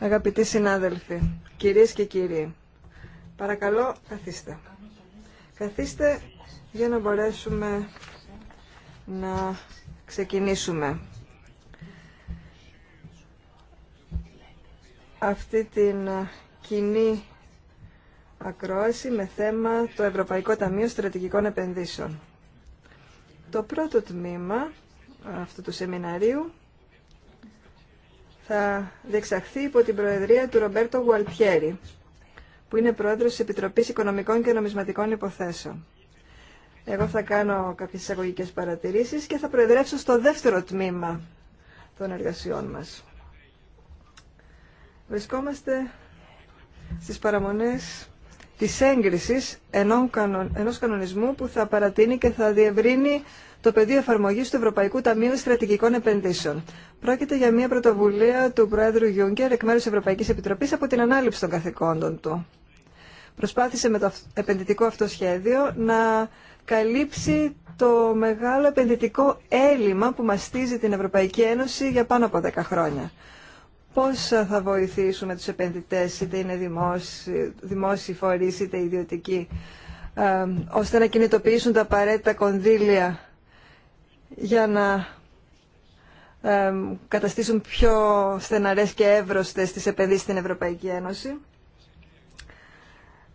Αγαπητοί συνάδελφοι, κυρίες και κύριοι, παρακαλώ καθίστε. Καθίστε για να μπορέσουμε να ξεκινήσουμε. Αυτή την κοινή ακρόαση με θέμα το Ευρωπαϊκό Ταμείο Στρατηγικών Επενδύσεων. Το πρώτο τμήμα αυτού του σεμιναρίου θα διεξαχθεί υπό την Προεδρία του Ρομπέρτο Γουαλτιέρη, που είναι Πρόεδρος της Επιτροπής Οικονομικών και Νομισματικών Υποθέσεων. Εγώ θα κάνω κάποιες εισαγωγικές παρατηρήσεις και θα προεδρεύσω στο δεύτερο τμήμα των εργασιών μας. Βρισκόμαστε στις παραμονές της έγκρισης ενός κανονισμού που θα παρατείνει και θα διευρύνει το πεδίο εφαρμογή του Ευρωπαϊκού Ταμείου Στρατηγικών Επενδύσεων. Πρόκειται για μια πρωτοβουλία του Πρόεδρου Γιούγκερ εκ μέρου Ευρωπαϊκή Επιτροπή από την ανάληψη των καθηκόντων του. Προσπάθησε με το επενδυτικό αυτό σχέδιο να καλύψει το μεγάλο επενδυτικό έλλειμμα που μαστίζει την Ευρωπαϊκή Ένωση για πάνω από 10 χρόνια πώς θα βοηθήσουμε τους επενδυτές, είτε είναι δημόσιοι, δημόσιοι φορείς, είτε ιδιωτικοί, ώστε να κινητοποιήσουν τα απαραίτητα κονδύλια για να καταστήσουν πιο στεναρές και εύρωστες τις επενδύσεις στην Ευρωπαϊκή Ένωση.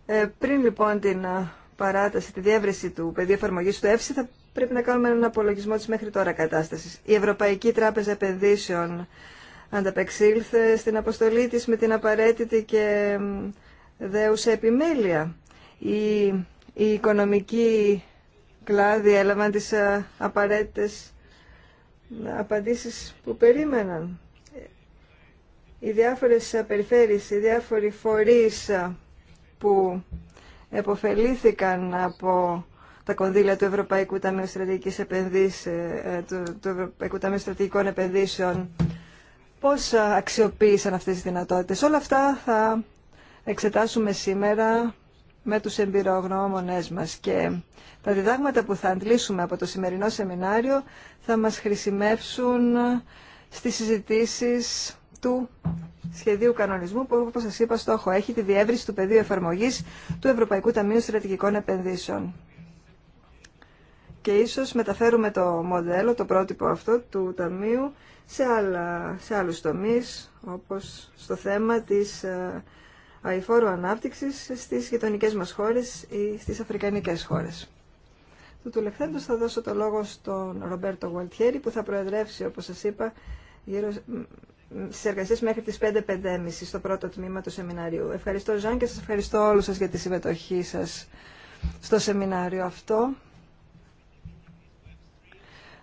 Ε, πριν λοιπόν την ε, παράταση, τη διεύρυνση του πεδίου εφαρμογής του ΕΦΣΙ θα πρέπει να κάνουμε έναν απολογισμό της μέχρι τώρα κατάστασης. Η Ευρωπαϊκή Τράπεζα Επενδύσεων ανταπεξήλθε στην αποστολή της με την απαραίτητη και δέουσα επιμέλεια. Η, η οικονομική κλάδη έλαβαν τις ε, απαραίτητες απαντήσεις που περίμεναν. Οι διάφορες ε, περιφέρειες, οι διάφοροι φορείς ε, που εποφελήθηκαν από τα κονδύλια του Ευρωπαϊκού Ταμείου του, του Ευρωπαϊκού Ταμείου Στρατηγικών Επενδύσεων πώς αξιοποίησαν αυτές τις δυνατότητες. Όλα αυτά θα εξετάσουμε σήμερα με τους εμπειρογνώμονές μας και τα διδάγματα που θα αντλήσουμε από το σημερινό σεμινάριο θα μας χρησιμεύσουν στις συζητήσεις του σχεδίου κανονισμού που όπως σας είπα στόχο έχει τη διεύρυνση του πεδίου εφαρμογής του Ευρωπαϊκού Ταμείου Στρατηγικών Επενδύσεων. Και ίσως μεταφέρουμε το μοντέλο, το πρότυπο αυτό του Ταμείου σε, άλλα, σε άλλους τομείς, όπως στο θέμα της ε, αηφόρου ανάπτυξης στις γειτονικέ μας χώρες ή στις αφρικανικές χώρες. Του τουλεχθέντος θα δώσω το λόγο στον Ρομπέρτο Γουαλτιέρη που θα προεδρεύσει, όπως σας είπα, γύρω στις εργασίες μέχρι τις 5-5.30 στο πρώτο τμήμα του σεμιναρίου. Ευχαριστώ Ζαν και σας ευχαριστώ όλους σας για τη συμμετοχή σας στο σεμινάριο αυτό.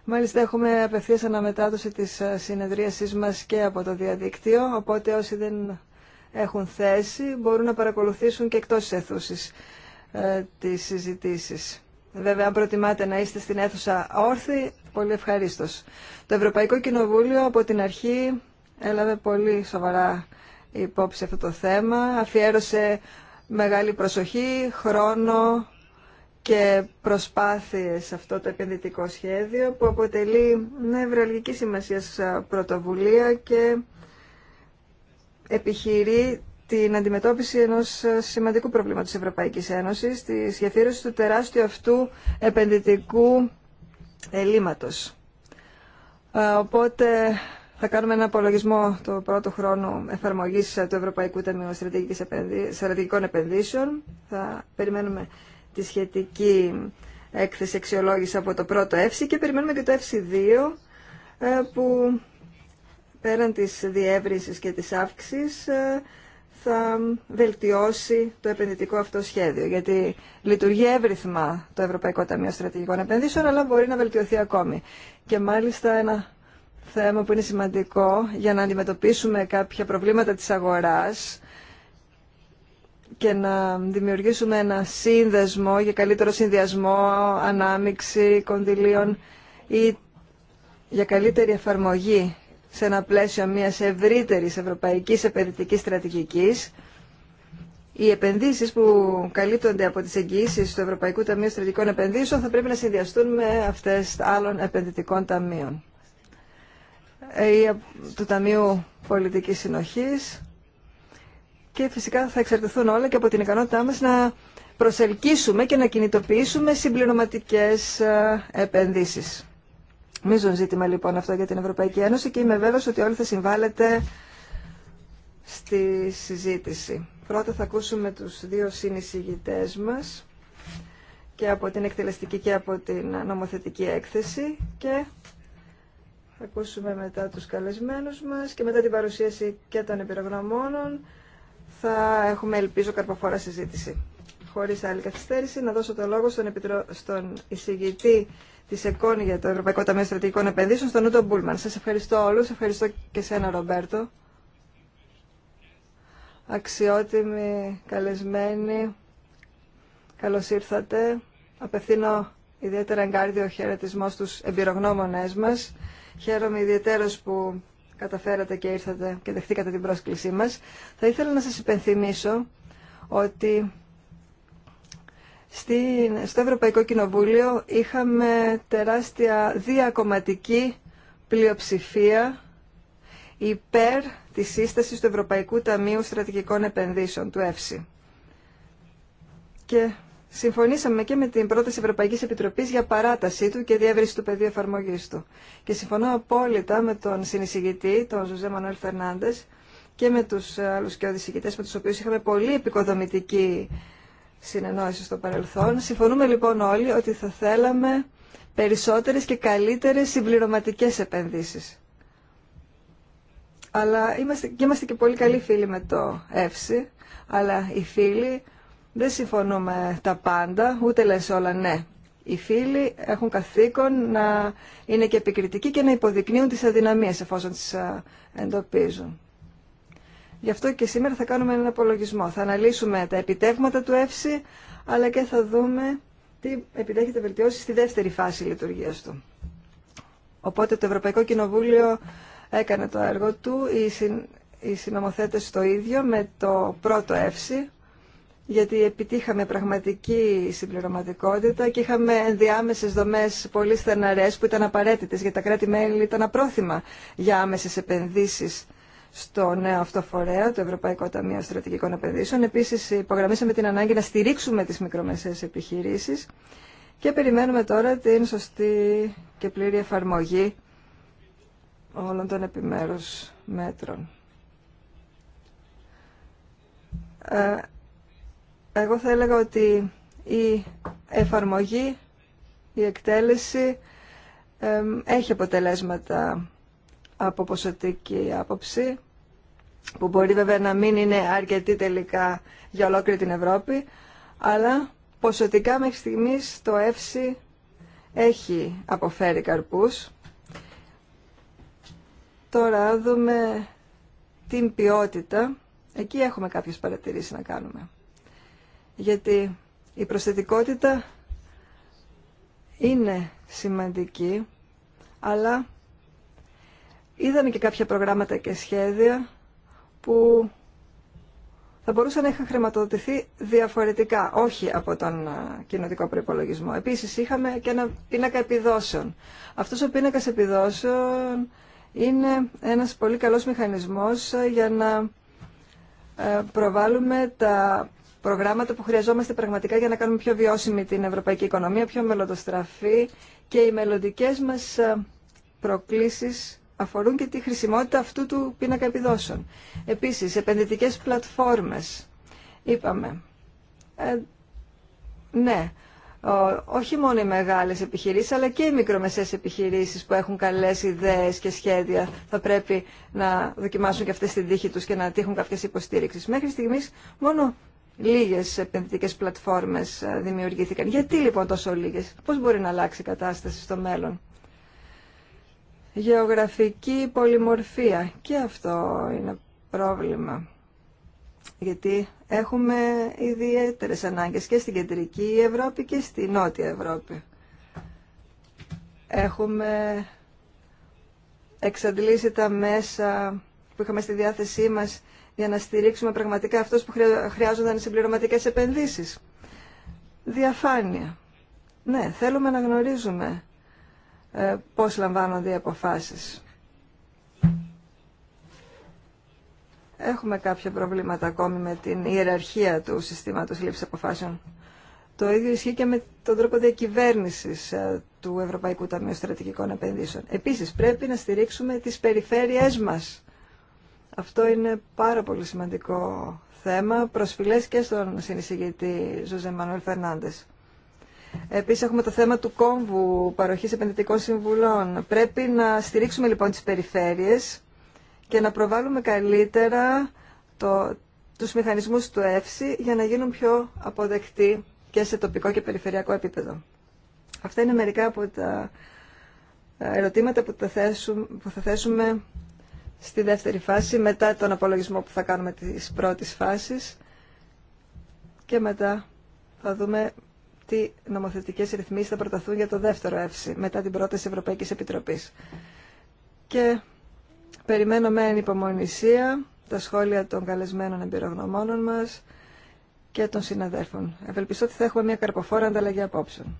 Μάλιστα έχουμε απευθείας αναμετάδοση της ε, συνεδρίασής μας και από το διαδίκτυο, οπότε όσοι δεν έχουν θέση μπορούν να παρακολουθήσουν και εκτός αίθουσης ε, τις συζητήσεις. Βέβαια, αν προτιμάτε να είστε στην αίθουσα όρθιοι, πολύ ευχαρίστω. Το Ευρωπαϊκό Κοινοβούλιο από την αρχή έλαβε πολύ σοβαρά υπόψη αυτό το θέμα, αφιέρωσε μεγάλη προσοχή, χρόνο, και προσπάθειες σε αυτό το επενδυτικό σχέδιο που αποτελεί νευραλγική σημασία πρωτοβουλία και επιχειρεί την αντιμετώπιση ενός σημαντικού προβλήματος της Ευρωπαϊκής Ένωσης, τη γεφύρωση του τεράστιου αυτού επενδυτικού ελλείμματος. Οπότε θα κάνουμε ένα απολογισμό το πρώτο χρόνο εφαρμογής του Ευρωπαϊκού Ταμείου Στρατηγικών Επενδύσεων. Θα περιμένουμε τη σχετική έκθεση αξιολόγηση από το πρώτο ΕΦΣΙ και περιμένουμε και το ΕΦΣΙ 2 που πέραν της διεύρυνσης και της αύξησης ε, θα βελτιώσει το επενδυτικό αυτό σχέδιο. Γιατί λειτουργεί εύρυθμα το Ευρωπαϊκό Ταμείο Στρατηγικών Επενδύσεων, αλλά μπορεί να βελτιωθεί ακόμη. Και μάλιστα ένα θέμα που είναι σημαντικό για να αντιμετωπίσουμε κάποια προβλήματα της αγοράς, και να δημιουργήσουμε ένα σύνδεσμο για καλύτερο συνδυασμό, ανάμιξη κονδυλίων ή για καλύτερη εφαρμογή σε ένα πλαίσιο μιας ευρύτερης ευρωπαϊκής επενδυτικής στρατηγικής. Οι επενδύσεις που καλύπτονται από τις εγγυήσεις του Ευρωπαϊκού Ταμείου Στρατηγικών Επενδύσεων θα πρέπει να συνδυαστούν με αυτές άλλων επενδυτικών ταμείων. Ε, του Ταμείου Πολιτικής Συνοχής και φυσικά θα εξαρτηθούν όλα και από την ικανότητά μας να προσελκύσουμε και να κινητοποιήσουμε συμπληρωματικές ε, επενδύσεις. Μίζον ζήτημα λοιπόν αυτό για την Ευρωπαϊκή Ένωση και είμαι βέβαιος ότι όλοι θα συμβάλλετε στη συζήτηση. Πρώτα θα ακούσουμε τους δύο συνεισηγητές μας και από την εκτελεστική και από την νομοθετική έκθεση και θα ακούσουμε μετά τους καλεσμένους μας και μετά την παρουσίαση και των εμπειρογνωμόνων θα έχουμε ελπίζω καρποφόρα συζήτηση. Χωρίς άλλη καθυστέρηση να δώσω το λόγο στον, επιτρο... στον εισηγητή τη ΕΚΟΝ για το Ευρωπαϊκό Ταμείο Στρατηγικών Επενδύσεων, στον Ούτο Μπούλμαν. Σα ευχαριστώ όλου, ευχαριστώ και σένα, Ρομπέρτο. Αξιότιμοι καλεσμένοι, καλώ ήρθατε. Απευθύνω ιδιαίτερα εγκάρδιο χαιρετισμό στου εμπειρογνώμονέ μα. Χαίρομαι ιδιαίτερω που καταφέρατε και ήρθατε και δεχτήκατε την πρόσκλησή μας. Θα ήθελα να σας υπενθυμίσω ότι στο Ευρωπαϊκό Κοινοβούλιο είχαμε τεράστια διακομματική πλειοψηφία υπέρ της σύστασης του Ευρωπαϊκού Ταμείου Στρατηγικών Επενδύσεων, του ΕΦΣΥ. Και Συμφωνήσαμε και με την πρόταση Ευρωπαϊκή Επιτροπή για παράτασή του και διεύρυνση του πεδίου εφαρμογή του. Και συμφωνώ απόλυτα με τον συνεισηγητή, τον Ζωζέ Μανουέλ Φερνάντε, και με του άλλου και οδησηγητές με του οποίου είχαμε πολύ επικοδομητική συνεννόηση στο παρελθόν. Συμφωνούμε λοιπόν όλοι ότι θα θέλαμε περισσότερες και καλύτερες συμπληρωματικές επενδύσεις. Αλλά είμαστε και, είμαστε πολύ καλοί φίλοι με το ΕΦΣΥ, αλλά οι φίλοι δεν συμφωνούμε τα πάντα, ούτε λες όλα ναι. Οι φίλοι έχουν καθήκον να είναι και επικριτικοί και να υποδεικνύουν τις αδυναμίες εφόσον τις εντοπίζουν. Γι' αυτό και σήμερα θα κάνουμε έναν απολογισμό. Θα αναλύσουμε τα επιτεύγματα του ΕΦΣΥ, αλλά και θα δούμε τι επιδέχεται βελτιώσει στη δεύτερη φάση λειτουργίας του. Οπότε το Ευρωπαϊκό Κοινοβούλιο έκανε το έργο του, οι, οι συνομοθέτες το ίδιο με το πρώτο ΕΦΣΥ, γιατί επιτύχαμε πραγματική συμπληρωματικότητα και είχαμε ενδιάμεσες δομές πολύ στεναρές που ήταν απαραίτητες γιατί τα κράτη-μέλη ήταν απρόθυμα για άμεσες επενδύσεις στο νέο αυτό φορέα, το Ευρωπαϊκό Ταμείο Στρατηγικών Επενδύσεων. Επίσης υπογραμμίσαμε την ανάγκη να στηρίξουμε τις μικρομεσαίες επιχειρήσεις και περιμένουμε τώρα την σωστή και πλήρη εφαρμογή όλων των επιμέρους μέτρων ε, εγώ θα έλεγα ότι η εφαρμογή, η εκτέλεση έχει αποτελέσματα από ποσοτική άποψη που μπορεί βέβαια να μην είναι αρκετή τελικά για ολόκληρη την Ευρώπη αλλά ποσοτικά μέχρι στιγμής το ΕΦΣΙ έχει αποφέρει καρπούς. Τώρα δούμε την ποιότητα. Εκεί έχουμε κάποιες παρατηρήσεις να κάνουμε γιατί η προσθετικότητα είναι σημαντική, αλλά είδαμε και κάποια προγράμματα και σχέδια που θα μπορούσαν να είχαν χρηματοδοτηθεί διαφορετικά, όχι από τον κοινοτικό προπολογισμό. Επίσης είχαμε και ένα πίνακα επιδόσεων. Αυτός ο πίνακας επιδόσεων είναι ένας πολύ καλός μηχανισμός ε, για να ε, προβάλλουμε τα προγράμματα που χρειαζόμαστε πραγματικά για να κάνουμε πιο βιώσιμη την ευρωπαϊκή οικονομία, πιο μελλοντοστραφή και οι μελλοντικέ μας ε, προκλήσεις αφορούν και τη χρησιμότητα αυτού του πίνακα επιδόσεων. Επίσης, επενδυτικές πλατφόρμες. Είπαμε, ε, ναι, όχι μόνο οι μεγάλες επιχειρήσεις, αλλά και οι μικρομεσαίες επιχειρήσεις που έχουν καλές ιδέες και σχέδια θα πρέπει να δοκιμάσουν και αυτές την τύχη τους και να τύχουν κάποιε υποστήριξει. Μέχρι στιγμής μόνο λίγες επενδυτικές πλατφόρμες ε, δημιουργήθηκαν. Γιατί λοιπόν τόσο λίγες, πώς μπορεί να αλλάξει η κατάσταση στο μέλλον. Γεωγραφική πολυμορφία και αυτό είναι πρόβλημα. Γιατί έχουμε ιδιαίτερες ανάγκες και στην κεντρική Ευρώπη και στη νότια Ευρώπη. Έχουμε εξαντλήσει τα μέσα που είχαμε στη διάθεσή μας για να στηρίξουμε πραγματικά αυτούς που χρειάζονταν συμπληρωματικές επενδύσεις. Διαφάνεια. Ναι, θέλουμε να γνωρίζουμε ε, πώς λαμβάνονται οι αποφάσεις. Έχουμε κάποια προβλήματα ακόμη με την ιεραρχία του συστήματος λήψης αποφάσεων. Το ίδιο ισχύει και με τον τρόπο διακυβέρνηση ε, του Ευρωπαϊκού Ταμείου Στρατηγικών Επενδύσεων. Επίσης, πρέπει να στηρίξουμε τις περιφέρειές μας. Αυτό είναι πάρα πολύ σημαντικό θέμα, προσφυλές και στον συνεισηγητή Ζωζε Μανουέλ Φερνάντες. Επίσης έχουμε το θέμα του κόμβου παροχής επενδυτικών συμβουλών. Πρέπει να στηρίξουμε λοιπόν τις περιφέρειες και να προβάλλουμε καλύτερα το, τους μηχανισμούς του ΕΦΣΥ για να γίνουν πιο αποδεκτοί και σε τοπικό και περιφερειακό επίπεδο. Αυτά είναι μερικά από τα ε, ερωτήματα που θα θέσουμε στη δεύτερη φάση, μετά τον απολογισμό που θα κάνουμε της πρώτης φάσης και μετά θα δούμε τι νομοθετικές ρυθμίσεις θα προταθούν για το δεύτερο εύση, μετά την πρόταση Ευρωπαϊκής Επιτροπής. Και περιμένω με ανυπομονησία τα σχόλια των καλεσμένων εμπειρογνωμόνων μας και των συναδέλφων. Ευελπιστώ ότι θα έχουμε μια καρποφόρα ανταλλαγή απόψεων.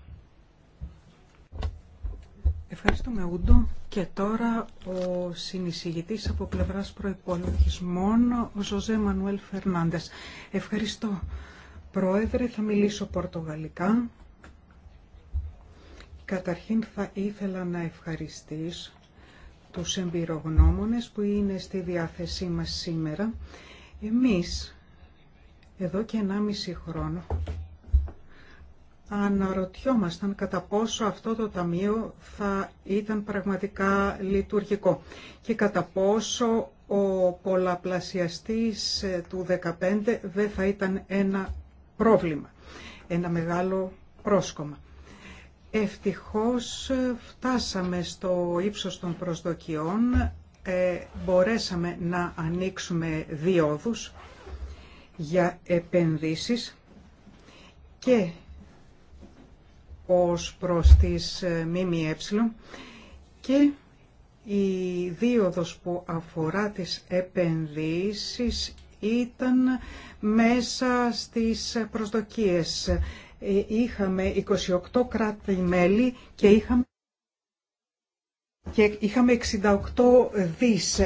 Ευχαριστούμε, Ούντο. Και τώρα ο συνεισηγητής από πλευράς προϋπολογισμών, ο Ζωζέ Μανουέλ Φερνάντες. Ευχαριστώ. Πρόεδρε, θα μιλήσω πορτογαλικά. Καταρχήν θα ήθελα να ευχαριστήσω τους εμπειρογνώμονες που είναι στη διάθεσή μας σήμερα. Εμείς, εδώ και 1,5 χρόνο, αναρωτιόμασταν κατά πόσο αυτό το ταμείο θα ήταν πραγματικά λειτουργικό και κατά πόσο ο πολλαπλασιαστής ε, του 2015 δεν θα ήταν ένα πρόβλημα, ένα μεγάλο πρόσκομα. Ευτυχώς ε, φτάσαμε στο ύψος των προσδοκιών, ε, μπορέσαμε να ανοίξουμε διόδους για επενδύσεις και ως προς τις ε, ΜΜΕ και η δίωδος που αφορά τις επενδύσεις ήταν μέσα στις προσδοκίες. Ε, είχαμε 28 κράτη-μέλη και είχαμε, και είχαμε 68 δις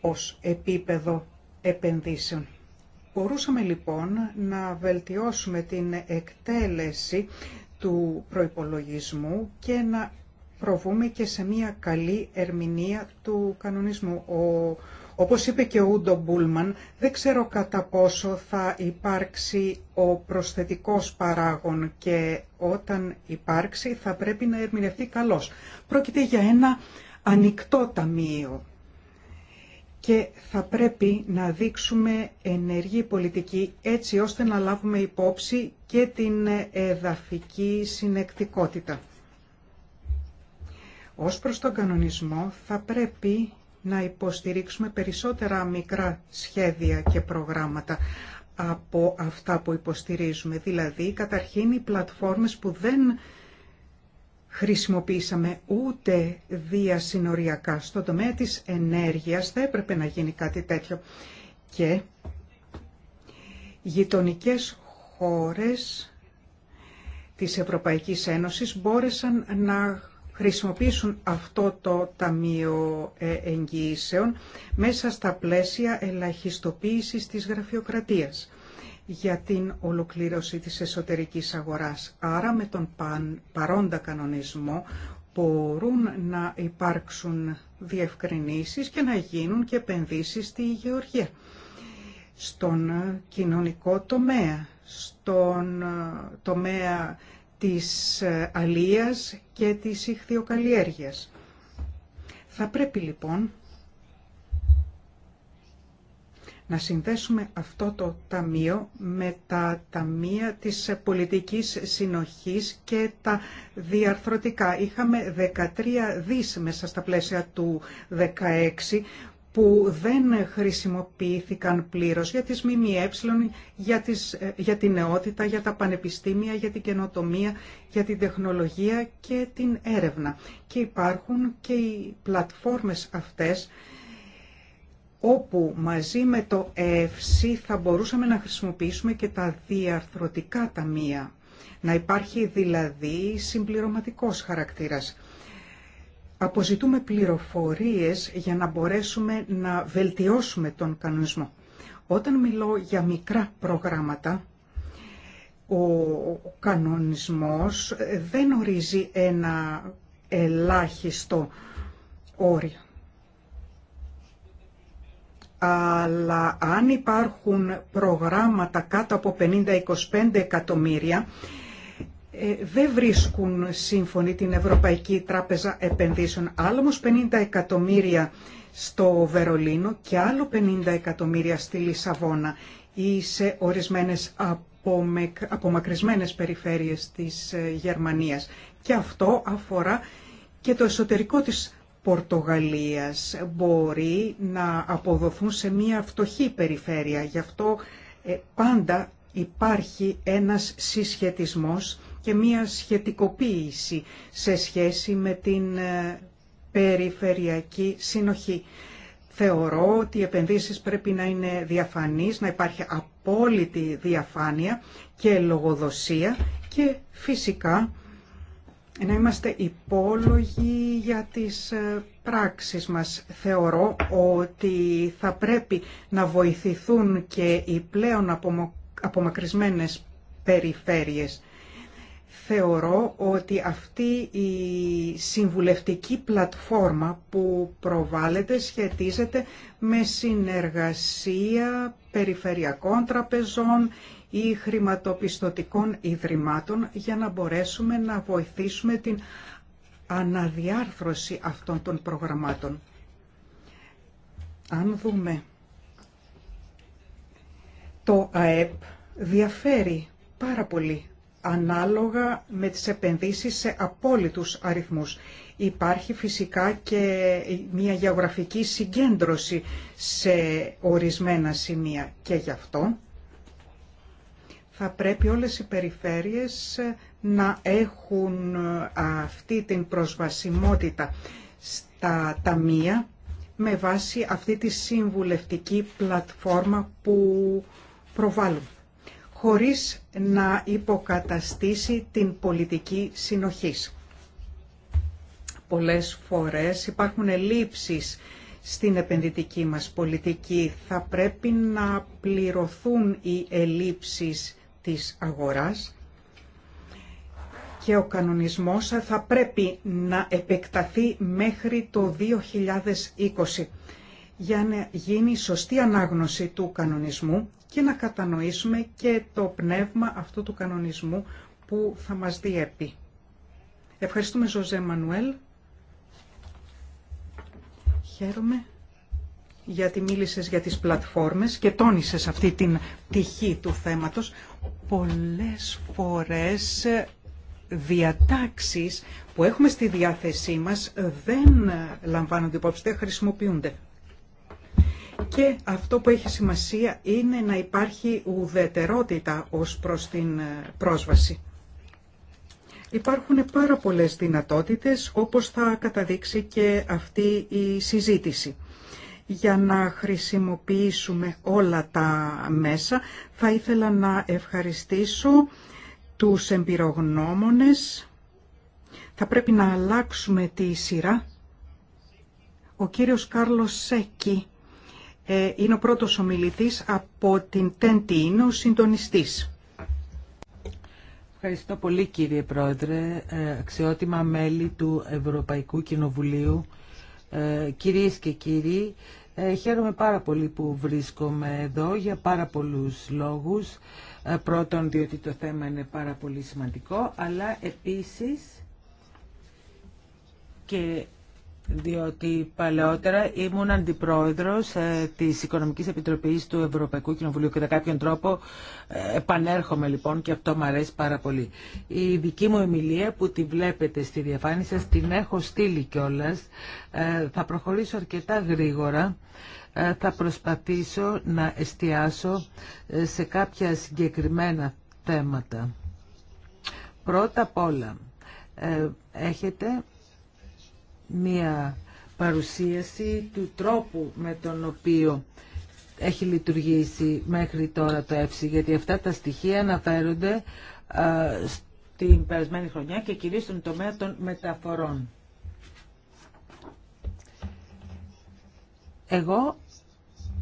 ως επίπεδο επενδύσεων. Μπορούσαμε λοιπόν να βελτιώσουμε την εκτέλεση του προϋπολογισμού και να προβούμε και σε μια καλή ερμηνεία του κανονισμού. Ο, όπως είπε και ο Ούντο Μπούλμαν, δεν ξέρω κατά πόσο θα υπάρξει ο προσθετικός παράγων και όταν υπάρξει θα πρέπει να ερμηνευτεί καλώς. Πρόκειται για ένα ανοιχτό ταμείο και θα πρέπει να δείξουμε ενεργή πολιτική έτσι ώστε να λάβουμε υπόψη και την εδαφική συνεκτικότητα. Ως προς τον κανονισμό θα πρέπει να υποστηρίξουμε περισσότερα μικρά σχέδια και προγράμματα από αυτά που υποστηρίζουμε. Δηλαδή, καταρχήν οι πλατφόρμες που δεν χρησιμοποίησαμε ούτε διασυνοριακά. στο τομέα της ενέργειας θα έπρεπε να γίνει κάτι τέτοιο. Και γειτονικέ χώρες της Ευρωπαϊκής Ένωσης μπόρεσαν να χρησιμοποιήσουν αυτό το Ταμείο ε, Εγγυήσεων μέσα στα πλαίσια ελαχιστοποίησης της γραφειοκρατίας για την ολοκλήρωση της εσωτερικής αγοράς. Άρα με τον παρόντα κανονισμό μπορούν να υπάρξουν διευκρινήσεις και να γίνουν και επενδύσεις στη γεωργία, στον κοινωνικό τομέα, στον ε, τομέα της ε, αλίας και της ηχθειοκαλλιέργειας. Θα πρέπει λοιπόν να συνδέσουμε αυτό το ταμείο με τα ταμεία της πολιτικής συνοχής και τα διαρθρωτικά. Είχαμε 13 δις μέσα στα πλαίσια του 16 που δεν χρησιμοποιήθηκαν πλήρως για τις ΜΜΕ, για, τις, για την νεότητα, για τα πανεπιστήμια, για την καινοτομία, για την τεχνολογία και την έρευνα. Και υπάρχουν και οι πλατφόρμες αυτές όπου μαζί με το ΕΦΣΥ θα μπορούσαμε να χρησιμοποιήσουμε και τα διαρθρωτικά ταμεία. Να υπάρχει δηλαδή συμπληρωματικός χαρακτήρας. Αποζητούμε πληροφορίες για να μπορέσουμε να βελτιώσουμε τον κανονισμό. Όταν μιλώ για μικρά προγράμματα, ο κανονισμός δεν ορίζει ένα ελάχιστο όριο αλλά αν υπάρχουν προγράμματα κάτω από 50-25 εκατομμύρια, ε, δεν βρίσκουν σύμφωνη την Ευρωπαϊκή Τράπεζα Επενδύσεων. Άλλο όμως 50 εκατομμύρια στο Βερολίνο και άλλο 50 εκατομμύρια στη Λισαβόνα ή σε ορισμένες απομακρυσμένες περιφέρειες της ε, Γερμανίας. Και αυτό αφορά και το εσωτερικό της Πορτογαλίας μπορεί να αποδοθούν σε μια φτωχή περιφέρεια. Γι' αυτό ε, πάντα υπάρχει ένας συσχετισμός και μια σχετικοποίηση σε σχέση με την ε, περιφερειακή συνοχή. Θεωρώ ότι οι επενδύσεις πρέπει να είναι διαφανείς, να υπάρχει απόλυτη διαφάνεια και λογοδοσία και φυσικά να είμαστε υπόλογοι για τις ε, πράξεις μας. Θεωρώ ότι θα πρέπει να βοηθηθούν και οι πλέον απομακρυσμένες περιφέρειες. Θεωρώ ότι αυτή η συμβουλευτική πλατφόρμα που προβάλλεται σχετίζεται με συνεργασία περιφερειακών τραπεζών ή χρηματοπιστωτικών ιδρυμάτων για να μπορέσουμε να βοηθήσουμε την αναδιάρθρωση αυτών των προγραμμάτων. Αν δούμε το ΑΕΠ διαφέρει πάρα πολύ ανάλογα με τις επενδύσεις σε απόλυτους αριθμούς. Υπάρχει φυσικά και μια γεωγραφική συγκέντρωση σε ορισμένα σημεία και γι' αυτό θα πρέπει όλες οι περιφέρειες ε, να έχουν ε, αυτή την προσβασιμότητα στα ταμεία με βάση αυτή τη συμβουλευτική πλατφόρμα που προβάλλουν χωρίς να υποκαταστήσει την πολιτική συνοχής. Πολλές φορές υπάρχουν ελλείψεις στην επενδυτική μας πολιτική. Θα πρέπει να πληρωθούν οι ελλείψεις της αγοράς και ο κανονισμός θα πρέπει να επεκταθεί μέχρι το 2020 για να γίνει σωστή ανάγνωση του κανονισμού και να κατανοήσουμε και το πνεύμα αυτού του κανονισμού που θα μας διέπει. Ευχαριστούμε Ζωζέ Μανουέλ. Χαίρομαι γιατί μίλησες για τις πλατφόρμες και τόνισες αυτή την τυχή του θέματος. Πολλές φορές διατάξεις που έχουμε στη διάθεσή μας δεν λαμβάνονται υπόψη, δεν χρησιμοποιούνται. Και αυτό που έχει σημασία είναι να υπάρχει ουδετερότητα ως προς την πρόσβαση. Υπάρχουν πάρα πολλές δυνατότητες, όπως θα καταδείξει και αυτή η συζήτηση για να χρησιμοποιήσουμε όλα τα μέσα. Θα ήθελα να ευχαριστήσω τους εμπειρογνώμονες. Θα πρέπει να αλλάξουμε τη σειρά. Ο κύριος Κάρλος Σέκη ε, είναι ο πρώτος ομιλητής από την Τέντη, είναι συντονιστής. Ευχαριστώ πολύ κύριε Πρόεδρε, ε, αξιότιμα μέλη του Ευρωπαϊκού Κοινοβουλίου ε, κυρίες και κύριοι, ε, χαίρομαι πάρα πολύ που βρίσκομαι εδώ για πάρα πολλούς λόγους. Ε, πρώτον, διότι το θέμα είναι πάρα πολύ σημαντικό, αλλά επίσης και διότι παλαιότερα ήμουν αντιπρόεδρος ε, της Οικονομικής Επιτροπής του Ευρωπαϊκού Κοινοβουλίου και κατά κάποιον τρόπο ε, επανέρχομαι λοιπόν και αυτό μου αρέσει πάρα πολύ. Η δική μου ομιλία που τη βλέπετε στη διαφάνεια σας την έχω στείλει κιόλας. Ε, θα προχωρήσω αρκετά γρήγορα θα προσπαθήσω να εστιάσω σε κάποια συγκεκριμένα θέματα. Πρώτα απ' όλα, έχετε μία παρουσίαση του τρόπου με τον οποίο έχει λειτουργήσει μέχρι τώρα το ΕΦΣΥ γιατί αυτά τα στοιχεία αναφέρονται στην περασμένη χρονιά και κυρίως στον τομέα των μεταφορών. Εγώ,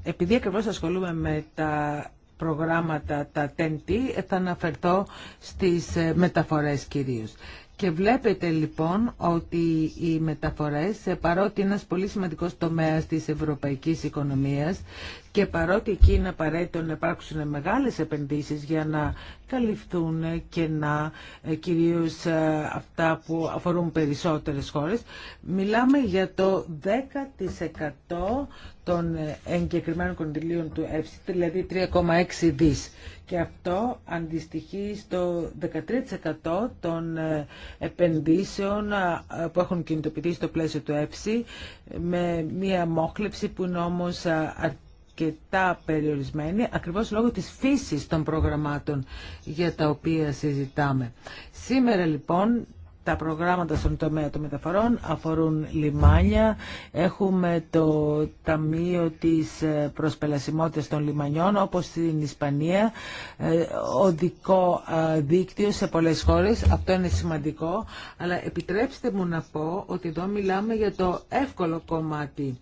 επειδή ακριβώ ασχολούμαι με τα προγράμματα, τα TNT, θα αναφερθώ στις ε, μεταφορές κυρίως. Και βλέπετε λοιπόν ότι οι μεταφορές, ε, παρότι είναι ένας πολύ σημαντικός τομέας της ευρωπαϊκής οικονομίας και παρότι εκεί είναι απαραίτητο να υπάρξουν μεγάλες επενδύσεις για να καλυφθούν να ε, κυρίως ε, αυτά που αφορούν περισσότερες χώρες, μιλάμε για το 10% των εγκεκριμένων κονδυλίων του ΕΦΣΙ, δηλαδή 3,6 δις και αυτό αντιστοιχεί στο 13% των ε, επενδύσεων ε, που έχουν κινητοποιηθεί στο πλαίσιο του ΕΦΣΥ με μια μόχλευση που είναι όμως ε, αρκετά περιορισμένη ακριβώς λόγω της φύσης των προγραμμάτων για τα οποία συζητάμε. Σήμερα λοιπόν τα προγράμματα στον τομέα των μεταφορών αφορούν λιμάνια. Έχουμε το Ταμείο της Προσπελασιμότητας των Λιμανιών, όπως στην Ισπανία, ε, οδικό ε, δίκτυο σε πολλές χώρες. Αυτό είναι σημαντικό, αλλά επιτρέψτε μου να πω ότι εδώ μιλάμε για το εύκολο κομμάτι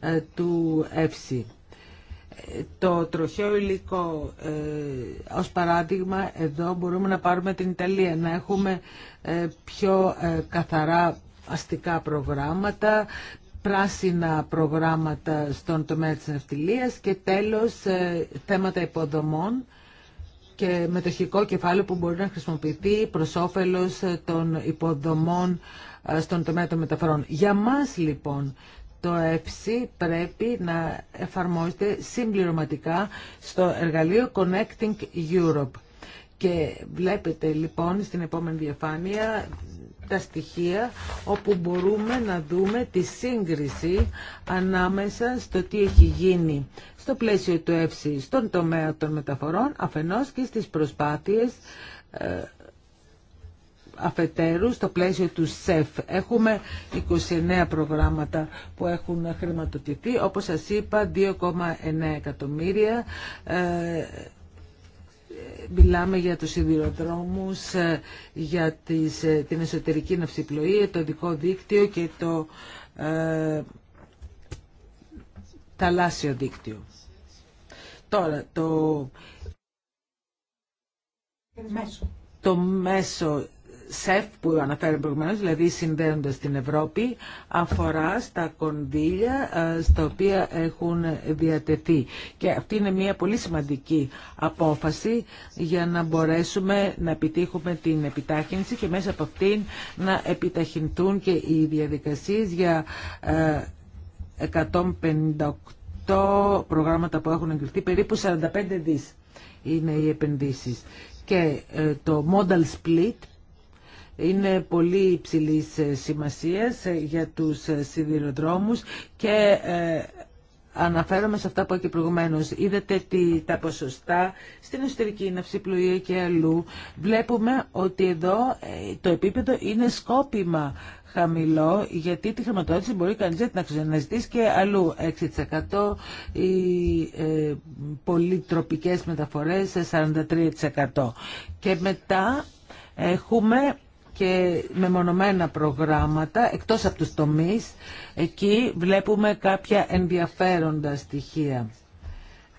ε, του ΕΦΣΥ το τροχαίο υλικό, ε, ως παράδειγμα, εδώ μπορούμε να πάρουμε την Ιταλία, να έχουμε ε, πιο ε, καθαρά αστικά προγράμματα, πράσινα προγράμματα στον τομέα της ναυτιλίας και τέλος ε, θέματα υποδομών και μετοχικό κεφάλαιο που μπορεί να χρησιμοποιηθεί προς όφελος των υποδομών στον τομέα των μεταφορών. Για μας λοιπόν το ΕΦΣΙ πρέπει να εφαρμόζεται συμπληρωματικά στο εργαλείο Connecting Europe. Και βλέπετε λοιπόν στην επόμενη διαφάνεια τα στοιχεία όπου μπορούμε να δούμε τη σύγκριση ανάμεσα στο τι έχει γίνει στο πλαίσιο του ΕΦΣΥ στον τομέα των μεταφορών αφενός και στις προσπάθειες ε, αφετέρου στο πλαίσιο του ΣΕΦ. Έχουμε 29 προγράμματα που έχουν χρηματοδοτηθεί. Όπως σας είπα, 2,9 εκατομμύρια. Ε, μιλάμε για τους σιδηροδρόμους, ε, για τις, ε, την εσωτερική ναυσιπλοεία, το δικό δίκτυο και το ε, θαλάσσιο δίκτυο. Τώρα, το, το μέσο ΣΕΦ που αναφέραμε προηγουμένως, δηλαδή συνδέοντας την Ευρώπη, αφορά στα κονδύλια ε, στα οποία έχουν διατεθεί. Και αυτή είναι μια πολύ σημαντική απόφαση για να μπορέσουμε να επιτύχουμε την επιτάχυνση και μέσα από αυτήν να επιταχυνθούν και οι διαδικασίες για 158 ε, προγράμματα που έχουν εγκριθεί, περίπου 45 δις είναι οι επενδύσεις και ε, το modal split είναι πολύ υψηλή ε, σημασίας ε, για τους ε, σιδηροδρόμους και Αναφέρομαι σε αυτά που είπα και προηγουμένω. Είδατε τι, τα ποσοστά στην εσωτερική πλοία και αλλού. Βλέπουμε ότι εδώ το επίπεδο είναι σκόπιμα χαμηλό, γιατί τη χρηματοδότηση μπορεί κανείς να την και αλλού. 6% οι ε, πολυτροπικές μεταφορές 43%. Και μετά έχουμε και με μονομενα προγράμματα, εκτός από τους τομείς, εκεί βλέπουμε κάποια ενδιαφέροντα στοιχεία.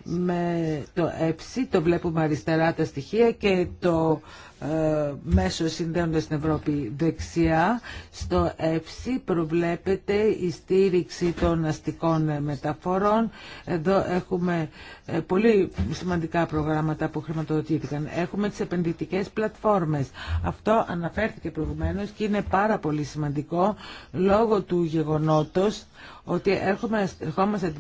Με το ΕΨΙ το βλέπουμε αριστερά τα στοιχεία και το ε, μέσω συνδέοντας την Ευρώπη δεξιά. Στο ΕΦΣΥ προβλέπεται η στήριξη των αστικών μεταφορών. Εδώ έχουμε ε, πολύ σημαντικά προγράμματα που χρηματοδοτήθηκαν. Έχουμε τις επενδυτικές πλατφόρμες. Αυτό αναφέρθηκε προηγουμένως και είναι πάρα πολύ σημαντικό λόγω του γεγονότος ότι έρχομαστε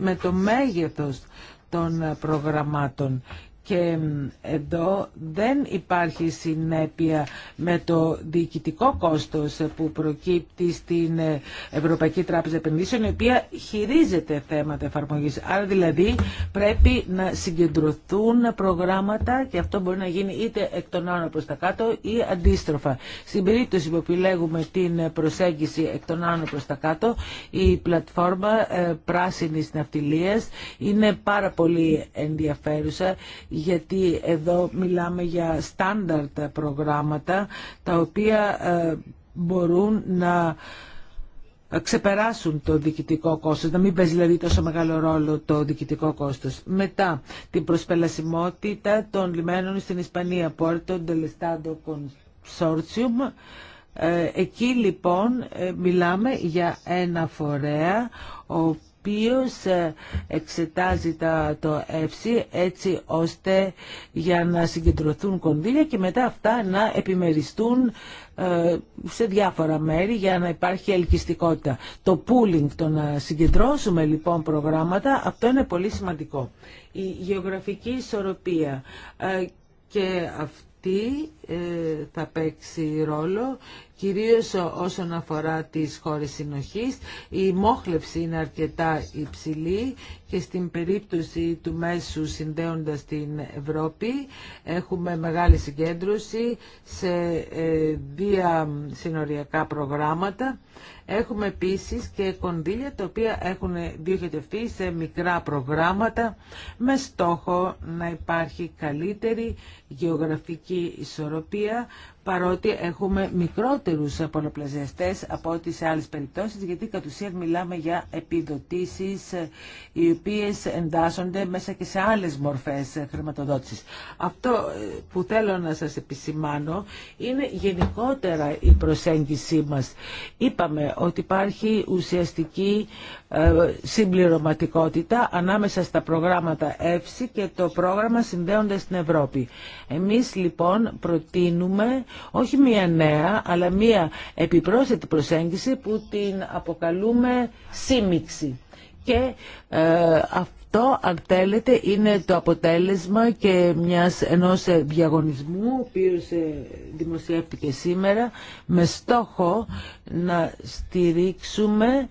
με το μέγεθος των προγραμμάτων και εδώ δεν υπάρχει συνέπεια με το διοικητικό κόστος που προκύπτει στην ε, Ευρωπαϊκή Τράπεζα Επενδύσεων η οποία χειρίζεται θέματα εφαρμογής. Άρα δηλαδή πρέπει να συγκεντρωθούν προγράμματα και αυτό μπορεί να γίνει είτε εκ των άνω προς τα κάτω ή αντίστροφα. Στην περίπτωση που επιλέγουμε την προσέγγιση εκ των άνω προς τα κάτω η πλατφόρμα ε, πράσινης ναυτιλίας είναι πάρα πολύ ενδιαφέρουσα γιατί εδώ μιλάμε για στάνταρτ προγράμματα τα οποία ε, μπορούν να ξεπεράσουν το διοικητικό κόστος, να μην παίζει δηλαδή τόσο μεγάλο ρόλο το διοικητικό κόστος. Μετά, την προσπελασιμότητα των λιμένων στην Ισπανία, Πόρτο, Ντελεστάντο, Consortium. Ε, εκεί λοιπόν ε, μιλάμε για ένα φορέα οποίος ε, εξετάζει το ΕΦΣΥ έτσι ώστε για να συγκεντρωθούν κονδύλια και μετά αυτά να επιμεριστούν ε, σε διάφορα μέρη για να υπάρχει ελκυστικότητα. Το pooling, το να συγκεντρώσουμε λοιπόν προγράμματα, αυτό είναι πολύ σημαντικό. Η γεωγραφική ισορροπία ε, και αυτή θα παίξει ρόλο κυρίως όσον αφορά τις χώρες συνοχής. Η μόχλευση είναι αρκετά υψηλή και στην περίπτωση του μέσου συνδέοντας την Ευρώπη έχουμε μεγάλη συγκέντρωση σε ε, δύο συνοριακά προγράμματα. Έχουμε επίσης και κονδύλια τα οποία έχουν διοχετευτεί σε μικρά προγράμματα με στόχο να υπάρχει καλύτερη γεωγραφική ισορροπία παρότι έχουμε μικρότερους πολλαπλασιαστές από ό,τι σε άλλες περιπτώσεις, γιατί κατ' ουσίαν μιλάμε για επιδοτήσεις ε, οι οποίες εντάσσονται μέσα και σε άλλες μορφές ε, χρηματοδότησης. Αυτό ε, που θέλω να σας επισημάνω είναι γενικότερα η προσέγγιση μας. Είπαμε ότι υπάρχει ουσιαστική συμπληρωματικότητα ανάμεσα στα προγράμματα Εύση και το πρόγραμμα Συνδέοντας την Ευρώπη. Εμείς λοιπόν προτείνουμε όχι μία νέα, αλλά μία επιπρόσθετη προσέγγιση που την αποκαλούμε σύμμιξη. Και ε, αυτό, αν θέλετε, είναι το αποτέλεσμα και μιας, ενός διαγωνισμού, ο οποίος ε, δημοσιεύτηκε σήμερα, με στόχο να στηρίξουμε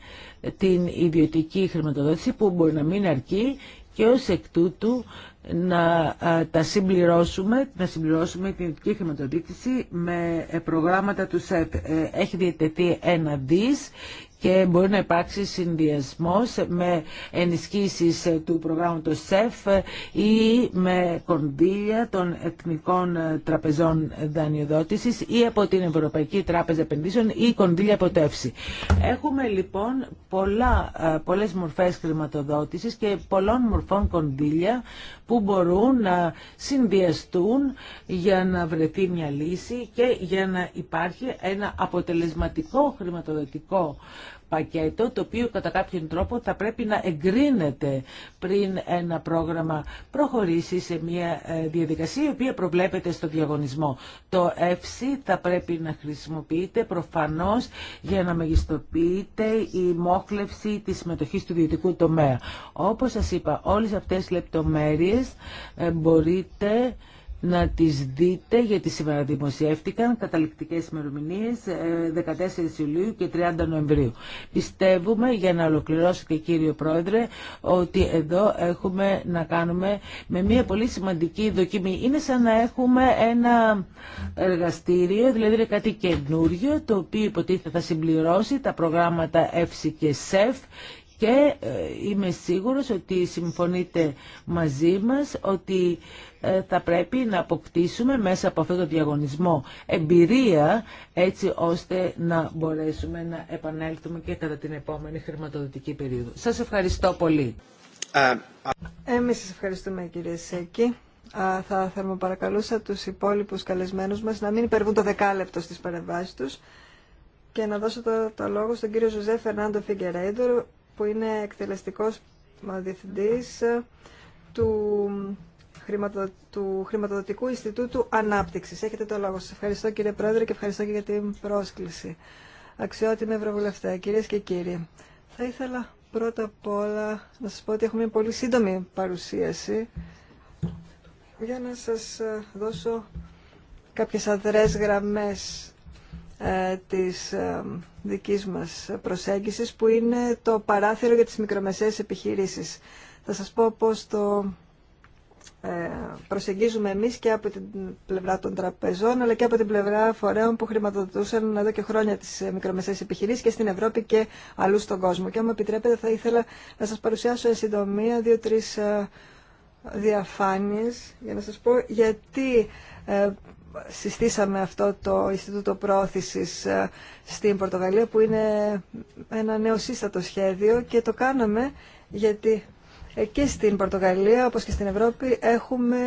την ιδιωτική χρηματοδότηση που μπορεί να μην αρκεί και ως εκ τούτου να ε, τα συμπληρώσουμε, να συμπληρώσουμε την ειδική χρηματοδότηση με ε, προγράμματα του ΣΕΤ. Ε, έχει διαιτεθεί ένα δις και μπορεί να υπάρξει συνδυασμός με ενισχύσεις του προγράμματος ΣΕΦ ή με κονδύλια των Εθνικών Τραπεζών Δανειοδότησης ή από την Ευρωπαϊκή Τράπεζα Επενδύσεων ή κονδύλια από το Έχουμε λοιπόν πολλά, ε, πολλές μορφές χρηματοδότησης και πολλών μορφών κονδύλια που μπορούν να συνδυαστούν για να βρεθεί μια λύση και για να υπάρχει ένα αποτελεσματικό χρηματοδοτικό πακέτο το οποίο κατά κάποιον τρόπο θα πρέπει να εγκρίνεται πριν ένα πρόγραμμα προχωρήσει σε μια ε, διαδικασία η οποία προβλέπεται στο διαγωνισμό. Το ΕΦΣΥ θα πρέπει να χρησιμοποιείται προφανώς για να μεγιστοποιείται η μόχλευση της συμμετοχή του ιδιωτικού τομέα. Όπως σας είπα, όλες αυτές οι λεπτομέρειες ε, μπορείτε να τις δείτε γιατί σήμερα δημοσιεύτηκαν καταληκτικές ημερομηνίε 14 ε, Ιουλίου και 30 Νοεμβρίου. Πιστεύουμε, για να ολοκληρώσω και κύριο Πρόεδρε, ότι εδώ έχουμε να κάνουμε με μια πολύ σημαντική δοκιμή. Είναι σαν να έχουμε ένα εργαστήριο, δηλαδή κάτι καινούριο, το οποίο υποτίθεται θα συμπληρώσει τα προγράμματα ΕΦΣΙ και ΣΕΦ και ε, είμαι σίγουρος ότι συμφωνείτε μαζί μας ότι ε, θα πρέπει να αποκτήσουμε μέσα από αυτό το διαγωνισμό εμπειρία έτσι ώστε να μπορέσουμε να επανέλθουμε και κατά την επόμενη χρηματοδοτική περίοδο. Σας ευχαριστώ πολύ. Ε, εμείς σας ευχαριστούμε κύριε Σέκη. Θα θερμοπαρακαλούσα τους υπόλοιπους καλεσμένους μας να μην υπερβούν το δεκάλεπτο στις παρεμβάσεις τους και να δώσω το, λόγο στον κύριο Ζουζέ Φερνάντο Φιγκερέιντορ, που είναι εκτελεστικός διευθυντής του, του Χρηματοδοτικού Ινστιτούτου Ανάπτυξης. Έχετε το λόγο. Σας ευχαριστώ κύριε Πρόεδρε και ευχαριστώ και για την πρόσκληση. Αξιότιμη Ευρωβουλευτέ, κυρίες και κύριοι. Θα ήθελα πρώτα απ' όλα να σας πω ότι έχουμε μια πολύ σύντομη παρουσίαση για να σας δώσω κάποιες αδρές γραμμές ε, της ε, δικής μας προσέγγισης που είναι το παράθυρο για τις μικρομεσαίες επιχειρήσεις. Θα σας πω πώς το ε, προσεγγίζουμε εμείς και από την πλευρά των τραπεζών αλλά και από την πλευρά φορέων που χρηματοδοτούσαν εδώ και χρόνια τις μικρομεσαίες επιχειρήσεις και στην Ευρώπη και αλλού στον κόσμο. Και αν μου επιτρέπετε θα ήθελα να σας παρουσιάσω εν συντομία δύο-τρεις διαφάνειες για να σας πω γιατί συστήσαμε αυτό το Ινστιτούτο Πρόθεση ε, στην Πορτογαλία που είναι ένα νεοσύστατο σχέδιο και το κάναμε γιατί ε, και στην Πορτογαλία όπως και στην Ευρώπη έχουμε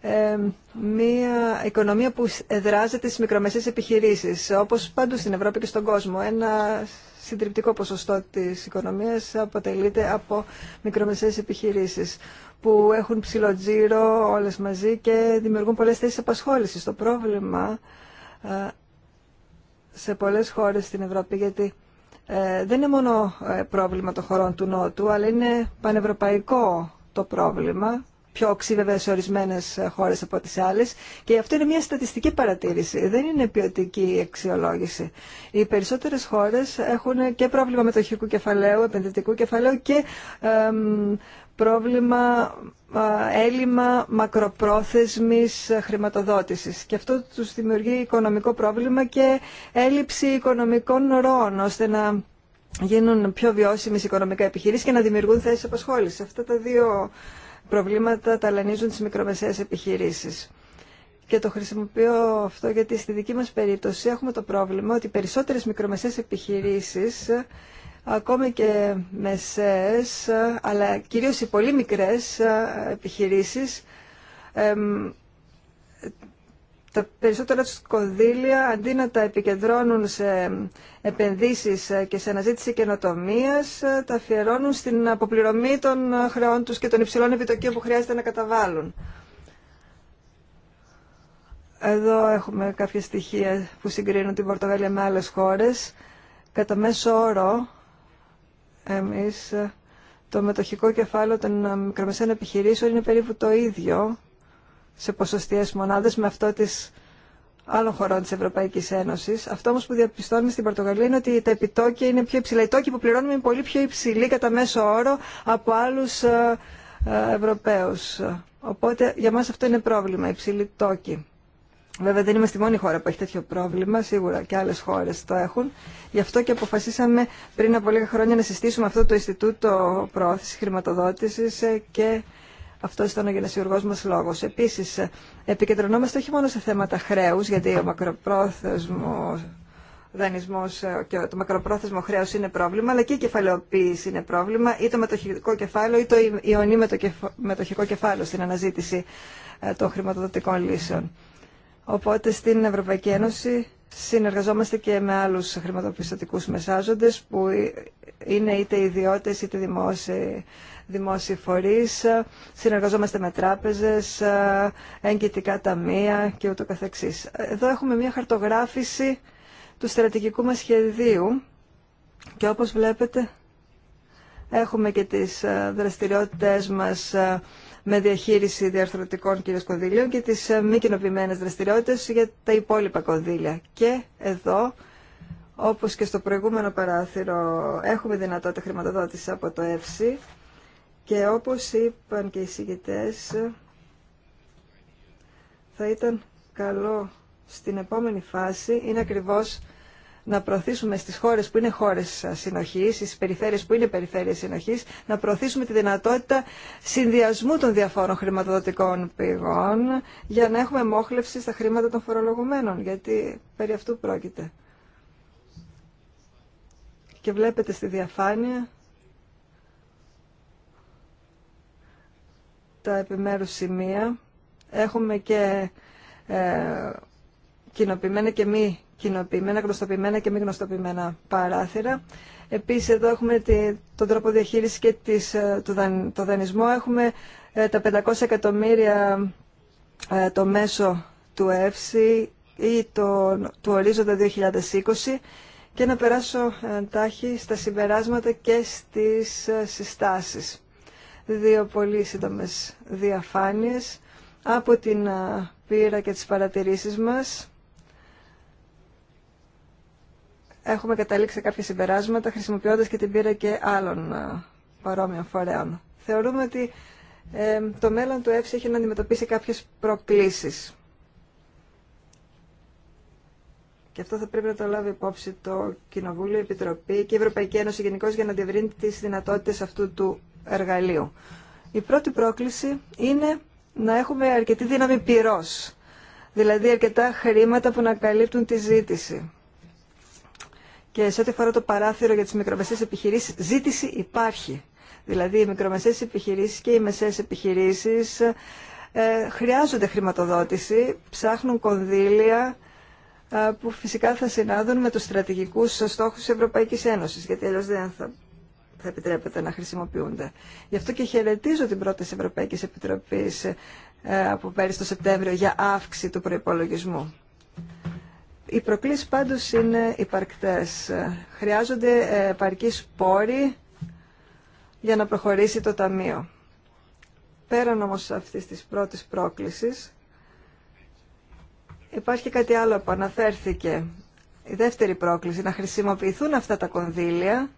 ε, μια οικονομία που εδράζεται στις μικρομεσαίες επιχειρήσεις όπως παντού στην Ευρώπη και στον κόσμο. Ένα συντριπτικό ποσοστό της οικονομίας αποτελείται από μικρομεσαίες επιχειρήσεις που έχουν ψηλό τζίρο όλες μαζί και δημιουργούν πολλές θέσεις απασχόλησης. Το πρόβλημα ε, σε πολλές χώρες στην Ευρώπη, γιατί ε, δεν είναι μόνο ε, πρόβλημα των χωρών του Νότου, αλλά είναι πανευρωπαϊκό το πρόβλημα, πιο οξύ βέβαια σε ορισμένε χώρε από τις άλλες Και αυτό είναι μια στατιστική παρατήρηση. Δεν είναι ποιοτική αξιολόγηση. Οι περισσότερες χώρες έχουν και πρόβλημα μετοχικού κεφαλαίου, επενδυτικού κεφαλαίου και πρόβλημα, έλλειμμα μακροπρόθεσμης χρηματοδότησης. Και αυτό τους δημιουργεί οικονομικό πρόβλημα και έλλειψη οικονομικών ροών, ώστε να γίνουν πιο βιώσιμες οικονομικά επιχειρήσεις και να δημιουργούν θέσεις απασχόλησης. Αυτά τα δύο προβλήματα ταλανίζουν τις μικρομεσαίες επιχειρήσεις. Και το χρησιμοποιώ αυτό γιατί στη δική μας περίπτωση έχουμε το πρόβλημα ότι περισσότερες μικρομεσαίες επιχειρήσεις ακόμη και μεσαίες, αλλά κυρίως οι πολύ μικρές ε, επιχειρήσεις, τα περισσότερα τους κονδύλια, αντί να τα επικεντρώνουν σε επενδύσεις ε, και σε αναζήτηση καινοτομίας, ε, τα αφιερώνουν στην αποπληρωμή των χρεών τους και των υψηλών επιτοκίων που χρειάζεται να καταβάλουν. Εδώ έχουμε κάποια στοιχεία που συγκρίνουν την Πορτογαλία με άλλες χώρες. Κατά μέσο όρο, εμείς ε, το μετοχικό κεφάλαιο των ε, μικρομεσαίων επιχειρήσεων είναι περίπου το ίδιο σε ποσοστιαίες μονάδες με αυτό της άλλων χωρών της Ευρωπαϊκής Ένωσης. Αυτό όμως που διαπιστώνουμε στην Πορτογαλία είναι ότι τα επιτόκια είναι πιο υψηλά. Οι τόκοι που πληρώνουμε είναι πολύ πιο υψηλοί κατά μέσο όρο από άλλους ε, Ευρωπαίους. Οπότε για μας αυτό είναι πρόβλημα, υψηλή τόκη. Βέβαια δεν είμαστε η μόνη χώρα που έχει τέτοιο πρόβλημα, σίγουρα και άλλες χώρες το έχουν. Γι' αυτό και αποφασίσαμε πριν από λίγα χρόνια να συστήσουμε αυτό το Ινστιτούτο πρόθεση Χρηματοδότησης ε, και αυτό ήταν ο γενεσιουργό μα λόγο. Επίση, ε, επικεντρωνόμαστε όχι μόνο σε θέματα χρέου, γιατί ο μακροπρόθεσμο δανεισμό ε, το μακροπρόθεσμο χρέο είναι πρόβλημα, αλλά και η κεφαλαιοποίηση είναι πρόβλημα, ή το μετοχικό κεφάλαιο, ή το ιονή μετοχικό κεφάλαιο στην αναζήτηση των χρηματοδοτικών λύσεων. Οπότε στην Ευρωπαϊκή Ένωση συνεργαζόμαστε και με άλλους χρηματοπιστωτικούς μεσάζοντες που είναι είτε ιδιώτες είτε δημόσιοι, δημόσιοι φορείς. Συνεργαζόμαστε με τράπεζες, εγκυτικά ταμεία και ούτω καθεξής. Εδώ έχουμε μια χαρτογράφηση του στρατηγικού μας σχεδίου και όπως βλέπετε έχουμε και τις δραστηριότητες μας με διαχείριση διαρθρωτικών κυρίως κονδυλίων και τις ε, μη κοινοποιημένε δραστηριότητες για τα υπόλοιπα κονδύλια. Και εδώ, όπως και στο προηγούμενο παράθυρο, έχουμε δυνατότητα χρηματοδότηση από το ΕΦΣΥ και όπως είπαν και οι συγκητές, θα ήταν καλό στην επόμενη φάση είναι ακριβώς να προωθήσουμε στις χώρες που είναι χώρες συνοχής, στις περιφέρειες που είναι περιφέρειες συνοχής, να προωθήσουμε τη δυνατότητα συνδυασμού των διαφόρων χρηματοδοτικών πηγών για να έχουμε μόχλευση στα χρήματα των φορολογουμένων, γιατί περί αυτού πρόκειται. Και βλέπετε στη διαφάνεια τα επιμέρους σημεία. Έχουμε και ε, κοινοποιημένα και μη κοινοποιημένα, γνωστοποιημένα και μη γνωστοποιημένα παράθυρα. Επίσης εδώ έχουμε τον τρόπο διαχείρισης και της, ε, το, δαν, δανεισμό. Έχουμε ε, τα 500 εκατομμύρια ε, το μέσο του ΕΦΣΥ ή το, του ορίζοντα 2020 και να περάσω τάχη στα συμπεράσματα και στις συστάσεις. Δύο πολύ σύντομε διαφάνειες από την πείρα και τις παρατηρήσεις μας έχουμε καταλήξει σε κάποια συμπεράσματα χρησιμοποιώντας και την πείρα και άλλων ε, παρόμοιων φορέων. Θεωρούμε ότι ε, το μέλλον του ΕΦΣΙ έχει να αντιμετωπίσει κάποιες προκλήσεις. Και αυτό θα πρέπει να το λάβει υπόψη το Κοινοβούλιο, η Επιτροπή και η Ευρωπαϊκή Ένωση γενικώ για να διευρύνει τις δυνατότητες αυτού του εργαλείου. Η πρώτη πρόκληση είναι να έχουμε αρκετή δύναμη πυρός, δηλαδή αρκετά χρήματα που να καλύπτουν τη ζήτηση. Και σε ό,τι αφορά το παράθυρο για τι μικρομεσαίες επιχειρήσει, ζήτηση υπάρχει. Δηλαδή οι μικρομεσαίες επιχειρήσει και οι μεσαίε επιχειρήσει ε, χρειάζονται χρηματοδότηση, ψάχνουν κονδύλια ε, που φυσικά θα συνάδουν με του στρατηγικού στόχου τη Ευρωπαϊκή Ένωση, γιατί αλλιώ δεν θα, θα επιτρέπεται να χρησιμοποιούνται. Γι' αυτό και χαιρετίζω την πρόταση Ευρωπαϊκή Επιτροπή ε, από πέρυσι το Σεπτέμβριο για αύξηση του προπολογισμού. Οι προκλήσεις πάντως είναι υπαρκτές. Χρειάζονται ε, επαρκή πόροι για να προχωρήσει το Ταμείο. Πέραν όμως αυτής της πρώτης πρόκλησης, υπάρχει κάτι άλλο που αναφέρθηκε. Η δεύτερη πρόκληση, να χρησιμοποιηθούν αυτά τα κονδύλια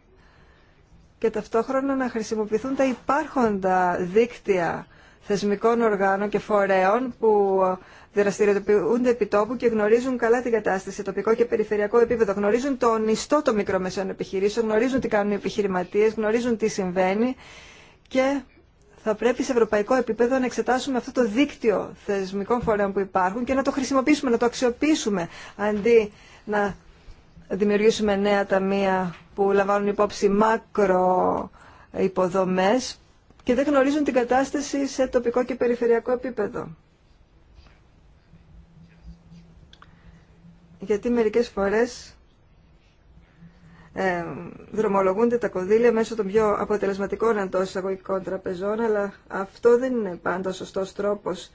και ταυτόχρονα να χρησιμοποιηθούν τα υπάρχοντα δίκτυα θεσμικών οργάνων και φορέων που δραστηριοποιούνται επί τόπου και γνωρίζουν καλά την κατάσταση σε τοπικό και περιφερειακό επίπεδο. Γνωρίζουν το νηστό των μικρομεσαίων επιχειρήσεων, γνωρίζουν τι κάνουν οι επιχειρηματίε, γνωρίζουν τι συμβαίνει και θα πρέπει σε ευρωπαϊκό επίπεδο να εξετάσουμε αυτό το δίκτυο θεσμικών φορέων που υπάρχουν και να το χρησιμοποιήσουμε, να το αξιοποιήσουμε αντί να δημιουργήσουμε νέα ταμεία που λαμβάνουν υπόψη μάκρο υποδομές και δεν γνωρίζουν την κατάσταση σε τοπικό και περιφερειακό επίπεδο. γιατί μερικές φορές ε, δρομολογούνται τα κονδύλια μέσω των πιο αποτελεσματικών εντό εισαγωγικών τραπεζών, αλλά αυτό δεν είναι πάντα ο σωστός τρόπος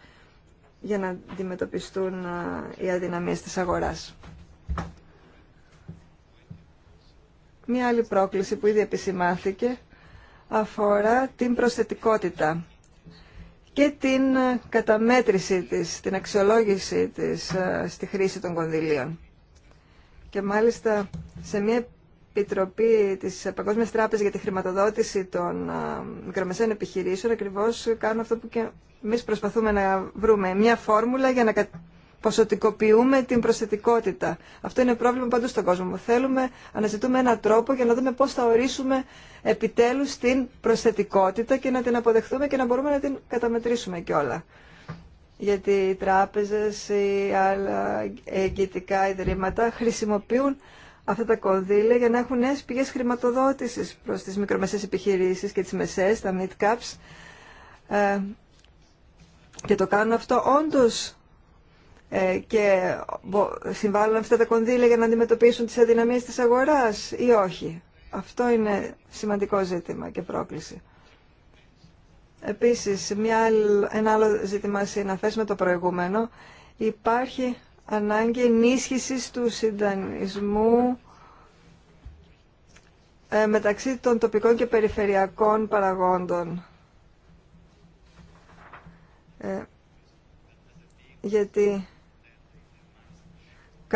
για να αντιμετωπιστούν ε, οι αδυναμίες της αγοράς. Μία άλλη πρόκληση που ήδη επισημάθηκε αφορά την προσθετικότητα και την ε, καταμέτρησή της, την αξιολόγησή της ε, στη χρήση των κονδυλίων. Και μάλιστα σε μια επιτροπή της Παγκόσμιας Τράπεζας για τη χρηματοδότηση των ε, μικρομεσαίων επιχειρήσεων ακριβώς κάνουμε αυτό που και εμείς προσπαθούμε να βρούμε μια φόρμουλα για να ποσοτικοποιούμε την προσθετικότητα. Αυτό είναι πρόβλημα παντού στον κόσμο. Θέλουμε, αναζητούμε έναν τρόπο για να δούμε πώς θα ορίσουμε επιτέλους την προσθετικότητα και να την αποδεχτούμε και να μπορούμε να την καταμετρήσουμε κιόλα. Γιατί οι τράπεζες ή άλλα εγγυητικά ιδρύματα χρησιμοποιούν αυτά τα κονδύλια για να έχουν νέες πηγές χρηματοδότησης προς τις μικρομεσαίες επιχειρήσεις και τις μεσαίες, τα mid-caps. Ε, και το κάνουν αυτό όντως ε, και συμβάλλουν αυτά τα κονδύλια για να αντιμετωπίσουν τις αδυναμίες της αγοράς ή όχι. Αυτό είναι σημαντικό ζήτημα και πρόκληση. Επίσης, μια, ένα άλλο ζήτημα συναφές με το προηγούμενο, υπάρχει ανάγκη ενίσχυση του συντανισμού ε, μεταξύ των τοπικών και περιφερειακών παραγόντων. Ε, γιατί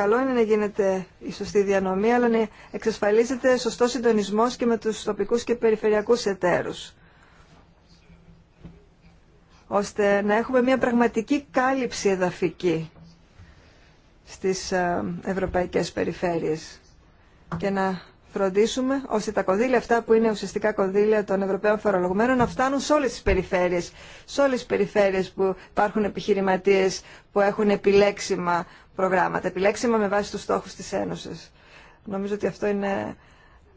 καλό είναι να γίνεται η σωστή διανομή, αλλά να εξασφαλίζεται σωστό συντονισμό και με του τοπικού και περιφερειακού εταίρους ώστε να έχουμε μια πραγματική κάλυψη εδαφική στις ε, ευρωπαϊκές περιφέρειες και να φροντίσουμε ώστε τα κονδύλια αυτά που είναι ουσιαστικά κονδύλια των Ευρωπαίων φορολογουμένων να φτάνουν σε όλες τις περιφέρειες, σε όλες τις περιφέρειες που υπάρχουν επιχειρηματίες που έχουν επιλέξιμα προγράμματα, επιλέξιμα με βάση τους στόχους της Ένωσης. Νομίζω ότι αυτό είναι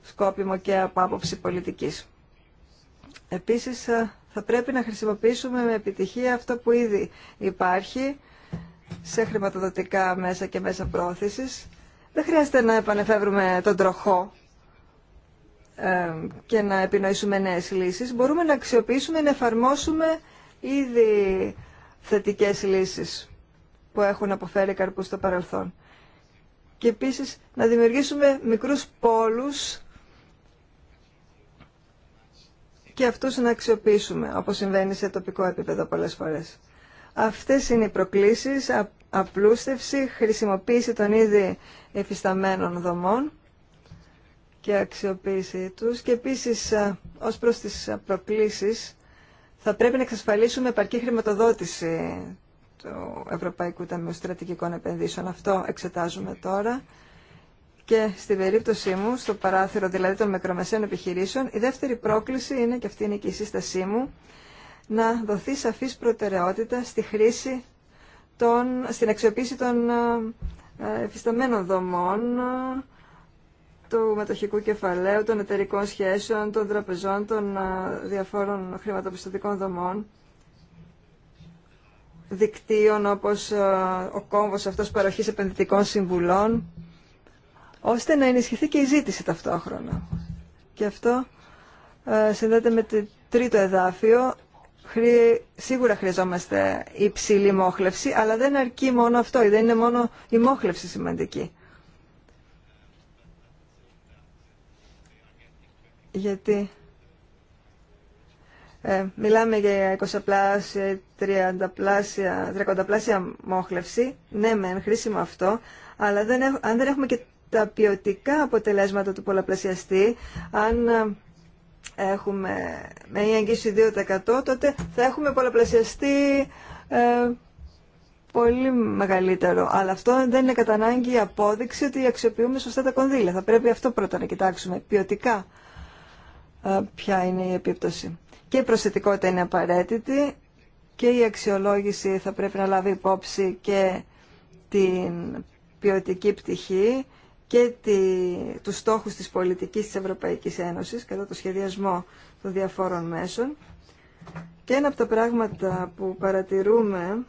σκόπιμο και από άποψη πολιτικής. Επίσης, ε, θα πρέπει να χρησιμοποιήσουμε με επιτυχία αυτό που ήδη υπάρχει σε χρηματοδοτικά μέσα και μέσα πρόθεσης. Δεν χρειάζεται να επανεφεύρουμε τον τροχό ε, και να επινοήσουμε νέες λύσεις. Μπορούμε να αξιοποιήσουμε, να εφαρμόσουμε ήδη θετικές λύσεις που έχουν αποφέρει καρπούς στο παρελθόν. Και επίσης να δημιουργήσουμε μικρούς πόλους και αυτούς να αξιοποιήσουμε, όπως συμβαίνει σε τοπικό επίπεδο πολλές φορές. Αυτές είναι οι προκλήσεις, απλούστευση, χρησιμοποίηση των ήδη εφισταμένων δομών και αξιοποίησή τους και επίσης ως προς τις προκλήσεις θα πρέπει να εξασφαλίσουμε επαρκή χρηματοδότηση του Ευρωπαϊκού Ταμείου Στρατηγικών Επενδύσεων. Αυτό εξετάζουμε τώρα. Και στην περίπτωσή μου, στο παράθυρο δηλαδή των μικρομεσαίων επιχειρήσεων, η δεύτερη πρόκληση είναι, και αυτή είναι και η σύστασή μου, να δοθεί σαφής προτεραιότητα στη χρήση των, στην αξιοποίηση των ε, εφισταμένων δομών ε, του μετοχικού κεφαλαίου, των εταιρικών σχέσεων, των τραπεζών, των ε, διαφόρων χρηματοπιστωτικών δομών δικτύων όπως ε, ο κόμβος αυτός παροχής επενδυτικών συμβουλών, ώστε να ενισχυθεί και η ζήτηση ταυτόχρονα. Και αυτό ε, συνδέεται με το τρίτο εδάφιο. Σίγουρα χρειαζόμαστε υψηλή μόχλευση, αλλά δεν αρκεί μόνο αυτό, δεν είναι μόνο η μόχλευση σημαντική. Γιατί ε, μιλάμε για 20 πλάσια, 30 πλάσια, 30 πλάσια μόχλευση. Ναι, μεν, χρήσιμο αυτό, αλλά δεν αν δεν έχουμε και τα ποιοτικά αποτελέσματα του πολλαπλασιαστή, αν ε, έχουμε με μια εγγύηση 2% τότε θα έχουμε πολλαπλασιαστή ε, πολύ μεγαλύτερο. Αλλά αυτό δεν είναι κατά ανάγκη η απόδειξη ότι αξιοποιούμε σωστά τα κονδύλια. Θα πρέπει αυτό πρώτα να κοιτάξουμε ποιοτικά ε, ποια είναι η επίπτωση και η προσθετικότητα είναι απαραίτητη και η αξιολόγηση θα πρέπει να λάβει υπόψη και την ποιοτική πτυχή και τη, τους στόχους της πολιτικής της Ευρωπαϊκής Ένωσης κατά το σχεδιασμό των διαφόρων μέσων. Και ένα από τα πράγματα που παρατηρούμε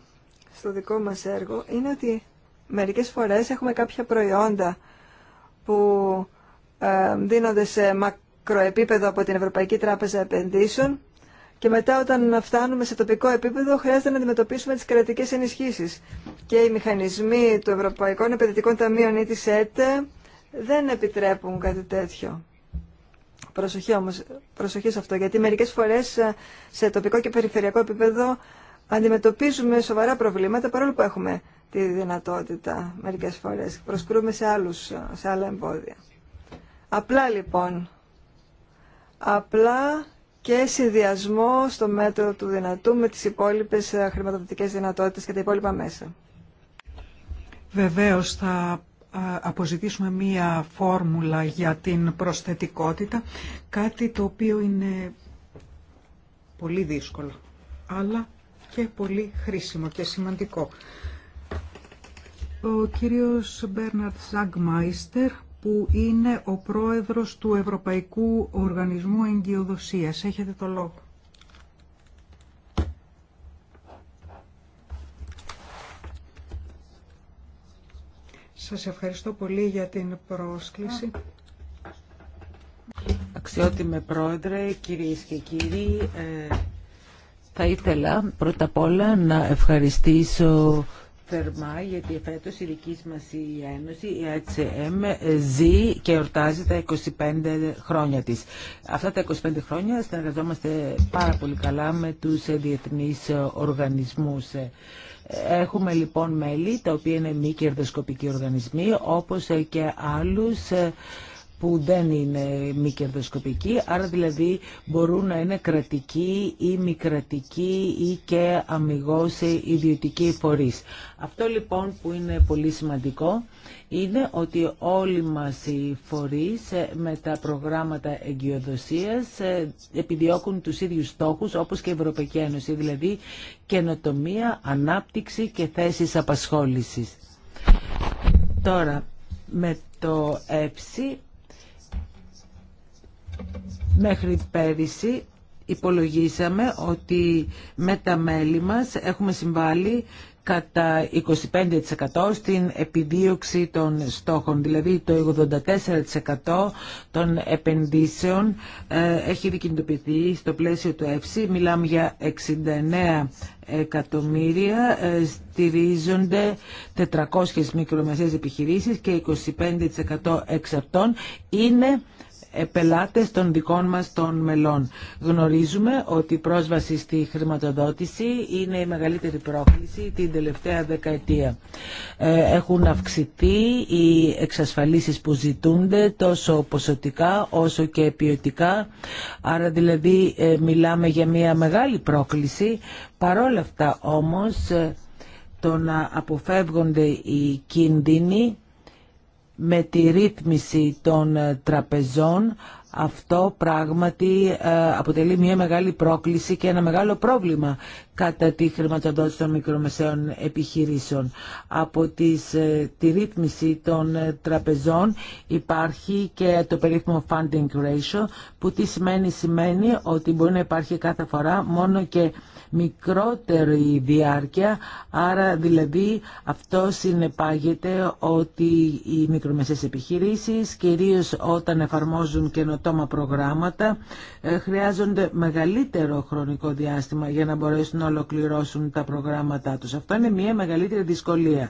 στο δικό μας έργο είναι ότι μερικές φορές έχουμε κάποια προϊόντα που ε, δίνονται σε μακροεπίπεδο από την Ευρωπαϊκή Τράπεζα Επενδύσεων και μετά όταν φτάνουμε σε τοπικό επίπεδο χρειάζεται να αντιμετωπίσουμε τις κρατικές ενισχύσεις. Και οι μηχανισμοί του Ευρωπαϊκών Επενδυτικών Ταμείων ή της ΕΤΕ δεν επιτρέπουν κάτι τέτοιο. Προσοχή όμως, προσοχή σε αυτό, γιατί μερικές φορές ε, σε τοπικό και περιφερειακό επίπεδο αντιμετωπίζουμε σοβαρά προβλήματα παρόλο που έχουμε τη δυνατότητα μερικές φορές. Προσκρούμε σε, άλλους, ε, σε άλλα εμπόδια. Απλά λοιπόν, απλά και συνδυασμό στο μέτρο του δυνατού με τις υπόλοιπες ε, χρηματοδοτικές δυνατότητες και τα υπόλοιπα μέσα. Βεβαίως θα ε, αποζητήσουμε μία φόρμουλα για την προσθετικότητα, κάτι το οποίο είναι πολύ δύσκολο, αλλά και πολύ χρήσιμο και σημαντικό. Ο κύριος Μπέρναρτ Ζαγκμάιστερ που είναι ο πρόεδρος του Ευρωπαϊκού Οργανισμού Εγκυοδοσίας. Έχετε το λόγο. Σας ευχαριστώ πολύ για την πρόσκληση. Αξιότιμε πρόεδρε, κυρίες και κύριοι, ε, θα ήθελα πρώτα απ' όλα να ευχαριστήσω θερμά γιατί φέτος η δική μας η Ένωση, η ΑΤΣΕΜ, ζει και ορτάζει τα 25 χρόνια της. Αυτά τα 25 χρόνια συνεργαζόμαστε πάρα πολύ καλά με τους διεθνείς οργανισμούς. Έχουμε λοιπόν μέλη τα οποία είναι μη κερδοσκοπικοί οργανισμοί όπως και άλλους που δεν είναι μη κερδοσκοπική, άρα δηλαδή μπορούν να είναι κρατικοί ή μη κρατικοί ή και αμυγός ιδιωτικοί φορείς. Αυτό λοιπόν που είναι πολύ σημαντικό είναι ότι όλοι μας οι φορείς ε, με τα προγράμματα εγκυοδοσίας ε, επιδιώκουν τους ίδιους στόχους όπως και η Ευρωπαϊκή Ένωση, δηλαδή καινοτομία, ανάπτυξη και θέσεις απασχόλησης. Τώρα, με το ΕΦΣΥ Μέχρι πέρυσι υπολογίσαμε ότι με τα μέλη μας έχουμε συμβάλει κατά 25% στην επιδίωξη των στόχων. Δηλαδή το 84% των επενδύσεων ε, έχει δικινητοποιηθεί στο πλαίσιο του ΕΦΣΥ. Μιλάμε για 69 εκατομμύρια ε, στηρίζονται 400 μικρομεσαίες επιχειρήσεις και 25% εξ αυτών είναι πελάτες των δικών μας των μελών. Γνωρίζουμε ότι η πρόσβαση στη χρηματοδότηση είναι η μεγαλύτερη πρόκληση την τελευταία δεκαετία. Ε, έχουν αυξηθεί οι εξασφαλίσεις που ζητούνται τόσο ποσοτικά όσο και ποιοτικά. Άρα δηλαδή ε, μιλάμε για μια μεγάλη πρόκληση. Παρόλα αυτά όμως ε, το να αποφεύγονται οι κίνδυνοι με τη ρύθμιση των ε, τραπεζών αυτό πράγματι ε, αποτελεί μια μεγάλη πρόκληση και ένα μεγάλο πρόβλημα κατά τη χρηματοδότηση των μικρομεσαίων επιχειρήσεων. Από τις, ε, τη ρύθμιση των τραπεζών υπάρχει και το περίφημο funding ratio που τι σημαίνει, σημαίνει ότι μπορεί να υπάρχει κάθε φορά μόνο και μικρότερη διάρκεια, άρα δηλαδή αυτό συνεπάγεται ότι οι μικρομεσαίες επιχειρήσεις, κυρίως όταν εφαρμόζουν καινοτόμα προγράμματα, ε, χρειάζονται μεγαλύτερο χρονικό διάστημα για να μπορέσουν να ολοκληρώσουν τα προγράμματά τους. Αυτό είναι μια μεγαλύτερη δυσκολία.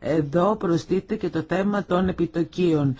Εδώ προστείται και το θέμα των επιτοκίων.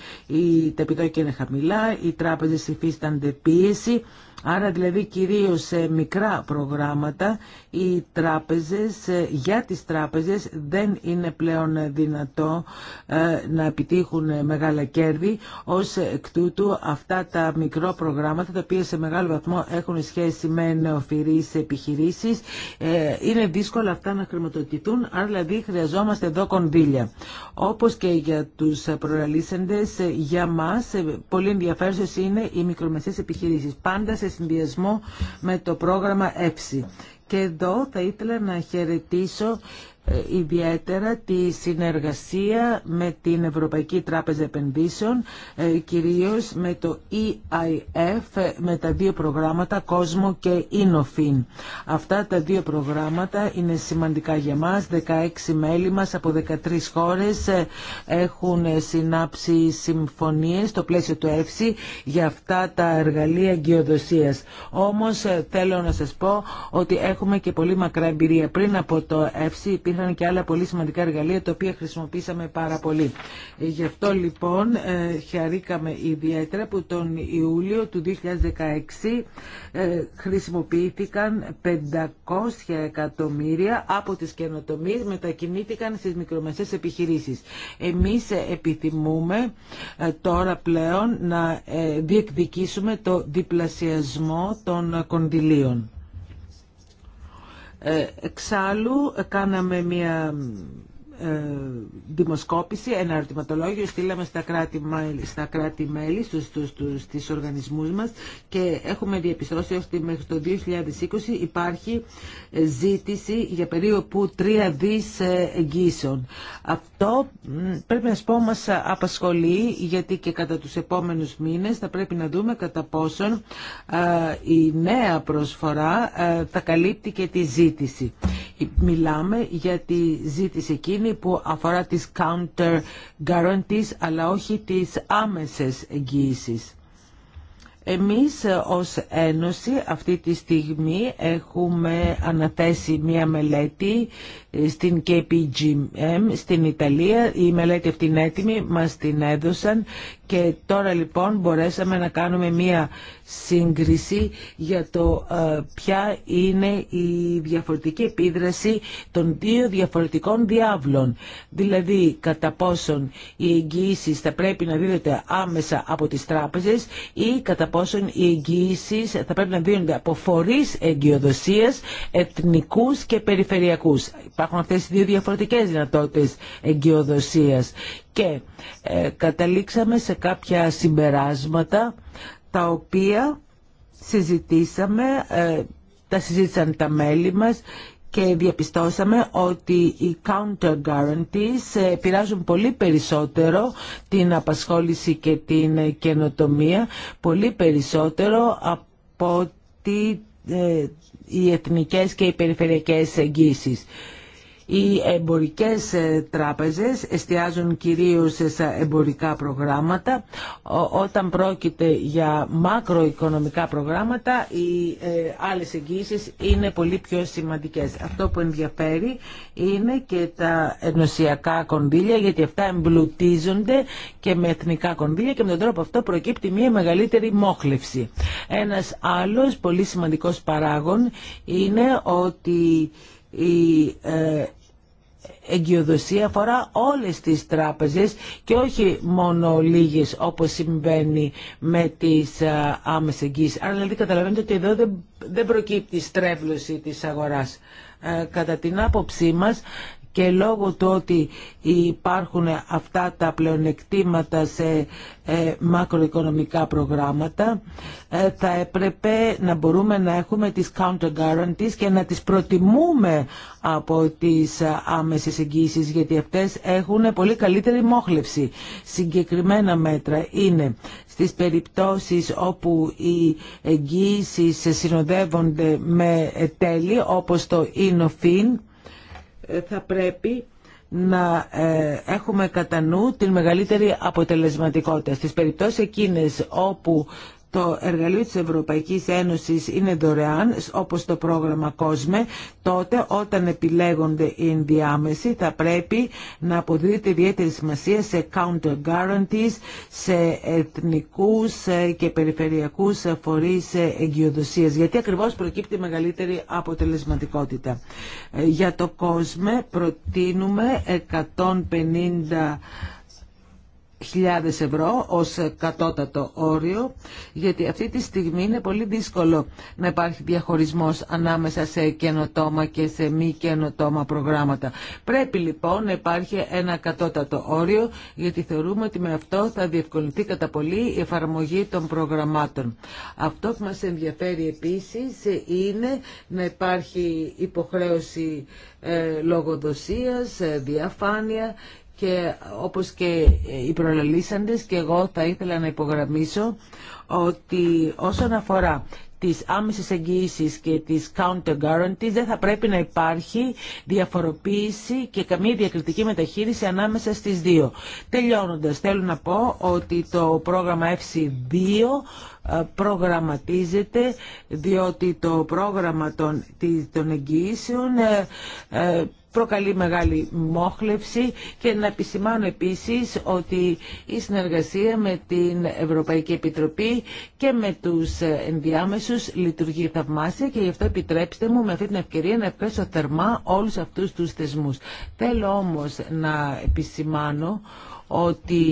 Τα επιτόκια είναι χαμηλά, οι τράπεζες υφίστανται πίεση Άρα δηλαδή κυρίως σε μικρά προγράμματα οι τράπεζες, ε, για τις τράπεζες δεν είναι πλέον δυνατό ε, να επιτύχουν μεγάλα κέρδη ως εκ τούτου αυτά τα μικρό προγράμματα τα οποία σε μεγάλο βαθμό έχουν σχέση με νεοφυρείς επιχειρήσεις ε, είναι δύσκολα αυτά να χρηματοδοτηθούν άρα δηλαδή χρειαζόμαστε εδώ κονδύλια. Όπως και για τους προαλήσεντες για μας πολύ ενδιαφέρουσες είναι οι μικρομεσαίες επιχειρήσεις πάντα συνδυασμό με το πρόγραμμα ΕΨΗ. Και εδώ θα ήθελα να χαιρετήσω ε, ιδιαίτερα τη συνεργασία με την Ευρωπαϊκή Τράπεζα Επενδύσεων, ε, κυρίως με το EIF, ε, με τα δύο προγράμματα Κόσμο και Inofin. Αυτά τα δύο προγράμματα είναι σημαντικά για μας. 16 μέλη μας από 13 χώρες έχουν συνάψει συμφωνίες στο πλαίσιο του ΕΦΣΥ για αυτά τα εργαλεία εγκυοδοσίας. Όμως θέλω να σας πω ότι έχουμε και πολύ μακρά εμπειρία. Πριν από το ΕΦΣΥ Είχαν και άλλα πολύ σημαντικά εργαλεία τα οποία χρησιμοποίησαμε πάρα πολύ. Ε, γι' αυτό λοιπόν ε, χαρήκαμε ιδιαίτερα που τον Ιούλιο του 2016 ε, χρησιμοποιήθηκαν 500 εκατομμύρια από τις καινοτομίες μετακινήθηκαν στις μικρομεσαίες επιχειρήσεις. Εμείς επιθυμούμε τώρα πλέον να διεκδικήσουμε το διπλασιασμό των κονδυλίων. Ε, εξάλλου ε, κάναμε μια ε, δημοσκόπηση, ένα ερωτηματολόγιο, στείλαμε στα κράτη-μέλη, στα κράτη -μέλη, στους, στους, οργανισμούς μας και έχουμε διαπιστώσει ότι μέχρι το 2020 υπάρχει ε, ζήτηση για περίπου 3 δις ε, εγγύσεων. Αυτό πρέπει να σου πω μας απασχολεί γιατί και κατά τους επόμενους μήνες θα πρέπει να δούμε κατά πόσον η νέα προσφορά θα καλύπτει και τη ζήτηση. Μιλάμε για τη ζήτηση εκείνη που αφορά τις counter guarantees αλλά όχι τις άμεσες εγγύησεις. Εμείς ως Ένωση αυτή τη στιγμή έχουμε αναθέσει μία μελέτη στην KPGM στην Ιταλία. Η μελέτη αυτή είναι έτοιμη, μας την έδωσαν και τώρα λοιπόν μπορέσαμε να κάνουμε μία σύγκριση για το ε, ποια είναι η διαφορετική επίδραση των δύο διαφορετικών διάβλων. Δηλαδή κατά πόσον οι εγγυήσει θα πρέπει να δίδονται άμεσα από τις τράπεζες ή κατά πόσον οι εγγυήσει θα πρέπει να δίνονται από φορείς εγκυοδοσίας, εθνικούς και περιφερειακούς. Υπάρχουν αυτές οι δύο διαφορετικές δυνατότητες εγκυοδοσίας. Και ε, καταλήξαμε σε κάποια συμπεράσματα τα οποία συζητήσαμε, ε, τα συζήτησαν τα μέλη μας και διαπιστώσαμε ότι οι counter guarantees ε, πειράζουν πολύ περισσότερο την απασχόληση και την καινοτομία, πολύ περισσότερο από ότι οι εθνικές και οι περιφερειακές εγγύσεις. Οι εμπορικές ε, τράπεζες εστιάζουν κυρίως σε εμπορικά προγράμματα. Όταν πρόκειται για μακροοικονομικά προγράμματα, οι ε, άλλες εγγύησεις είναι πολύ πιο σημαντικές. Αυτό που ενδιαφέρει είναι και τα ενωσιακά κονδύλια, γιατί αυτά εμπλουτίζονται και με εθνικά κονδύλια και με τον τρόπο αυτό προκύπτει μια μεγαλύτερη μόχλευση. Ένας άλλος πολύ σημαντικός παράγων είναι ότι η ε, εγκυοδοσία αφορά όλες τις τράπεζες και όχι μόνο λίγες όπως συμβαίνει με τις ε, άμεσες εγγύσεις. Άρα δηλαδή καταλαβαίνετε ότι εδώ δεν, δεν προκύπτει στρέβλωση της αγοράς. Ε, κατά την άποψή μας και λόγω του ότι υπάρχουν αυτά τα πλεονεκτήματα σε ε, μακροοικονομικά προγράμματα ε, θα έπρεπε να μπορούμε να έχουμε τις counter guarantees και να τις προτιμούμε από τις ε, άμεσες εγγύησεις γιατί αυτές έχουν πολύ καλύτερη μόχλευση. Συγκεκριμένα μέτρα είναι στις περιπτώσεις όπου οι εγγύησεις συνοδεύονται με τέλη όπως το Inofin θα πρέπει να ε, έχουμε κατά νου την μεγαλύτερη αποτελεσματικότητα. Στις περιπτώσεις εκείνες όπου το εργαλείο της Ευρωπαϊκής Ένωσης είναι δωρεάν, όπως το πρόγραμμα COSME, τότε όταν επιλέγονται οι ενδιάμεσοι θα πρέπει να αποδίδεται ιδιαίτερη σημασία σε counter guarantees, σε εθνικούς ε, και περιφερειακούς ε, φορείς ε, εγκυοδοσίας, γιατί ακριβώς προκύπτει μεγαλύτερη αποτελεσματικότητα. Για το COSME προτείνουμε 150 ευρώ ως κατώτατο όριο, γιατί αυτή τη στιγμή είναι πολύ δύσκολο να υπάρχει διαχωρισμός ανάμεσα σε καινοτόμα και σε μη καινοτόμα προγράμματα. Πρέπει λοιπόν να υπάρχει ένα κατώτατο όριο, γιατί θεωρούμε ότι με αυτό θα διευκολυνθεί κατά πολύ η εφαρμογή των προγραμμάτων. Αυτό που μας ενδιαφέρει επίσης είναι να υπάρχει υποχρέωση ε, λογοδοσίας, ε, διαφάνεια και όπως και οι προλαλήσαντες και εγώ θα ήθελα να υπογραμμίσω ότι όσον αφορά τις άμεσες εγγυήσει και τις counter guarantees δεν θα πρέπει να υπάρχει διαφοροποίηση και καμία διακριτική μεταχείριση ανάμεσα στις δύο. Τελειώνοντας, θέλω να πω ότι το πρόγραμμα FC2 ε, προγραμματίζεται διότι το πρόγραμμα των, των εγγυήσεων ε, ε, προκαλεί μεγάλη μόχλευση και να επισημάνω επίσης ότι η συνεργασία με την Ευρωπαϊκή Επιτροπή και με τους ενδιάμεσους λειτουργεί θαυμάσια και γι' αυτό επιτρέψτε μου με αυτή την ευκαιρία να ευχαριστώ θερμά όλους αυτούς τους θεσμούς. Θέλω όμως να επισημάνω ότι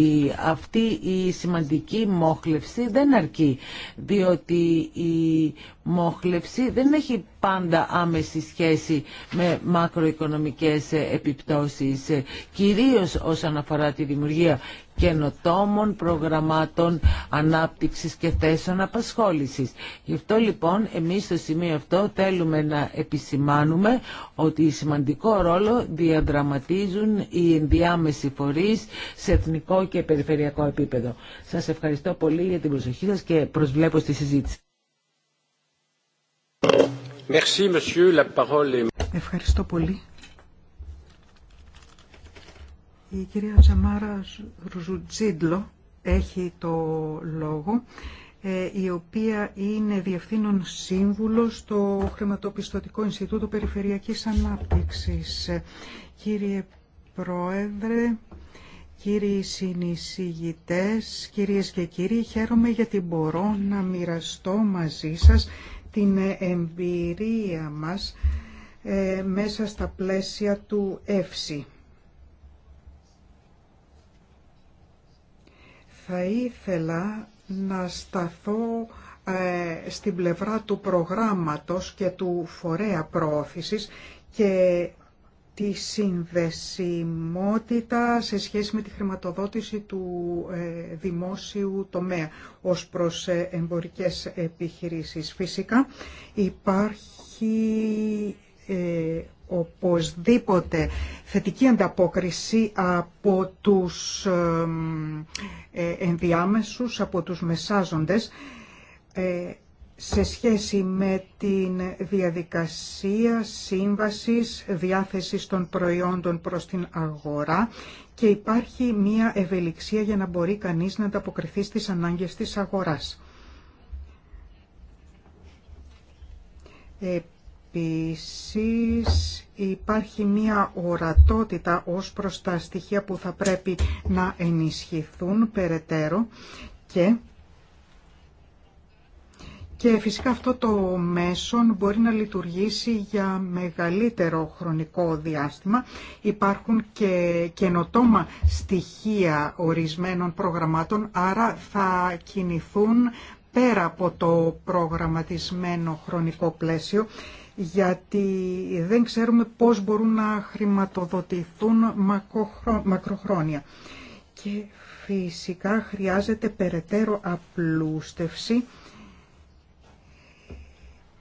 αυτή η σημαντική μόχλευση δεν αρκεί, διότι η μόχλευση δεν έχει πάντα άμεση σχέση με μακροοικονομικές επιπτώσεις, κυρίως όσον αφορά τη δημιουργία καινοτόμων προγραμμάτων ανάπτυξης και θέσεων απασχόλησης. Γι' αυτό λοιπόν εμείς στο σημείο αυτό θέλουμε να επισημάνουμε ότι σημαντικό ρόλο διαδραματίζουν οι ενδιάμεσοι φορείς σε εθνικό και περιφερειακό επίπεδο. Σας ευχαριστώ πολύ για την προσοχή σας και προσβλέπω στη συζήτηση. Ευχαριστώ πολύ. Η κυρία Τζαμάρα Ρουζουτζίντλο έχει το λόγο, ε, η οποία είναι Διευθύνων Σύμβουλο στο Χρηματοπιστωτικό Ινστιτούτο Περιφερειακής Ανάπτυξης. Κύριε Πρόεδρε, κύριοι συνεισηγητές, κυρίες και κύριοι, χαίρομαι γιατί μπορώ να μοιραστώ μαζί σας την εμπειρία μας ε, μέσα στα πλαίσια του ΕΦΣΥ Θα ήθελα να σταθώ ε, στην πλευρά του προγράμματος και του φορέα προώθησης και τη συνδεσιμότητα σε σχέση με τη χρηματοδότηση του ε, δημόσιου τομέα ως προς ε, εμπορικές επιχειρήσεις. Φυσικά υπάρχει οπωσδήποτε θετική ανταπόκριση από τους ε, ενδιάμεσους, από τους μεσάζοντες ε, σε σχέση με την διαδικασία σύμβασης διάθεσης των προϊόντων προς την αγορά και υπάρχει μία ευελιξία για να μπορεί κανείς να ανταποκριθεί στις ανάγκες της αγοράς. Ε, Επίσης υπάρχει μία ορατότητα ως προς τα στοιχεία που θα πρέπει να ενισχυθούν περαιτέρω και και φυσικά αυτό το μέσον μπορεί να λειτουργήσει για μεγαλύτερο χρονικό διάστημα. Υπάρχουν και καινοτόμα στοιχεία ορισμένων προγραμμάτων, άρα θα κινηθούν πέρα από το προγραμματισμένο χρονικό πλαίσιο γιατί δεν ξέρουμε πώς μπορούν να χρηματοδοτηθούν μακροχρόνια. Και φυσικά χρειάζεται περαιτέρω απλούστευση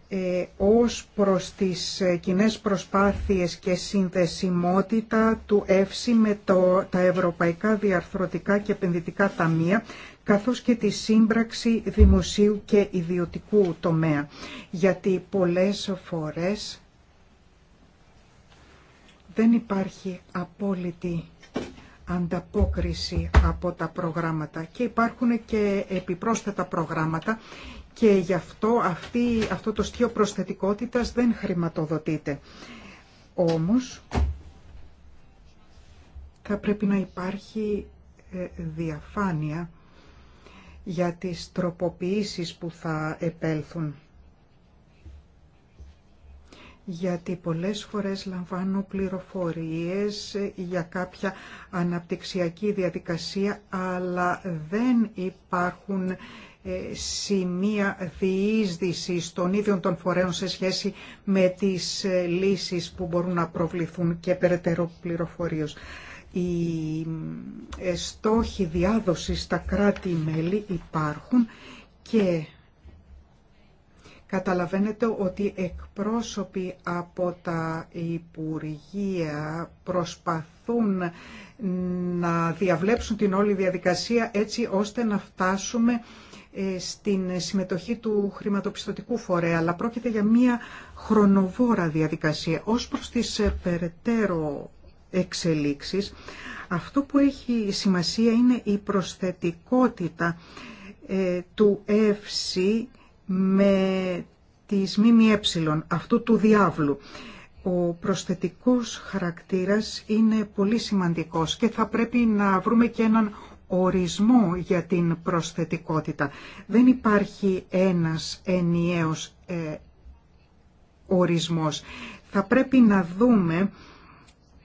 ε, ως προς τις ε, κοινέ προσπάθειες και συνδεσιμότητα του ΕΦΣΙ με το, τα Ευρωπαϊκά Διαρθρωτικά και Επενδυτικά Ταμεία καθώς και τη σύμπραξη δημοσίου και ιδιωτικού τομέα. Γιατί πολλές φορές δεν υπάρχει απόλυτη ανταπόκριση από τα προγράμματα και υπάρχουν και επιπρόσθετα προγράμματα και γι' αυτό αυτή, αυτό το στοιχείο προσθετικότητας δεν χρηματοδοτείται. Όμως θα πρέπει να υπάρχει ε, διαφάνεια για τις τροποποιήσεις που θα επέλθουν. Γιατί πολλές φορές λαμβάνω πληροφορίες για κάποια αναπτυξιακή διαδικασία, αλλά δεν υπάρχουν ε, σημεία διείσδυσης των ίδιων των φορέων σε σχέση με τις ε, λύσεις που μπορούν να προβληθούν και περαιτέρω πληροφορίες οι ε, στόχοι διάδοσης στα κράτη-μέλη υπάρχουν και καταλαβαίνετε ότι εκπρόσωποι από τα Υπουργεία προσπαθούν να διαβλέψουν την όλη διαδικασία έτσι ώστε να φτάσουμε ε, στην συμμετοχή του χρηματοπιστωτικού φορέα, αλλά πρόκειται για μία χρονοβόρα διαδικασία. Ως προς τις ε, περαιτέρω εξελίξεις, αυτό που έχει σημασία είναι η προσθετικότητα ε, του ΕΦΣΥ με της ΜΜΕ, αυτού του διάβλου. Ο προσθετικός χαρακτήρας είναι πολύ σημαντικός και θα πρέπει να βρούμε και έναν ορισμό για την προσθετικότητα. Δεν υπάρχει ένας ενιαίος ε, ορισμός. Θα πρέπει να δούμε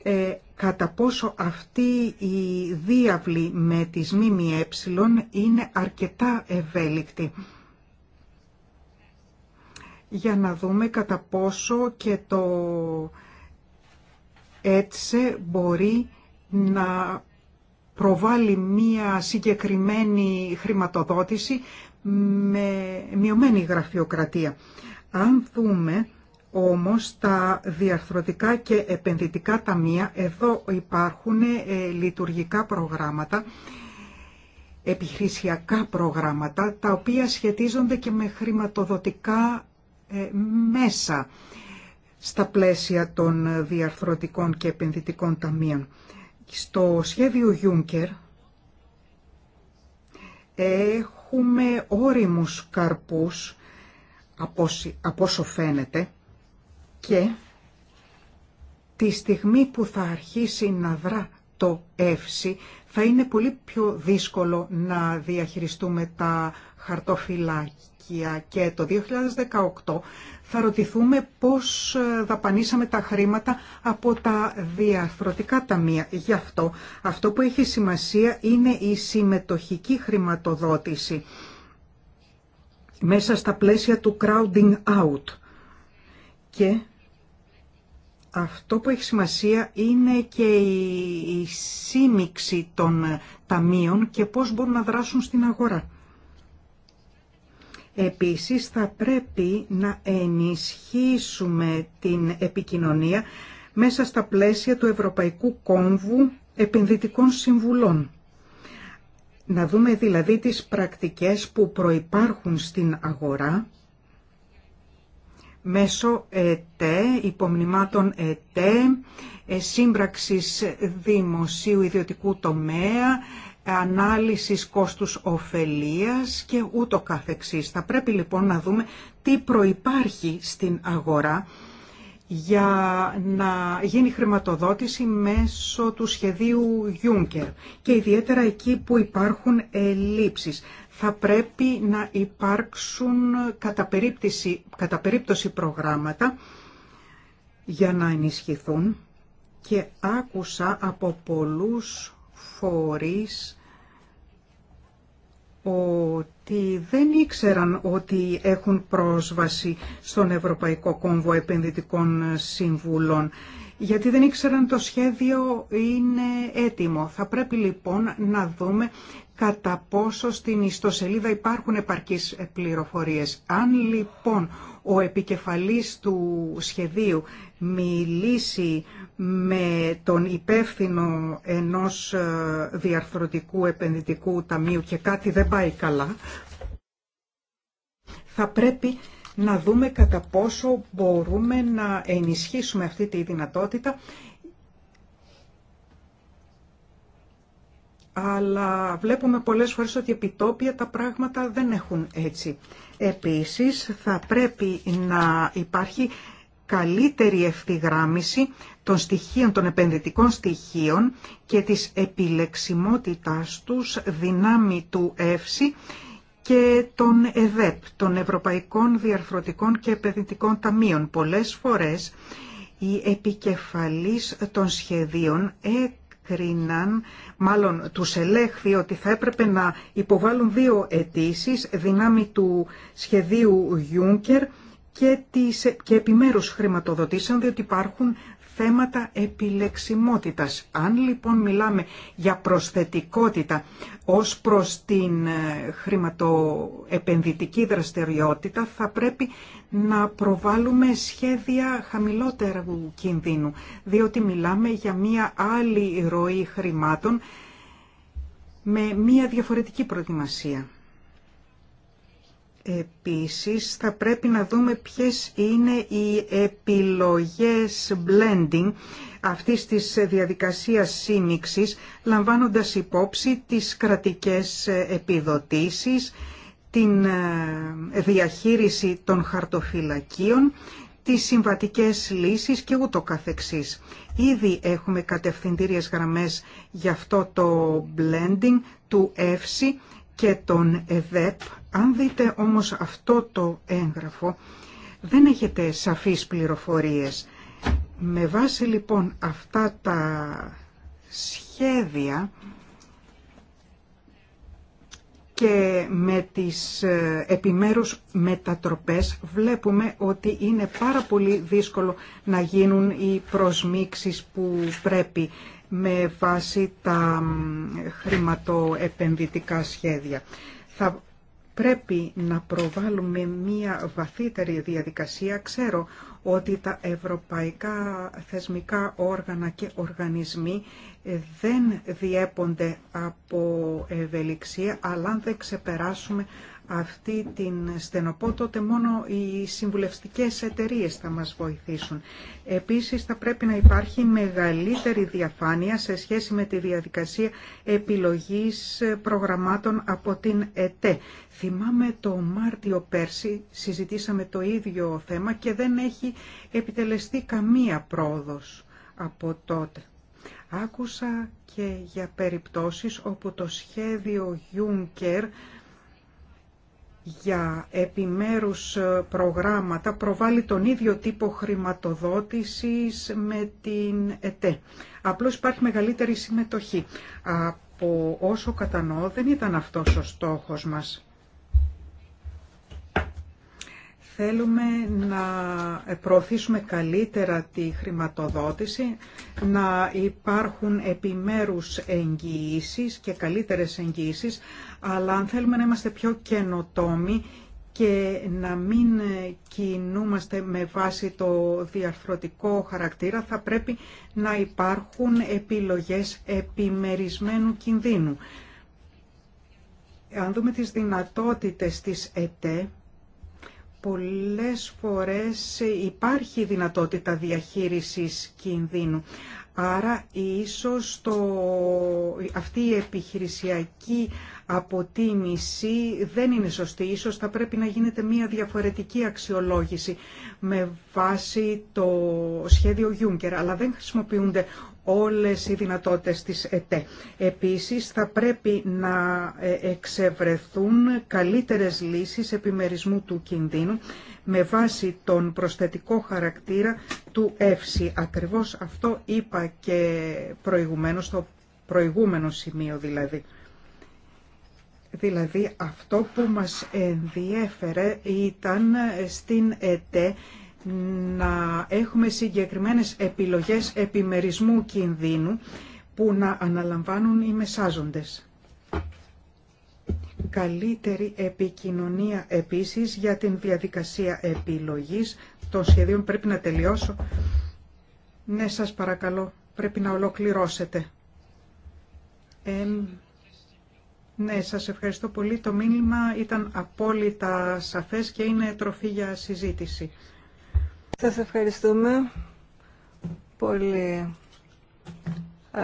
ε, κατά πόσο αυτή η διάβλη με τις ΜΜΕ είναι αρκετά ευέλικτη. Για να δούμε κατά πόσο και το έτσι μπορεί να προβάλλει μία συγκεκριμένη χρηματοδότηση με μειωμένη γραφειοκρατία. Αν δούμε όμως τα διαρθρωτικά και επενδυτικά ταμεία, εδώ υπάρχουν ε, λειτουργικά προγράμματα, επιχειρησιακά προγράμματα, τα οποία σχετίζονται και με χρηματοδοτικά ε, μέσα στα πλαίσια των διαρθρωτικών και επενδυτικών ταμείων. Στο σχέδιο Juncker έχουμε όριμους καρπούς, από όσο φαίνεται, και τη στιγμή που θα αρχίσει να δρά το εύση θα είναι πολύ πιο δύσκολο να διαχειριστούμε τα χαρτοφυλάκια και το 2018 θα ρωτηθούμε πώς ε, δαπανίσαμε τα χρήματα από τα διαρθρωτικά ταμεία. Γι' αυτό αυτό που έχει σημασία είναι η συμμετοχική χρηματοδότηση μέσα στα πλαίσια του crowding out και αυτό που έχει σημασία είναι και η σύμιξη των ε, ταμείων και πώς μπορούν να δράσουν στην αγορά. Επίσης θα πρέπει να ενισχύσουμε την επικοινωνία μέσα στα πλαίσια του Ευρωπαϊκού Κόμβου Επενδυτικών Συμβουλών. Να δούμε δηλαδή τις πρακτικές που προϋπάρχουν στην αγορά μέσω ΕΤΕ, υπομνημάτων ΕΤΕ, σύμπραξης δημοσίου ιδιωτικού τομέα, ανάλυσης κόστους ωφελίας και ούτω καθεξής. Θα πρέπει λοιπόν να δούμε τι προϋπάρχει στην αγορά για να γίνει χρηματοδότηση μέσω του σχεδίου Juncker και ιδιαίτερα εκεί που υπάρχουν ελλείψεις θα πρέπει να υπάρξουν κατά, περίπτωση, προγράμματα για να ενισχυθούν και άκουσα από πολλούς φορείς ότι δεν ήξεραν ότι έχουν πρόσβαση στον Ευρωπαϊκό Κόμβο Επενδυτικών Συμβουλών γιατί δεν ήξεραν το σχέδιο είναι έτοιμο. Θα πρέπει λοιπόν να δούμε κατά πόσο στην ιστοσελίδα υπάρχουν επαρκείς πληροφορίες. Αν λοιπόν ο επικεφαλής του σχεδίου μιλήσει με τον υπεύθυνο ενός ε, διαρθρωτικού επενδυτικού ταμείου και κάτι δεν πάει καλά, θα πρέπει να δούμε κατά πόσο μπορούμε να ενισχύσουμε αυτή τη δυνατότητα αλλά βλέπουμε πολλές φορές ότι επιτόπια τα πράγματα δεν έχουν έτσι. Επίσης θα πρέπει να υπάρχει καλύτερη ευθυγράμμιση των στοιχείων, των επενδυτικών στοιχείων και της επιλεξιμότητάς τους δυνάμει του εύση και των ΕΔΕΠ, των Ευρωπαϊκών Διαρθρωτικών και Επενδυτικών Ταμείων. Πολλές φορές οι επικεφαλής των σχεδίων έκριναν, μάλλον τους ελέγχθη ότι θα έπρεπε να υποβάλουν δύο αιτήσει δυνάμει του σχεδίου Juncker και, τις, και επιμέρους χρηματοδοτήσεων, διότι υπάρχουν θέματα επιλεξιμότητας. Αν λοιπόν μιλάμε για προσθετικότητα ως προς την ε, χρηματοεπενδυτική δραστηριότητα θα πρέπει να προβάλλουμε σχέδια χαμηλότερου κινδύνου, διότι μιλάμε για μία άλλη ροή χρημάτων με μία διαφορετική προετοιμασία. Επίσης θα πρέπει να δούμε ποιες είναι οι επιλογές blending αυτής της διαδικασίας σύνηξης, λαμβάνοντας υπόψη τις κρατικές επιδοτήσεις, την ε, διαχείριση των χαρτοφυλακίων, τις συμβατικές λύσεις και ούτω καθεξής. Ήδη έχουμε κατευθυντήριες γραμμές για αυτό το blending του ΕΦΣΙ και των ΕΔΕΠ e αν δείτε όμως αυτό το έγγραφο, δεν έχετε σαφείς πληροφορίες. Με βάση λοιπόν αυτά τα σχέδια και με τις ε, επιμέρους μετατροπές βλέπουμε ότι είναι πάρα πολύ δύσκολο να γίνουν οι προσμίξεις που πρέπει με βάση τα χρηματοεπενδυτικά σχέδια πρέπει να προβάλλουμε μία βαθύτερη διαδικασία. Ξέρω ότι τα ευρωπαϊκά θεσμικά όργανα και οργανισμοί ε, δεν διέπονται από ευελιξία, αλλά αν δεν ξεπεράσουμε αυτή την στενοπό, τότε μόνο οι συμβουλευτικές εταιρείες θα μας βοηθήσουν. Επίσης θα πρέπει να υπάρχει μεγαλύτερη διαφάνεια σε σχέση με τη διαδικασία επιλογής προγραμμάτων από την ΕΤΕ. Θυμάμαι το Μάρτιο πέρσι συζητήσαμε το ίδιο θέμα και δεν έχει επιτελεστεί καμία πρόοδος από τότε. Άκουσα και για περιπτώσεις όπου το σχέδιο Juncker για επιμέρους προγράμματα προβάλλει τον ίδιο τύπο χρηματοδότησης με την ΕΤΕ. Απλώς υπάρχει μεγαλύτερη συμμετοχή. Από όσο κατανοώ δεν ήταν αυτός ο στόχος μας. θέλουμε να προωθήσουμε καλύτερα τη χρηματοδότηση, να υπάρχουν επιμέρους εγγυήσεις και καλύτερες εγγυήσεις, αλλά αν θέλουμε να είμαστε πιο καινοτόμοι και να μην κινούμαστε με βάση το διαρθρωτικό χαρακτήρα, θα πρέπει να υπάρχουν επιλογές επιμερισμένου κινδύνου. Αν δούμε τις δυνατότητες της ΕΤΕ, πολλές φορές υπάρχει δυνατότητα διαχείρισης κινδύνου. Άρα ίσως το, αυτή η επιχειρησιακή αποτίμηση δεν είναι σωστή. Ίσως θα πρέπει να γίνεται μια διαφορετική αξιολόγηση με βάση το σχέδιο Juncker. Αλλά δεν χρησιμοποιούνται όλες οι δυνατότητες της ΕΤΕ. Επίσης θα πρέπει να ε, εξευρεθούν καλύτερες λύσεις επιμερισμού του κινδύνου με βάση τον προσθετικό χαρακτήρα του ΕΦΣΙ. Ακριβώς αυτό είπα και προηγουμένως, στο προηγούμενο σημείο δηλαδή. Δηλαδή αυτό που μας ενδιέφερε ήταν στην ΕΤΕ να έχουμε συγκεκριμένες επιλογές επιμερισμού κινδύνου που να αναλαμβάνουν οι μεσάζοντες. Καλύτερη επικοινωνία επίσης για την διαδικασία επιλογής των σχεδίων. Πρέπει να τελειώσω. Ναι, σας παρακαλώ, πρέπει να ολοκληρώσετε. Ε, ναι, σας ευχαριστώ πολύ. Το μήνυμα ήταν απόλυτα σαφές και είναι τροφή για συζήτηση. Σας ευχαριστούμε πολύ ε,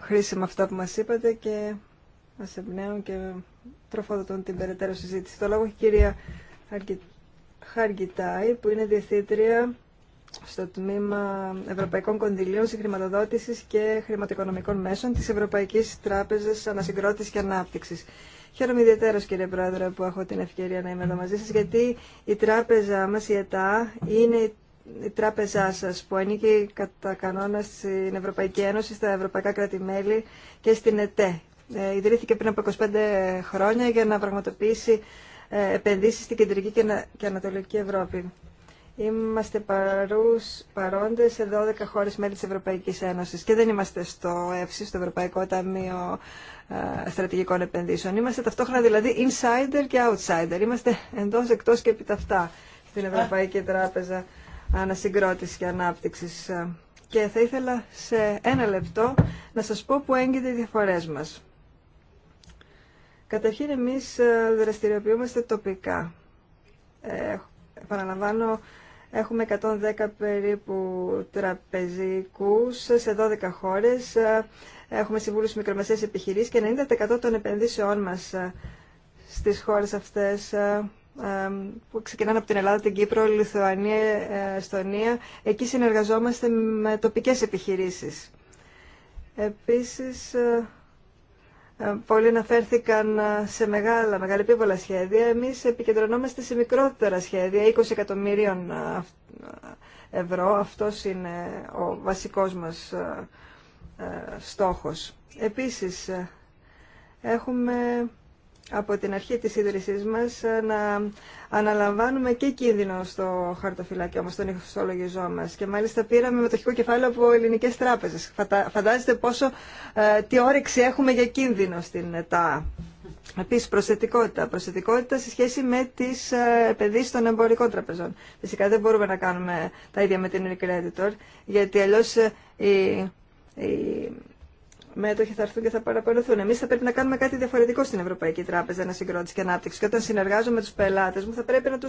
χρήσιμα αυτά που μας είπατε και μας εμπνέουν και τροφοδοτούν την περαιτέρω συζήτηση. Το λόγο έχει η κυρία Χαργιτάη που είναι διευθύντρια στο τμήμα Ευρωπαϊκών Κονδυλίων Συγχρηματοδότησης και Χρηματοοικονομικών Μέσων της Ευρωπαϊκής Τράπεζας Ανασυγκρότησης και Ανάπτυξης. Χαίρομαι ιδιαίτερα κύριε Πρόεδρε που έχω την ευκαιρία να είμαι εδώ μαζί σας γιατί η τράπεζά μας, η ΕΤΑ, είναι η τράπεζά σας που ανήκει κατά κανόνα στην Ευρωπαϊκή Ένωση, στα Ευρωπαϊκά κράτη-μέλη και στην ΕΤΕ. Ε, ιδρύθηκε πριν από 25 χρόνια για να πραγματοποιήσει ε, επενδύσεις στην Κεντρική και Ανατολική Ευρώπη. Είμαστε παρούς, παρόντες σε 12 χώρες μέλη της Ευρωπαϊκής Ένωσης και δεν είμαστε στο ΕΦΣΙ, στο Ευρωπαϊκό Ταμείο ε, Στρατηγικών Επενδύσεων. Είμαστε ταυτόχρονα δηλαδή insider και outsider. Είμαστε εντός, εκτός και επιταυτά στην Ευρωπαϊκή Τράπεζα Ανασυγκρότησης και Ανάπτυξης. Ε, και θα ήθελα σε ένα λεπτό να σας πω που έγκυται οι διαφορές μας. Καταρχήν εμείς ε, δραστηριοποιούμαστε τοπικά. Επαναλαμβάνω, Έχουμε 110 περίπου τραπεζικούς σε 12 χώρες. Έχουμε συμβούλους μικρομεσαίες επιχειρήσεις και 90% των επενδύσεών μας στις χώρες αυτές που ξεκινάνε από την Ελλάδα, την Κύπρο, Λιθουανία, Εστονία. Εκεί συνεργαζόμαστε με τοπικές επιχειρήσεις. Επίσης, ε, πολλοί αναφέρθηκαν ε, σε μεγάλα, επίβολα σχέδια. Εμείς επικεντρωνόμαστε σε μικρότερα σχέδια, 20 εκατομμυρίων ε, ευρώ. Αυτός είναι ο βασικός μας στόχος. Επίσης, έχουμε από την αρχή της ίδρυσής μας ε, να αναλαμβάνουμε και κίνδυνο στο χαρτοφυλάκιό μας, τον ηχοστολογιζό μας. Και μάλιστα πήραμε μετοχικό κεφάλαιο από ελληνικές τράπεζες. Φαντάζεστε πόσο, ε, τι όρεξη έχουμε για κίνδυνο στην ΕΤΑ. Επίση, προσθετικότητα. Προσθετικότητα σε σχέση με τι ε, επενδύσει των εμπορικών τραπεζών. Φυσικά δεν μπορούμε να κάνουμε τα ίδια με την Unicreditor, γιατί αλλιώ ε, η, μέτοχοι θα έρθουν και θα παραπονεθούν. Εμεί θα πρέπει να κάνουμε κάτι διαφορετικό στην Ευρωπαϊκή Τράπεζα συγκρότηση και Ανάπτυξη. Και όταν συνεργάζομαι με του πελάτε μου, θα πρέπει να του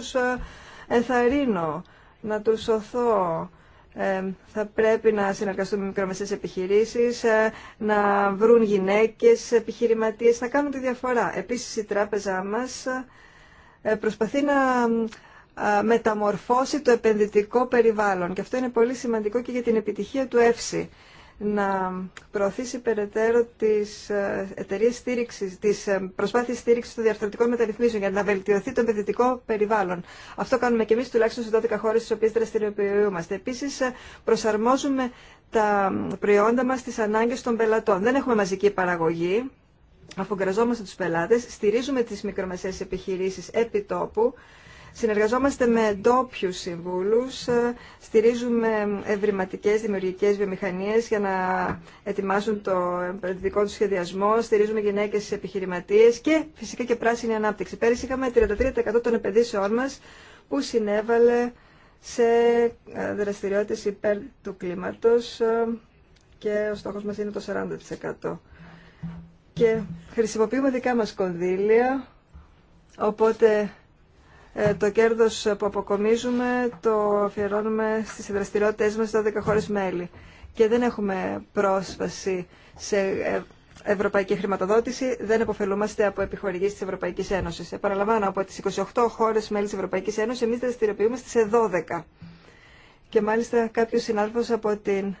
ε, ενθαρρύνω, να του σωθώ. Ε, θα πρέπει να συνεργαστούμε με μικρομεσαίες επιχειρήσεις, ε, να βρουν γυναίκες, επιχειρηματίες, να κάνουν τη διαφορά. Επίσης η τράπεζά μας προσπαθεί να μεταμορφώσει το επενδυτικό περιβάλλον και αυτό είναι πολύ σημαντικό και για την επιτυχία του ΕΦΣΥ να προωθήσει περαιτέρω τις ε, εταιρείες στήριξη, τις ε, προσπάθειες στήριξης των διαρθρωτικών μεταρρυθμίσεων για να βελτιωθεί το επενδυτικό περιβάλλον. Αυτό κάνουμε και εμείς τουλάχιστον σε 12 χώρες στις οποίες δραστηριοποιούμαστε. Επίσης ε, προσαρμόζουμε τα προϊόντα μας στις ανάγκες των πελατών. Δεν έχουμε μαζική παραγωγή, αφουγκραζόμαστε του τους πελάτες, στηρίζουμε τις μικρομεσαίες επιχειρήσεις επί τόπου, Συνεργαζόμαστε με ντόπιου συμβούλου, ε, στηρίζουμε ευρηματικέ δημιουργικέ βιομηχανίε για να ετοιμάσουν το επενδυτικό του σχεδιασμό, στηρίζουμε γυναίκε επιχειρηματίε και φυσικά και πράσινη ανάπτυξη. Πέρυσι είχαμε 33% των επενδύσεών μα που συνέβαλε σε ε, δραστηριότητες υπέρ του κλίματος ε, και ο στόχο μας είναι το 40%. Και χρησιμοποιούμε δικά μας κονδύλια, οπότε ε, το κέρδο που αποκομίζουμε το αφιερώνουμε στις δραστηριότητε μας σε 12 χώρε μέλη. Και δεν έχουμε πρόσβαση σε ε, ευρωπαϊκή χρηματοδότηση, δεν επωφελούμαστε από επιχορηγήσεις τη Ευρωπαϊκή Ένωση. Επαναλαμβάνω, από τι 28 χώρες μέλη της Ευρωπαϊκή Ένωση, εμεί δραστηριοποιούμαστε σε 12. Και μάλιστα κάποιο συνάδελφο από την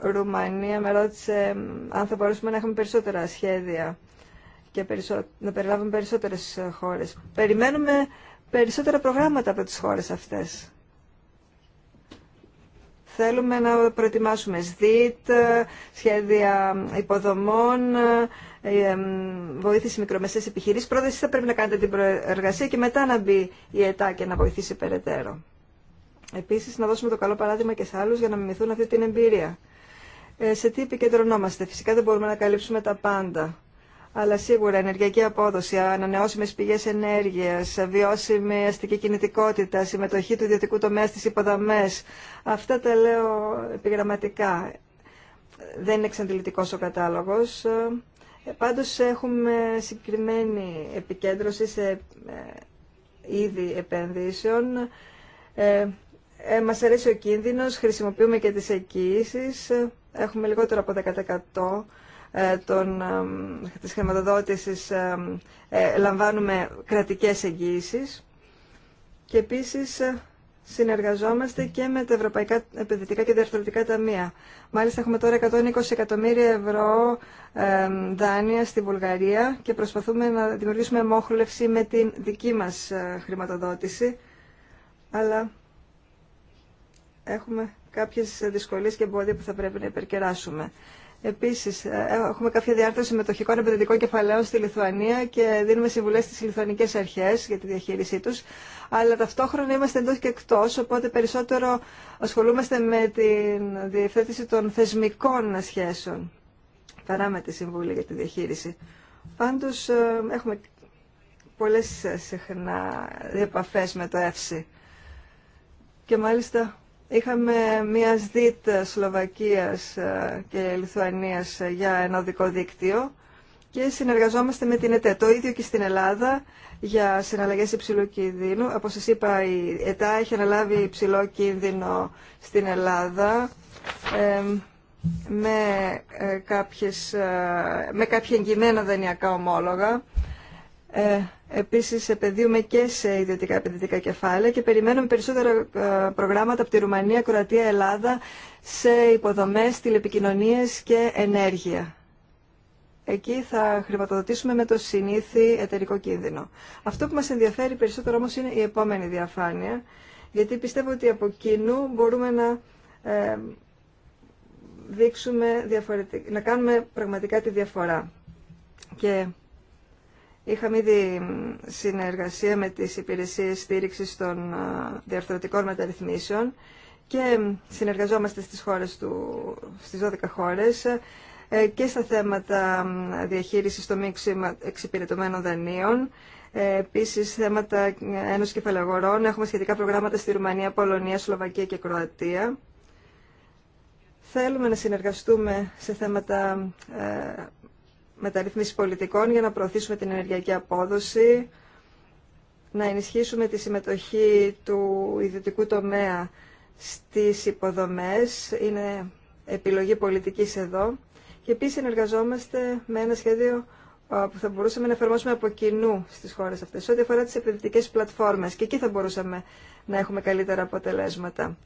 Ρουμανία με ρώτησε αν θα μπορούσαμε να έχουμε περισσότερα σχέδια και να περιλάβουμε περισσότερες ε, χώρες. Περιμένουμε περισσότερα προγράμματα από τις χώρες αυτές. Θέλουμε να προετοιμάσουμε ΣΔΙΤ, ε, σχέδια υποδομών, ε, βοήθηση μικρομεσαίες επιχειρήσεις. Πρώτα εσείς θα πρέπει να κάνετε την προεργασία και μετά να μπει η ΕΤΑ και να βοηθήσει περαιτέρω. Επίσης, να δώσουμε το καλό παράδειγμα και σε άλλους για να μιμηθούν αυτή την εμπειρία. σε τι επικεντρωνόμαστε. Φυσικά δεν μπορούμε να καλύψουμε τα πάντα αλλά σίγουρα ενεργειακή απόδοση, ανανεώσιμε πηγέ ενέργεια, βιώσιμη αστική κινητικότητα, συμμετοχή του ιδιωτικού τομέα στι υποδομέ. Αυτά τα λέω επιγραμματικά. Δεν είναι εξαντλητικό ο κατάλογο. Πάντω έχουμε συγκεκριμένη επικέντρωση σε ε, είδη επενδύσεων. Ε, ε, μας αρέσει ο κίνδυνος, χρησιμοποιούμε και τις εγγύησεις, έχουμε λιγότερο από 10% ε, των, ε, της χρηματοδότησης ε, λαμβάνουμε κρατικές εγγύησεις και επίσης συνεργαζόμαστε και με τα Ευρωπαϊκά Επενδυτικά και Διαρθρωτικά Ταμεία. Μάλιστα έχουμε τώρα 120 εκατομμύρια ευρώ δάνεια στη Βουλγαρία και προσπαθούμε να δημιουργήσουμε μόχλευση με την δική μας χρηματοδότηση. Αλλά έχουμε κάποιες δυσκολίες και εμπόδια που θα πρέπει να υπερκεράσουμε. Επίσης, ε, έχουμε κάποια διάρθρωση μετοχικών επενδυτικών κεφαλαίων στη Λιθουανία και δίνουμε συμβουλές στι λιθουανικές αρχές για τη διαχείρισή τους, αλλά ταυτόχρονα είμαστε εντός και εκτός, οπότε περισσότερο ασχολούμαστε με τη διευθέτηση των θεσμικών σχέσεων παρά με τη συμβουλή για τη διαχείριση. Πάντως, ε, έχουμε πολλέ συχνά επαφέ με το ΕΦΣΥ. Και μάλιστα Είχαμε μια ΣΔΙΤ Σλοβακίας ε, και Λιθουανίας ε, για ένα οδικό δίκτυο και συνεργαζόμαστε με την ΕΤΕ. Το ίδιο και στην Ελλάδα για συναλλαγές υψηλού κινδύνου. Όπω σας είπα η ΕΤΑ έχει αναλάβει υψηλό κίνδυνο στην Ελλάδα με, ε, κάποιες, με κάποια εγγυημένα δανειακά ομόλογα. Επίσης επενδύουμε και σε ιδιωτικά επενδυτικά κεφάλαια και περιμένουμε περισσότερα ε, προγράμματα από τη Ρουμανία, Κροατία, Ελλάδα σε υποδομές, τηλεπικοινωνίες και ενέργεια. Εκεί θα χρηματοδοτήσουμε με το συνήθι εταιρικό κίνδυνο. Αυτό που μας ενδιαφέρει περισσότερο όμως είναι η επόμενη διαφάνεια, γιατί πιστεύω ότι από κοινού μπορούμε να ε, να κάνουμε πραγματικά τη διαφορά. Και Είχαμε ήδη συνεργασία με τις υπηρεσίες στήριξης των διαρθρωτικών μεταρρυθμίσεων και συνεργαζόμαστε στις, χώρες του, στις 12 χώρες ε, και στα θέματα διαχείρισης των μη εξυπηρετωμένων δανείων. Ε, επίσης, θέματα ε, ένωση κεφαλαγορών. Έχουμε σχετικά προγράμματα στη Ρουμανία, Πολωνία, Σλοβακία και Κροατία. Θέλουμε να συνεργαστούμε σε θέματα μεταρρύθμιση πολιτικών για να προωθήσουμε την ενεργειακή απόδοση, να ενισχύσουμε τη συμμετοχή του ιδιωτικού τομέα στις υποδομές, είναι επιλογή πολιτικής εδώ, και επίσης συνεργαζόμαστε με ένα σχέδιο που θα μπορούσαμε να εφαρμόσουμε από κοινού στις χώρες αυτές, ό,τι αφορά τις επενδυτικές πλατφόρμες, και εκεί θα μπορούσαμε να έχουμε καλύτερα αποτελέσματα.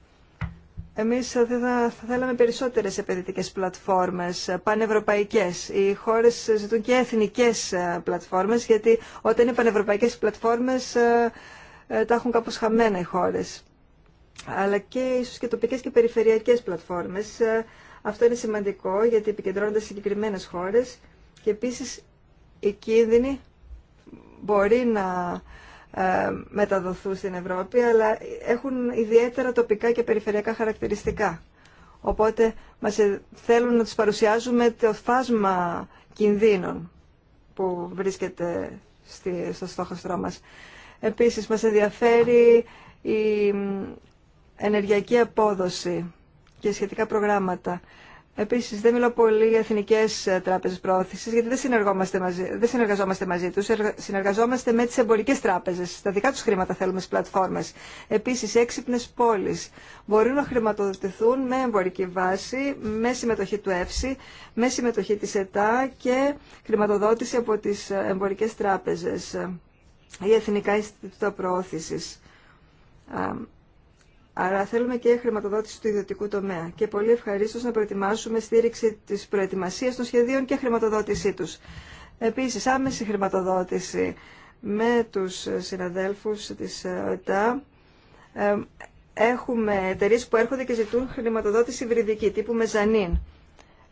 Εμείς θα, θα, θέλαμε περισσότερες επενδυτικές πλατφόρμες, πανευρωπαϊκές. Οι χώρες ζητούν και εθνικές ε, πλατφόρμες, γιατί όταν είναι πανευρωπαϊκές πλατφόρμες ε, ε, τα έχουν κάπως χαμένα οι χώρες. Αλλά και ίσως και τοπικές και περιφερειακές πλατφόρμες. Αυτό είναι σημαντικό, γιατί επικεντρώνονται συγκεκριμένες χώρες και επίσης οι κίνδυνοι μπορεί να ε, μεταδοθούν στην Ευρώπη, αλλά έχουν ιδιαίτερα τοπικά και περιφερειακά χαρακτηριστικά. Οπότε μας ε, θέλουν να τους παρουσιάζουμε το φάσμα κινδύνων που βρίσκεται στη, στο στόχο μας. Επίσης, μας ενδιαφέρει η ενεργειακή απόδοση και σχετικά προγράμματα. Επίση, δεν μιλώ πολύ για εθνικέ ε, τράπεζε πρόθεση, γιατί δεν, συνεργόμαστε μαζί, δεν συνεργαζόμαστε μαζί του. Συνεργαζόμαστε με τι εμπορικέ τράπεζε. Τα δικά του χρήματα θέλουμε στι πλατφόρμε. Επίση, έξυπνε πόλει μπορούν να χρηματοδοτηθούν με εμπορική βάση, με συμμετοχή του ΕΦΣΥ, με συμμετοχή τη ΕΤΑ και χρηματοδότηση από τι ε, εμπορικέ τράπεζε ε, ή εθνικά Ινστιτούτα Προώθηση. Άρα θέλουμε και χρηματοδότηση του ιδιωτικού τομέα και πολύ ευχαριστώ να προετοιμάσουμε στήριξη της προετοιμασίας των σχεδίων και χρηματοδότησή τους. Επίσης, άμεση χρηματοδότηση με τους συναδέλφους της ΟΕΤΑ. Έχουμε εταιρείε που έρχονται και ζητούν χρηματοδότηση βρυδική, τύπου μεζανίν.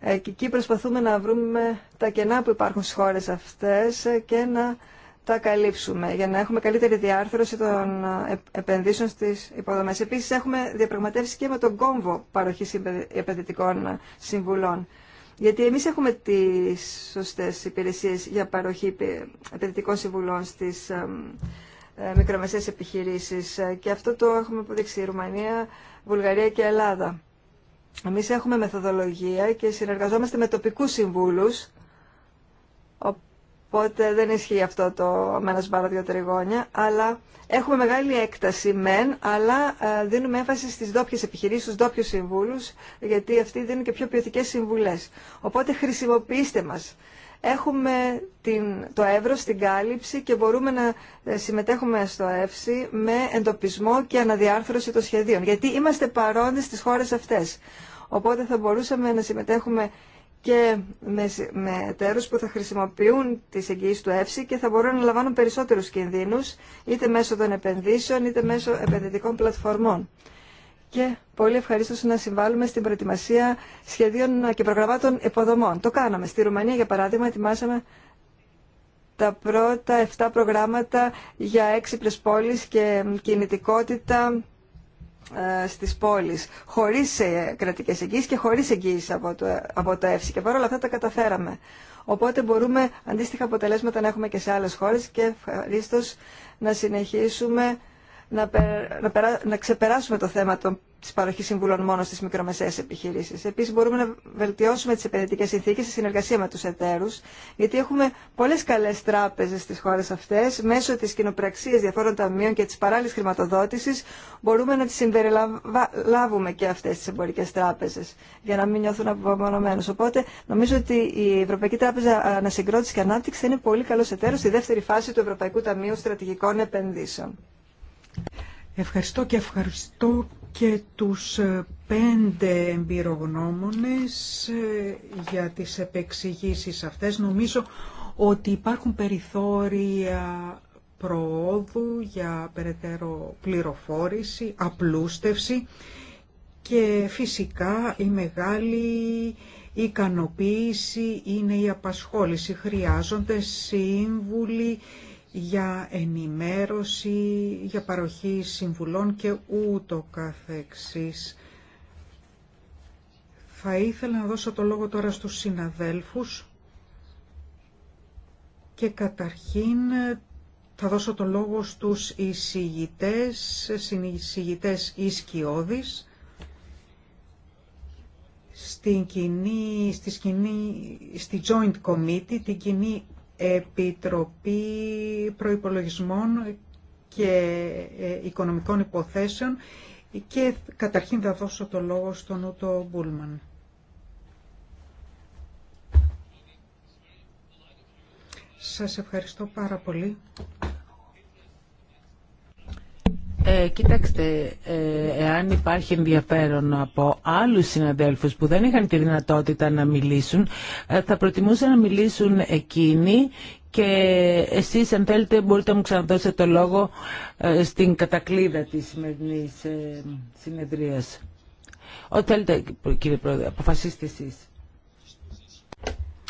Ε, και εκεί προσπαθούμε να βρούμε τα κενά που υπάρχουν στι χώρε αυτέ και να τα καλύψουμε για να έχουμε καλύτερη διάρθρωση των ε, επενδύσεων στι υποδομέ. Επίση έχουμε διαπραγματεύσει και με τον κόμβο παροχή επενδυτικών ε, συμβουλών. Γιατί εμείς έχουμε τις σωστέ υπηρεσίες για παροχή επενδυτικών συμβουλών στις ε, μικρομεσαίες επιχειρήσεις και αυτό το έχουμε αποδείξει η Ρουμανία, Βουλγαρία και Ελλάδα. Εμεί έχουμε μεθοδολογία και συνεργαζόμαστε με τοπικού συμβούλου. Οπότε δεν ισχύει αυτό το με ένα σπάρο δύο τριγώνια, αλλά έχουμε μεγάλη έκταση μεν, αλλά ε, δίνουμε έμφαση στι ντόπιε επιχειρήσει, στου ντόπιου συμβούλου, γιατί αυτοί δίνουν και πιο ποιοτικέ συμβουλέ. Οπότε χρησιμοποιήστε μα. Έχουμε το εύρο στην κάλυψη και μπορούμε να ε, συμμετέχουμε στο ΕΦΣΥ με εντοπισμό και αναδιάρθρωση των σχεδίων, γιατί είμαστε παρόντες στις χώρες αυτές. Οπότε θα μπορούσαμε να συμμετέχουμε και με, με εταίρους που θα χρησιμοποιούν τις εγγυήσεις του ΕΦΣΥ και θα μπορούν να λαμβάνουν περισσότερους κινδύνους είτε μέσω των επενδύσεων είτε μέσω επενδυτικών πλατφορμών. Και πολύ ευχαρίστω να συμβάλλουμε στην προετοιμασία σχεδίων και προγραμμάτων υποδομών. Το κάναμε. Στη Ρουμανία, για παράδειγμα, ετοιμάσαμε τα πρώτα 7 προγράμματα για έξυπνες πόλεις και κινητικότητα ε, στις πόλεις, χωρίς ε, κρατικές εγγύησεις και χωρίς εγγύηση από το, από το ΕΦΣΙ. Και παρόλα αυτά τα καταφέραμε. Οπότε μπορούμε αντίστοιχα αποτελέσματα να έχουμε και σε άλλες χώρες και ευχαρίστω να συνεχίσουμε να, να, ξεπεράσουμε το θέμα των, της παροχής συμβουλών μόνο στι μικρομεσαίες επιχείρησει. Επίση, μπορούμε να βελτιώσουμε τι επενδυτικέ συνθήκε στη συνεργασία με του εταίρου, γιατί έχουμε πολλέ καλέ τράπεζε στι χώρε αυτέ, μέσω τη κοινοπραξία, διαφόρων ταμείων και τη παράλληλη χρηματοδότηση, μπορούμε να τι συμπεριλάβουμε και αυτέ τι εμπορικέ τράπεζε, για να μην νιώθουν απομονωμένους. Οπότε νομίζω ότι η Ευρωπαϊκή Τράπεζα Ανασυγκρότηση και Ανάπτυξη είναι πολύ καλό εταίρο στη δεύτερη φάση του Ευρωπαϊκού Ταμείου Στρατηγικών Επενδύσεων. Ευχαριστώ και ευχαριστώ και τους ε, πέντε εμπειρογνώμονες ε, για τις επεξηγήσεις αυτές. Νομίζω ότι υπάρχουν περιθώρια προόδου για περαιτέρω πληροφόρηση, απλούστευση και φυσικά η μεγάλη ικανοποίηση είναι η απασχόληση. Χρειάζονται σύμβουλοι για ενημέρωση, για παροχή συμβουλών και ούτω καθεξής. Θα ήθελα να δώσω το λόγο τώρα στους συναδέλφους και καταρχήν θα δώσω το λόγο στους εισηγητές, συνεισηγητές Ισκιώδης στην κοινή, στη, στη Joint Committee, την κοινή Επιτροπή Προϋπολογισμών και ε, Οικονομικών Υποθέσεων και καταρχήν θα δώσω το λόγο στον Ούτο Μπούλμαν. Σας ευχαριστώ πάρα πολύ. Ε, κοιτάξτε, ε, εάν υπάρχει ενδιαφέρον από άλλους συναδέλφους που δεν είχαν τη δυνατότητα να μιλήσουν, ε, θα προτιμούσα να μιλήσουν εκείνοι και εσείς αν θέλετε μπορείτε να μου ξαναδώσετε το λόγο ε, στην κατακλίδα της σημερινής συνεδρίας. Ό,τι θέλετε κύριε Πρόεδρε, αποφασίστε εσείς.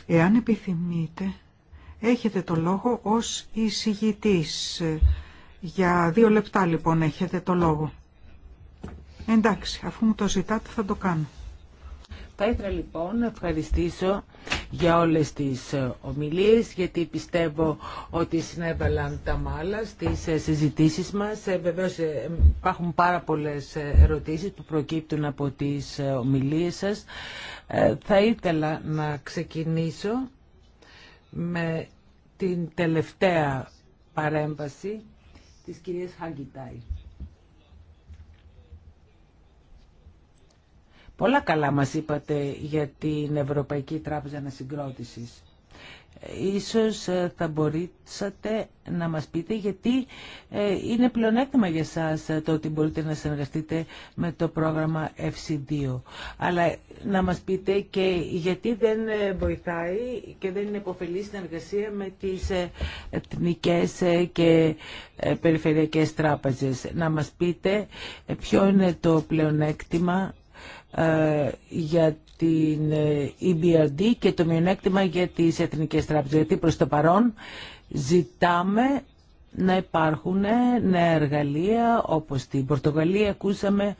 Εάν επιθυμείτε, έχετε το λόγο ως εισηγητής για δύο λεπτά λοιπόν έχετε το λόγο. Εντάξει, αφού μου το ζητάτε θα το κάνω. Θα ήθελα λοιπόν να ευχαριστήσω για όλες τις ε, ομιλίες γιατί πιστεύω ότι συνέβαλαν τα μάλα στις ε, συζητήσεις μας. Ε, βεβαίως υπάρχουν πάρα πολλές ερωτήσεις που προκύπτουν από τις ομιλίες σας. Θα ήθελα να ξεκινήσω με την τελευταία παρέμβαση της κυρίας Χαγκητάη. Πολλά καλά μας είπατε για την Ευρωπαϊκή Τράπεζα Ανασυγκρότησης ίσως ε, θα μπορούσατε να μας πείτε γιατί ε, είναι πλεονέκτημα για σας ε, το ότι μπορείτε να συνεργαστείτε με το πρόγραμμα FC2. Αλλά να μας πείτε και γιατί δεν βοηθάει και δεν είναι υποφελή συνεργασία με τις εθνικές και περιφερειακές τράπεζες. Να μας πείτε ποιο είναι το πλεονέκτημα ε, για την ε, EBRD και το μειονέκτημα για τις Εθνικές Τράπεζες. Γιατί προς το παρόν ζητάμε να υπάρχουν νέα εργαλεία όπως στην Πορτογαλία ακούσαμε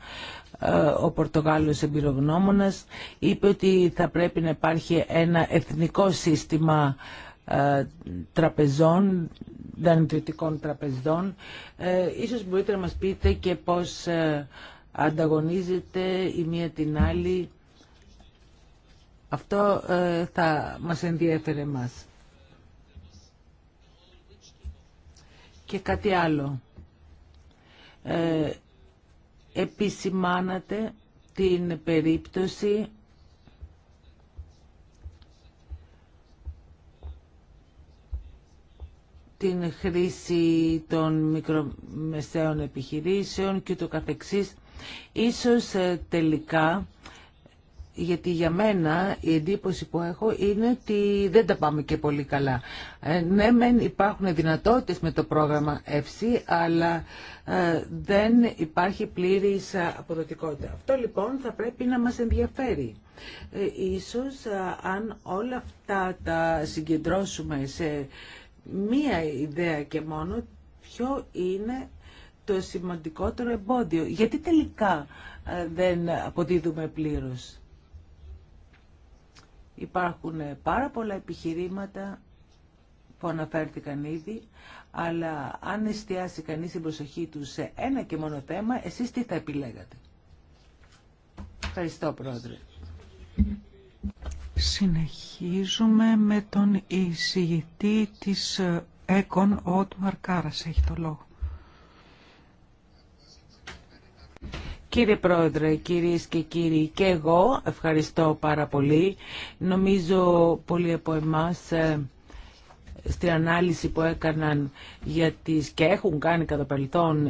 ε, ο Πορτογάλος εμπειρογνώμονας είπε ότι θα πρέπει να υπάρχει ένα εθνικό σύστημα τραπεζών, δανειτητικών τραπεζών. Ίσως μπορείτε να μας πείτε και πώς ανταγωνίζεται η μία την άλλη. Αυτό ε, θα μας ενδιέφερε μας. Και κάτι άλλο. Ε, επισημάνατε την περίπτωση την χρήση των μικρομεσαίων επιχειρήσεων και το καθεξής. Ίσως ε, τελικά, γιατί για μένα η εντύπωση που έχω είναι ότι δεν τα πάμε και πολύ καλά. Ε, ναι, μεν υπάρχουν δυνατότητες με το πρόγραμμα ΕΦΣΥ, αλλά ε, δεν υπάρχει πλήρης αποδοτικότητα. Αυτό λοιπόν θα πρέπει να μας ενδιαφέρει. Ίσως αν όλα αυτά τα συγκεντρώσουμε σε μία ιδέα και μόνο ποιο είναι το σημαντικότερο εμπόδιο. Γιατί τελικά ε, δεν αποδίδουμε πλήρως. Υπάρχουν ε, πάρα πολλά επιχειρήματα που αναφέρθηκαν ήδη, αλλά αν εστιάσει κανείς την προσοχή του σε ένα και μόνο θέμα, εσείς τι θα επιλέγατε. Ευχαριστώ, Πρόεδρε. Συνεχίζουμε με τον εισηγητή της ε, ΕΚΟΝ, Ότμαρ Κάρας, έχει το λόγο. Κύριε Πρόεδρε, κυρίες και κύριοι, και εγώ ευχαριστώ πάρα πολύ. Νομίζω πολλοί από εμάς ε, στην ανάλυση που έκαναν για τις, και έχουν κάνει κατά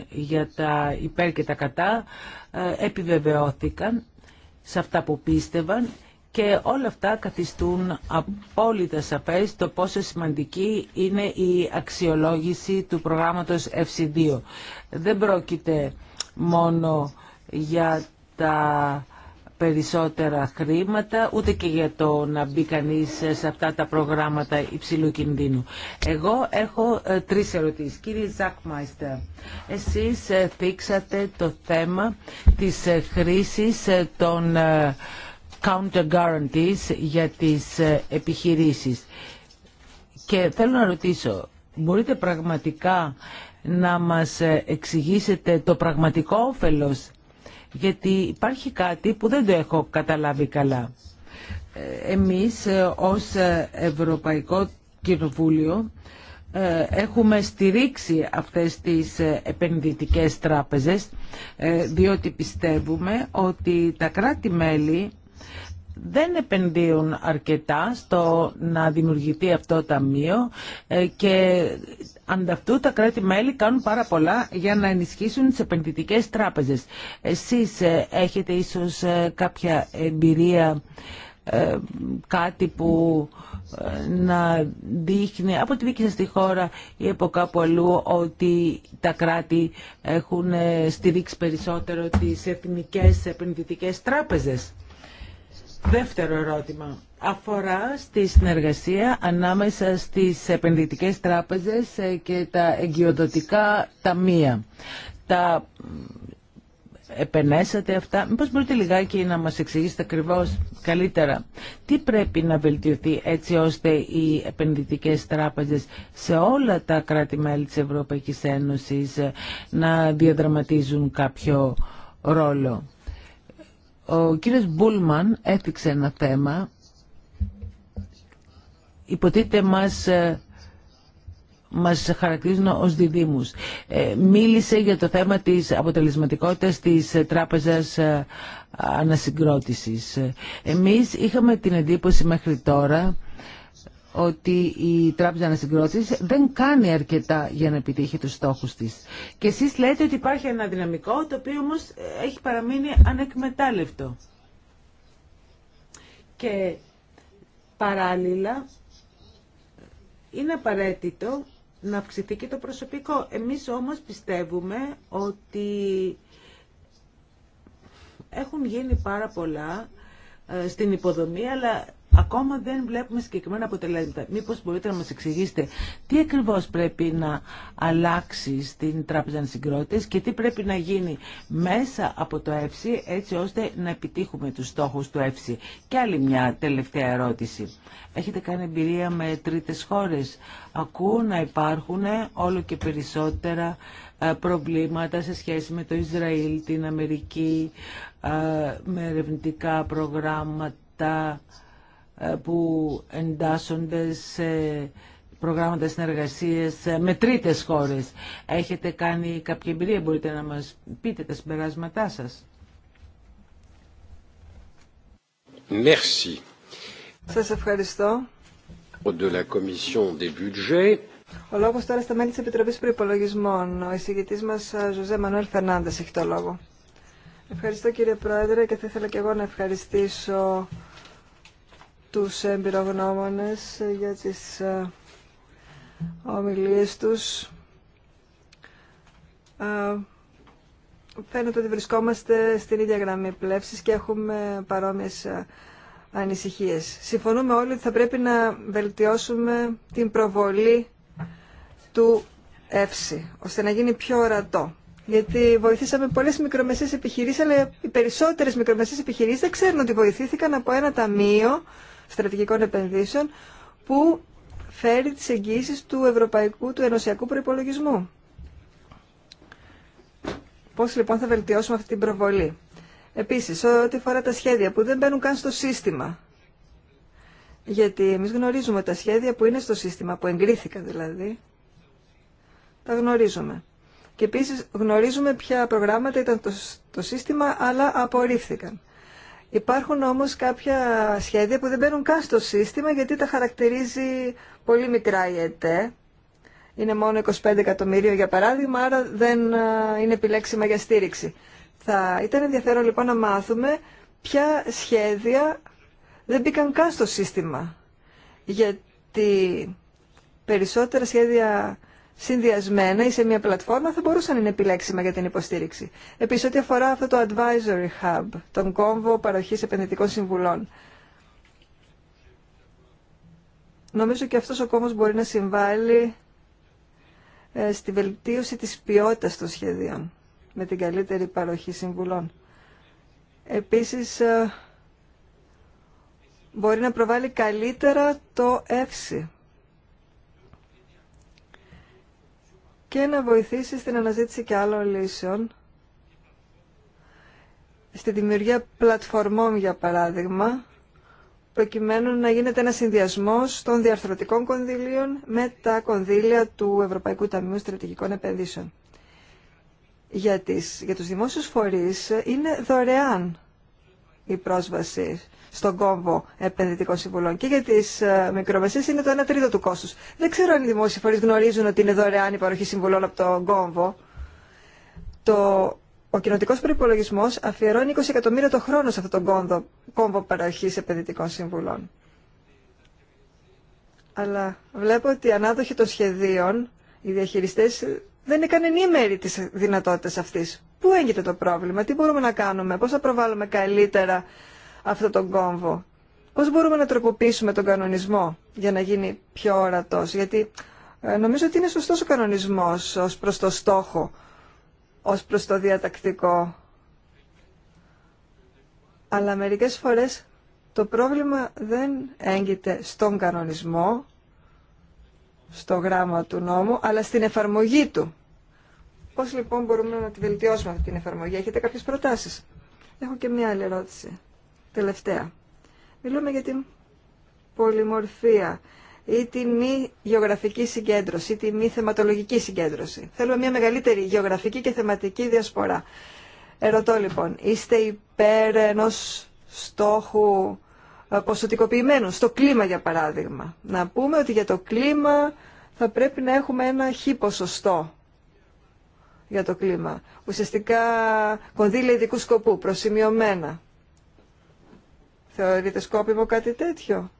για τα υπέρ και τα κατά ε, επιβεβαιώθηκαν σε αυτά που πίστευαν και όλα αυτά καθιστούν απόλυτα σαφές το πόσο σημαντική είναι η αξιολόγηση του προγράμματος FC2. Δεν πρόκειται μόνο για τα περισσότερα χρήματα, ούτε και για το να μπει κανεί σε αυτά τα προγράμματα υψηλού κινδύνου. Εγώ έχω ε, τρεις ερωτήσεις. Κύριε Ζακμάιστερ, εσείς ε, θίξατε το θέμα της ε, ε των ε, counter guarantees για τις επιχειρήσεις. Και θέλω να ρωτήσω, μπορείτε πραγματικά να μας εξηγήσετε το πραγματικό όφελος γιατί υπάρχει κάτι που δεν το έχω καταλάβει καλά. Ε, εμείς ε, ως ε, Ευρωπαϊκό Κοινοβούλιο έχουμε στηρίξει αυτές τις επενδυτικές τράπεζες διότι πιστεύουμε ότι τα κράτη-μέλη δεν επενδύουν αρκετά στο να δημιουργηθεί αυτό το ταμείο ε, και ανταυτού τα κράτη-μέλη κάνουν πάρα πολλά για να ενισχύσουν τις επενδυτικές τράπεζες. Εσείς ε, έχετε ίσως ε, κάποια εμπειρία κάτι που να δείχνει από τη δίκη σας στη χώρα ή από κάπου αλλού ότι τα κράτη έχουν στηρίξει περισσότερο τις εθνικές επενδυτικές τράπεζες. Δεύτερο ερώτημα αφορά στη συνεργασία ανάμεσα στις επενδυτικές τράπεζες ε, και τα εγκυοδοτικά ταμεία. Τα επενέσατε αυτά. Μήπως μπορείτε λιγάκι να μας εξηγήσετε ακριβώς καλύτερα τι πρέπει να βελτιωθεί έτσι ώστε οι επενδυτικές τράπεζες σε όλα τα κράτη-μέλη της Ευρωπαϊκής Ένωσης ε, να διαδραματίζουν κάποιο ρόλο. Ο κύριος Μπούλμαν έθιξε ένα θέμα. Υποτίθεται μας ε, μας χαρακτηρίζουν ως διδήμους. Ε, μίλησε για το θέμα της αποτελεσματικότητας της ε, τράπεζας ανασυγκρότησης. Εμείς είχαμε την εντύπωση μέχρι τώρα ότι η Τράπεζα Ανασυγκρότησης δεν κάνει αρκετά για να επιτύχει τους στόχους της. Και εσείς λέτε ότι υπάρχει ένα δυναμικό το οποίο όμως έχει παραμείνει ανεκμετάλλευτο. Και παράλληλα είναι απαραίτητο να αυξηθεί και το προσωπικό. Εμείς όμως πιστεύουμε ότι έχουν γίνει πάρα πολλά ε, στην υποδομή, αλλά ακόμα δεν βλέπουμε συγκεκριμένα αποτελέσματα. Μήπως μπορείτε να μας εξηγήσετε τι ακριβώς πρέπει να αλλάξει στην Τράπεζα Ανσυγκρότητες και τι πρέπει να γίνει μέσα από το ΕΦΣΥ έτσι ώστε να επιτύχουμε τους στόχους του ΕΦΣΥ. Και άλλη μια τελευταία ερώτηση. Έχετε κάνει εμπειρία με τρίτες χώρες. Ακούω να υπάρχουν όλο και περισσότερα ε, προβλήματα σε σχέση με το Ισραήλ, την Αμερική, ε, με ερευνητικά προγράμματα ε, που εντάσσονται σε προγράμματα συνεργασίες ε, με τρίτες χώρες. Έχετε κάνει κάποια εμπειρία, μπορείτε να μας πείτε τα συμπεράσματά σας. Merci. Σας ευχαριστώ. De la Commission des Budgets. Ο λόγο τώρα στα μέλη τη Επιτροπή Προπολογισμών. Ο εισηγητή μα, ε, Ζωζέ Μανουέλ Φερνάνδε, έχει το λόγο. Ευχαριστώ κύριε Πρόεδρε και θα ήθελα και εγώ να ευχαριστήσω τους εμπειρογνώμονες για τις ε, ομιλίες τους. Ε, φαίνεται ότι βρισκόμαστε στην ίδια γραμμή πλεύσης και έχουμε παρόμοιες ε, ανησυχίες. Συμφωνούμε όλοι ότι θα πρέπει να βελτιώσουμε την προβολή του ΕΦΣΙ, ώστε να γίνει πιο ορατό. Γιατί βοηθήσαμε πολλέ μικρομεσαίε επιχειρήσει, αλλά οι περισσότερε μικρομεσαίε επιχειρήσει δεν ξέρουν ότι βοηθήθηκαν από ένα ταμείο στρατηγικών επενδύσεων που φέρει τις εγγύσεις του ευρωπαϊκού, του ενωσιακού προϋπολογισμού. Πώς λοιπόν θα βελτιώσουμε αυτή την προβολή. Επίσης, ό,τι φορά τα σχέδια που δεν μπαίνουν καν στο σύστημα. Γιατί εμείς γνωρίζουμε τα σχέδια που είναι στο σύστημα, που εγκρίθηκαν δηλαδή. Τα γνωρίζουμε. Και επίσης γνωρίζουμε ποια προγράμματα ήταν το, το σύστημα, αλλά απορρίφθηκαν. Υπάρχουν όμως κάποια σχέδια που δεν μπαίνουν καν στο σύστημα γιατί τα χαρακτηρίζει πολύ μικρά η ΕΤΕ. Είναι μόνο 25 εκατομμύριο για παράδειγμα, άρα δεν ε, είναι επιλέξιμα για στήριξη. Θα ήταν ενδιαφέρον λοιπόν να μάθουμε ποια σχέδια δεν μπήκαν καν στο σύστημα. Γιατί περισσότερα σχέδια συνδυασμένα ή σε μια πλατφόρμα θα μπορούσαν να είναι επιλέξιμα για την υποστήριξη. Επίσης, ό,τι αφορά αυτό το Advisory Hub, τον κόμβο παροχής επενδυτικών συμβουλών, νομίζω και αυτός ο κόμβος μπορεί να συμβάλλει ε, στη βελτίωση της ποιότητας των σχεδίων με την καλύτερη παροχή συμβουλών. Επίσης, ε, μπορεί να προβάλλει καλύτερα το εύση και να βοηθήσει στην αναζήτηση και άλλων λύσεων, στη δημιουργία πλατφορμών για παράδειγμα, προκειμένου να γίνεται ένα συνδυασμό των διαρθρωτικών κονδυλίων με τα κονδύλια του Ευρωπαϊκού Ταμείου Στρατηγικών Επενδύσεων. Για, τις, για τους δημόσιους φορείς είναι δωρεάν η πρόσβαση στον κόμβο επενδυτικών συμβουλών. Και για τι ε, μικρομεσαίε είναι το 1 τρίτο του κόστου. Δεν ξέρω αν οι δημόσιοι φορεί γνωρίζουν ότι είναι δωρεάν η παροχή συμβουλών από τον κόμβο. Το, ο κοινοτικό προπολογισμό αφιερώνει 20 εκατομμύρια το χρόνο σε αυτόν τον κόμβο, κόμβο παροχή επενδυτικών συμβουλών. Αλλά βλέπω ότι οι ανάδοχοι των σχεδίων, οι διαχειριστέ, δεν είναι κανένα τη δυνατότητα αυτή. Πού έγινε το πρόβλημα, τι μπορούμε να κάνουμε, πώς θα προβάλλουμε καλύτερα αυτό τον κόμβο. Πώς μπορούμε να τροποποιήσουμε τον κανονισμό για να γίνει πιο ορατός. Γιατί ε, νομίζω ότι είναι σωστός ο κανονισμός ως προς το στόχο, ως προς το διατακτικό. Αλλά μερικές φορές το πρόβλημα δεν έγκυται στον κανονισμό, στο γράμμα του νόμου, αλλά στην εφαρμογή του. Πώς λοιπόν μπορούμε να τη βελτιώσουμε αυτή την εφαρμογή. Έχετε κάποιες προτάσεις. Έχω και μια άλλη ερώτηση. Τελευταία. Μιλούμε για την πολυμορφία ή τη μη γεωγραφική συγκέντρωση ή τη μη θεματολογική συγκέντρωση. Θέλουμε μια μεγαλύτερη γεωγραφική και θεματική διασπορά. Ερωτώ λοιπόν, είστε υπέρ ενό στόχου ε, ποσοτικοποιημένου, στο κλίμα για παράδειγμα. Να πούμε ότι για το κλίμα θα πρέπει να έχουμε ένα χι ποσοστό για το κλίμα. Ουσιαστικά κονδύλια ειδικού σκοπού, προσημειωμένα. Θεωρείτε σκόπιμο κάτι τέτοιο.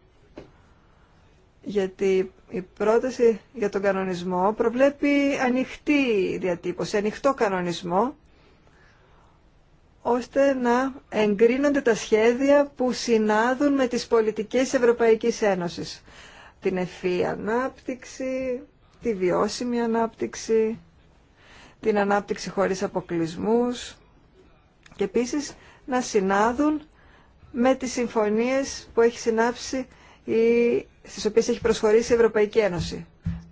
Γιατί η πρόταση για τον κανονισμό προβλέπει ανοιχτή διατύπωση, ανοιχτό κανονισμό, ώστε να εγκρίνονται τα σχέδια που συνάδουν με τις πολιτικές Ευρωπαϊκής Ένωσης. Την ευφύ ανάπτυξη, τη βιώσιμη ανάπτυξη, την ανάπτυξη χωρίς αποκλεισμούς και επίσης να συνάδουν με τις συμφωνίες που έχει συνάψει ή στις οποίες έχει προσχωρήσει η Ευρωπαϊκή Ένωση.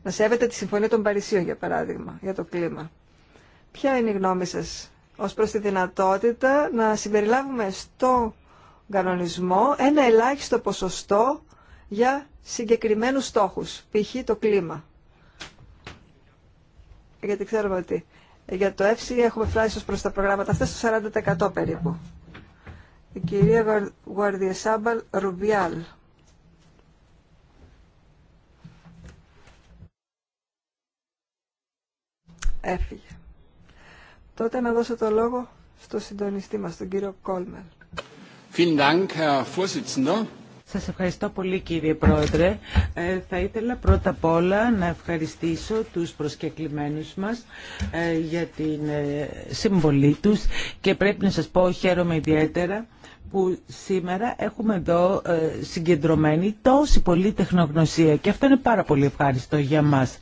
Να σέβεται τη Συμφωνία των Παρισίων, για παράδειγμα, για το κλίμα. Ποια είναι η γνώμη σας ως προς τη δυνατότητα να συμπεριλάβουμε στο κανονισμό ένα ελάχιστο ποσοστό για συγκεκριμένους στόχους, π.χ. το κλίμα. Γιατί ξέρουμε ότι για το ΕΦΣΙ έχουμε φτάσει ως προς τα προγράμματα αυτές στο 40% περίπου η κυρία Γουαρδιασάμπαλ Ρουβιάλ Έφυγε. Τότε να δώσω το λόγο στο συντονιστή μας, τον κύριο Κόλμελ. Σας ευχαριστώ πολύ κύριε Πρόεδρε. Ε, θα ήθελα πρώτα απ' όλα να ευχαριστήσω τους προσκεκλημένους μας ε, για την ε, συμβολή τους και πρέπει να σας πω χαίρομαι ιδιαίτερα που σήμερα έχουμε εδώ ε, συγκεντρωμένη τόση πολύ τεχνογνωσία και αυτό είναι πάρα πολύ ευχάριστο για μας.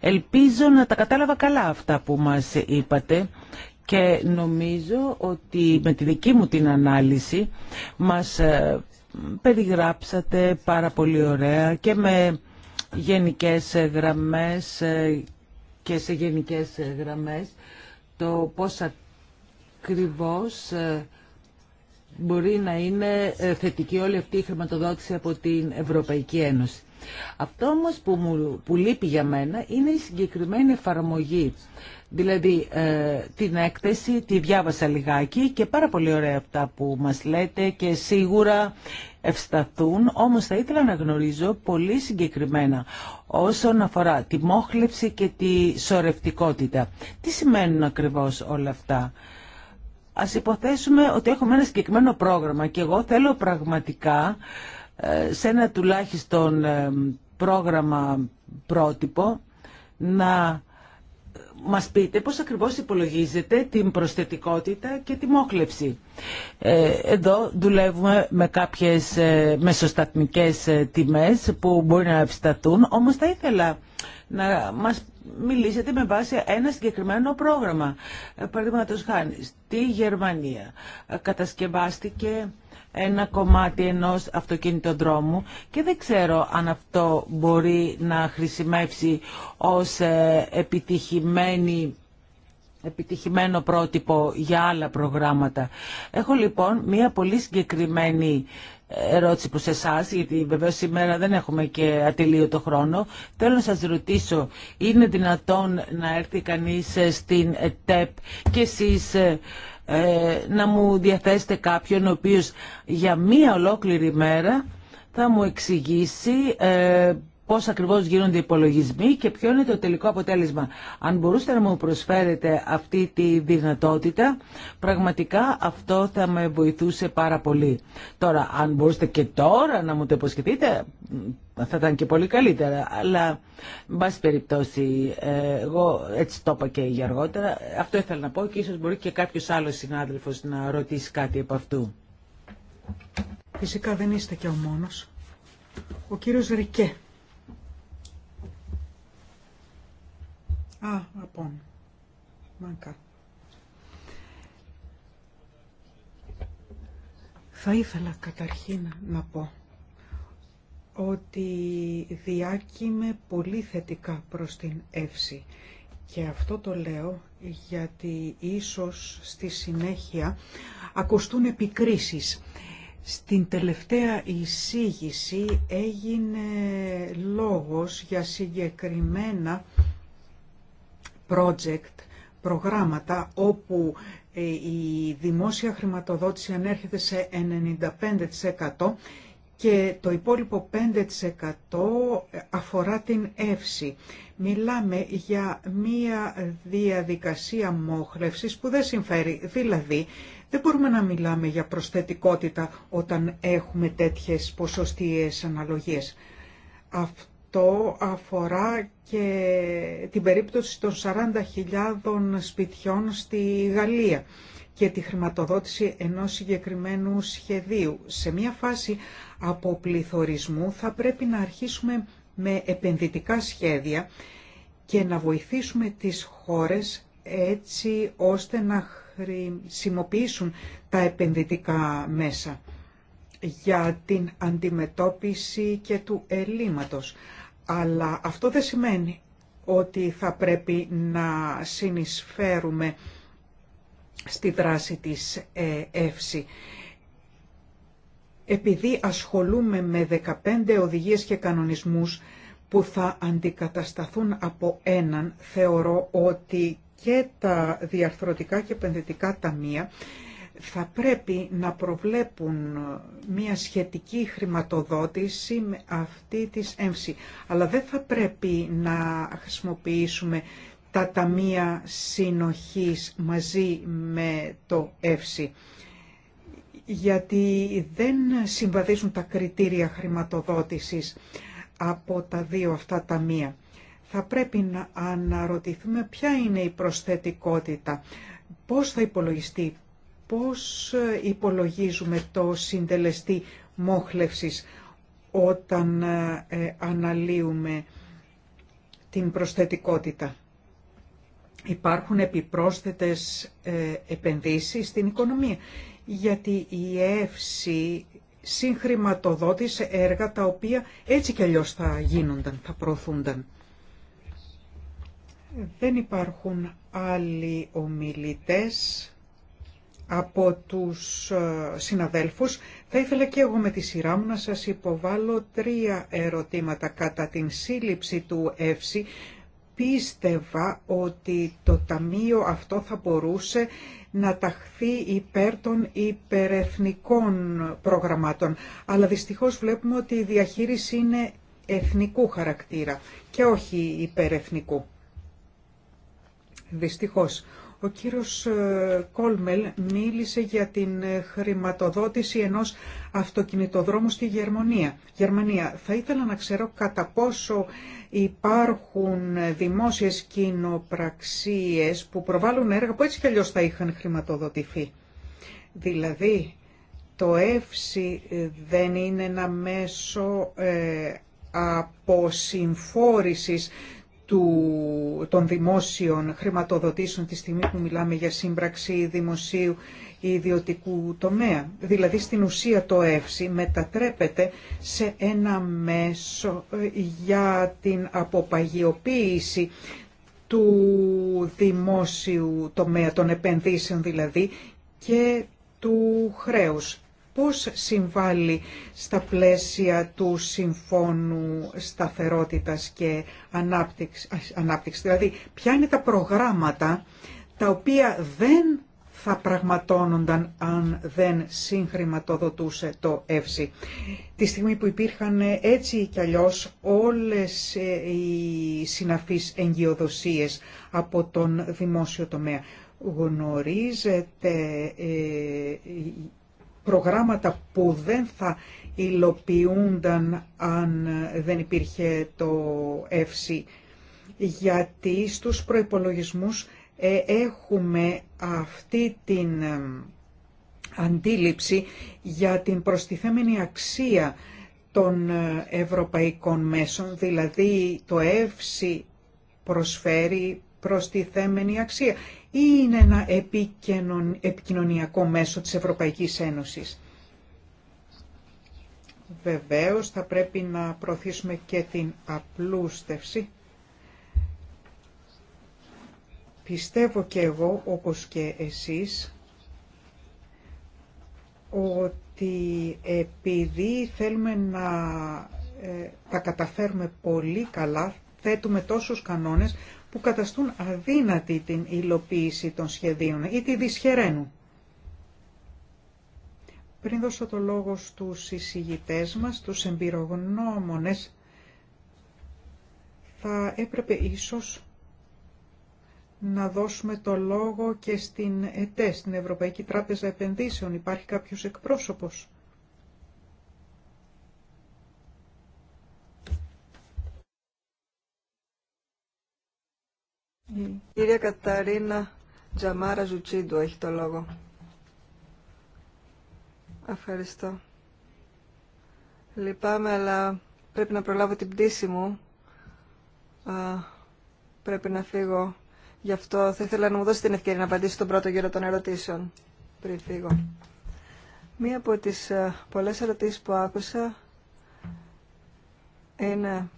Ελπίζω να τα κατάλαβα καλά αυτά που μας είπατε και νομίζω ότι με τη δική μου την ανάλυση μας ε, περιγράψατε πάρα πολύ ωραία και με γενικές ε, γραμμές και σε γενικές γραμμές το πόσα ακριβώς μπορεί να είναι ε, θετική όλη αυτή η χρηματοδότηση από την Ευρωπαϊκή Ένωση. Αυτό όμως που, μου, που λείπει για μένα είναι η συγκεκριμένη εφαρμογή. Δηλαδή ε, την έκθεση τη διάβασα λιγάκι και πάρα πολύ ωραία αυτά που μας λέτε και σίγουρα ευσταθούν, όμως θα ήθελα να γνωρίζω πολύ συγκεκριμένα όσον αφορά τη μόχλευση και τη σορευτικότητα. Τι σημαίνουν ακριβώς όλα αυτά. Ας υποθέσουμε ότι έχουμε ένα συγκεκριμένο πρόγραμμα και εγώ θέλω πραγματικά ε, σε ένα τουλάχιστον ε, πρόγραμμα πρότυπο να μας πείτε πώς ακριβώς υπολογίζετε την προσθετικότητα και τη μόχλευση. Ε, εδώ δουλεύουμε με κάποιες μεσοσταθμικές τιμές που μπορεί να ευσταθούν, όμως θα ήθελα να μας μιλήσετε με βάση ένα συγκεκριμένο πρόγραμμα. Ε, Παραδείγματο χάνει, στη Γερμανία ε, κατασκευάστηκε ένα κομμάτι ενός αυτοκινητοδρόμου και δεν ξέρω αν αυτό μπορεί να χρησιμεύσει ως ε, επιτυχημένο πρότυπο για άλλα προγράμματα. Έχω λοιπόν μία πολύ συγκεκριμένη ερώτηση προς εσάς, γιατί βεβαίως σήμερα δεν έχουμε και ατελείωτο χρόνο. Θέλω να σας ρωτήσω, είναι δυνατόν να έρθει κανείς στην ΕΤΕΠ και εσείς ε, να μου διαθέσετε κάποιον ο οποίος για μία ολόκληρη μέρα θα μου εξηγήσει ε, πώς ακριβώς γίνονται οι υπολογισμοί και ποιο είναι το τελικό αποτέλεσμα. Αν μπορούσατε να μου προσφέρετε αυτή τη δυνατότητα, πραγματικά αυτό θα με βοηθούσε πάρα πολύ. Τώρα, αν μπορούσατε και τώρα να μου το υποσχεθείτε, θα ήταν και πολύ καλύτερα. Αλλά, εν πάση περιπτώσει, ε, εγώ έτσι το είπα και για αργότερα. Αυτό ήθελα να πω και ίσως μπορεί και κάποιος άλλος συνάδελφος να ρωτήσει κάτι από αυτού. Φυσικά δεν είστε και ο μόνος. Ο κύριος Ρικέ απόν. Θα ήθελα καταρχήν να πω ότι διάκυμε πολύ θετικά προς την εύση. Και αυτό το λέω γιατί ίσως στη συνέχεια ακουστούν επικρίσεις. Στην τελευταία εισήγηση έγινε λόγος για συγκεκριμένα project, προγράμματα όπου ε, η δημόσια χρηματοδότηση ανέρχεται σε 95% και το υπόλοιπο 5% ε, αφορά την εύση. Μιλάμε για μία διαδικασία μόχλευσης που δεν συμφέρει. Δηλαδή, δεν μπορούμε να μιλάμε για προσθετικότητα όταν έχουμε τέτοιες ποσοστίες αναλογίες. Αυτό αυτό αφορά και την περίπτωση των 40.000 σπιτιών στη Γαλλία και τη χρηματοδότηση ενός συγκεκριμένου σχεδίου. Σε μια φάση αποπληθωρισμού θα πρέπει να αρχίσουμε με επενδυτικά σχέδια και να βοηθήσουμε τις χώρες έτσι ώστε να χρησιμοποιήσουν τα επενδυτικά μέσα για την αντιμετώπιση και του ελλείμματος. Αλλά αυτό δεν σημαίνει ότι θα πρέπει να συνεισφέρουμε στη δράση της ΕΦΣΗ. Επειδή ασχολούμε με 15 οδηγίες και κανονισμούς που θα αντικατασταθούν από έναν, θεωρώ ότι και τα διαρθρωτικά και επενδυτικά ταμεία θα πρέπει να προβλέπουν μια σχετική χρηματοδότηση με αυτή της έμφυση, Αλλά δεν θα πρέπει να χρησιμοποιήσουμε τα ταμεία συνοχής μαζί με το ΕΦΣΥ γιατί δεν συμβαδίζουν τα κριτήρια χρηματοδότησης από τα δύο αυτά ταμεία. Θα πρέπει να αναρωτηθούμε ποια είναι η προσθετικότητα, πώς θα υπολογιστεί Πώς υπολογίζουμε το συντελεστή μόχλευσης όταν ε, αναλύουμε την προσθετικότητα. Υπάρχουν επιπρόσθετες ε, επενδύσεις στην οικονομία, γιατί η ΕΕΦΣΗ συγχρηματοδότησε έργα τα οποία έτσι κι αλλιώς θα γίνονταν, θα προωθούνταν. Δεν υπάρχουν άλλοι ομιλητές από τους ε, συναδέλφους. Θα ήθελα και εγώ με τη σειρά μου να σας υποβάλω τρία ερωτήματα. Κατά την σύλληψη του ΕΦΣΥ πίστευα ότι το ταμείο αυτό θα μπορούσε να ταχθεί υπέρ των υπερεθνικών προγραμμάτων. Αλλά δυστυχώς βλέπουμε ότι η διαχείριση είναι εθνικού χαρακτήρα και όχι υπερεθνικού. Δυστυχώς. Ο κύριος ε, Κόλμελ μίλησε για την ε, χρηματοδότηση ενός αυτοκινητοδρόμου στη Γερμανία. Γερμανία. Θα ήθελα να ξέρω κατά πόσο υπάρχουν ε, δημόσιες κοινοπραξίες που προβάλλουν έργα που έτσι κι αλλιώς θα είχαν χρηματοδοτηθεί. Δηλαδή, το ΕΦΣΙ δεν είναι ένα μέσο ε, αποσυμφόρησης του, των δημόσιων χρηματοδοτήσεων τη στιγμή που μιλάμε για σύμπραξη δημοσίου ή ιδιωτικού τομέα. Δηλαδή στην ουσία το ΕΦΣΙ μετατρέπεται σε ένα μέσο ε, για την αποπαγιοποίηση του δημόσιου τομέα των επενδύσεων δηλαδή και του χρέους πώς συμβάλλει στα πλαίσια του Συμφώνου Σταθερότητας και ανάπτυξη, Δηλαδή, ποια είναι τα προγράμματα τα οποία δεν θα πραγματώνονταν αν δεν συγχρηματοδοτούσε το ΕΦΣΥ. Τη στιγμή που υπήρχαν έτσι κι αλλιώς όλες οι συναφείς εγκυοδοσίες από τον δημόσιο τομέα. Γνωρίζετε ε, προγράμματα που δεν θα υλοποιούνταν αν δεν υπήρχε το ΕΦΣΥ. Γιατί στους προϋπολογισμούς ε, έχουμε αυτή την ε, αντίληψη για την προστιθέμενη αξία των ε, ευρωπαϊκών μέσων, δηλαδή το ΕΦΣΥ προσφέρει θέμενη αξία ή είναι ένα επικοινωνιακό μέσο της Ευρωπαϊκής Ένωσης. Βεβαίως θα πρέπει να προωθήσουμε και την απλούστευση. Πιστεύω και εγώ, όπως και εσείς, ότι επειδή θέλουμε να ε, τα καταφέρουμε πολύ καλά, θέτουμε τόσους κανόνες που καταστούν αδύνατη την υλοποίηση των σχεδίων ή τη δυσχεραίνουν. Πριν δώσω το λόγο στους εισηγητές μας, τους εμπειρογνώμονες, θα έπρεπε ίσως να δώσουμε το λόγο και στην ΕΤΕ, στην Ευρωπαϊκή Τράπεζα Επενδύσεων. Υπάρχει κάποιος εκπρόσωπος. κυρία Καταρίνα Τζαμάρα Ζουτσίντου έχει το λόγο. Ευχαριστώ. Λυπάμαι, αλλά πρέπει να προλάβω την πτήση μου. πρέπει να φύγω. Γι' αυτό θα ήθελα να μου δώσει την ευκαιρία να απαντήσω τον πρώτο γύρο των ερωτήσεων πριν φύγω. Μία από τις ε, πολλές ερωτήσεις που άκουσα είναι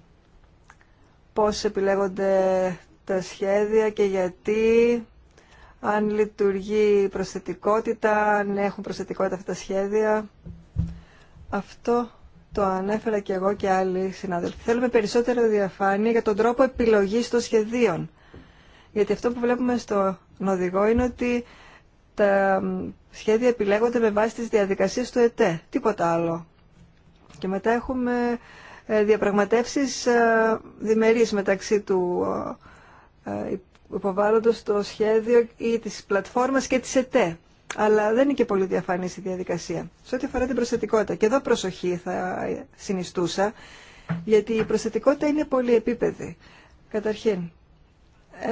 πώς επιλέγονται τα σχέδια και γιατί, αν λειτουργεί προσθετικότητα, αν έχουν προσθετικότητα αυτά τα σχέδια. Αυτό το ανέφερα και εγώ και άλλοι συνάδελφοι. Θέλουμε περισσότερο διαφάνεια για τον τρόπο επιλογής των σχεδίων. Γιατί αυτό που βλέπουμε στον οδηγό είναι ότι τα σχέδια επιλέγονται με βάση τις διαδικασίες του ΕΤΕ, τίποτα άλλο. Και μετά έχουμε ε, διαπραγματεύσεις ε, διμερείς μεταξύ του ε, υποβάλλοντας το σχέδιο ή της πλατφόρμας και της ΕΤΕ. Αλλά δεν είναι και πολύ διαφανής η διαδικασία. Σε ό,τι αφορά την προσθετικότητα, και εδώ προσοχή θα συνιστούσα, γιατί η προσθετικότητα είναι πολύ επίπεδη. Καταρχήν,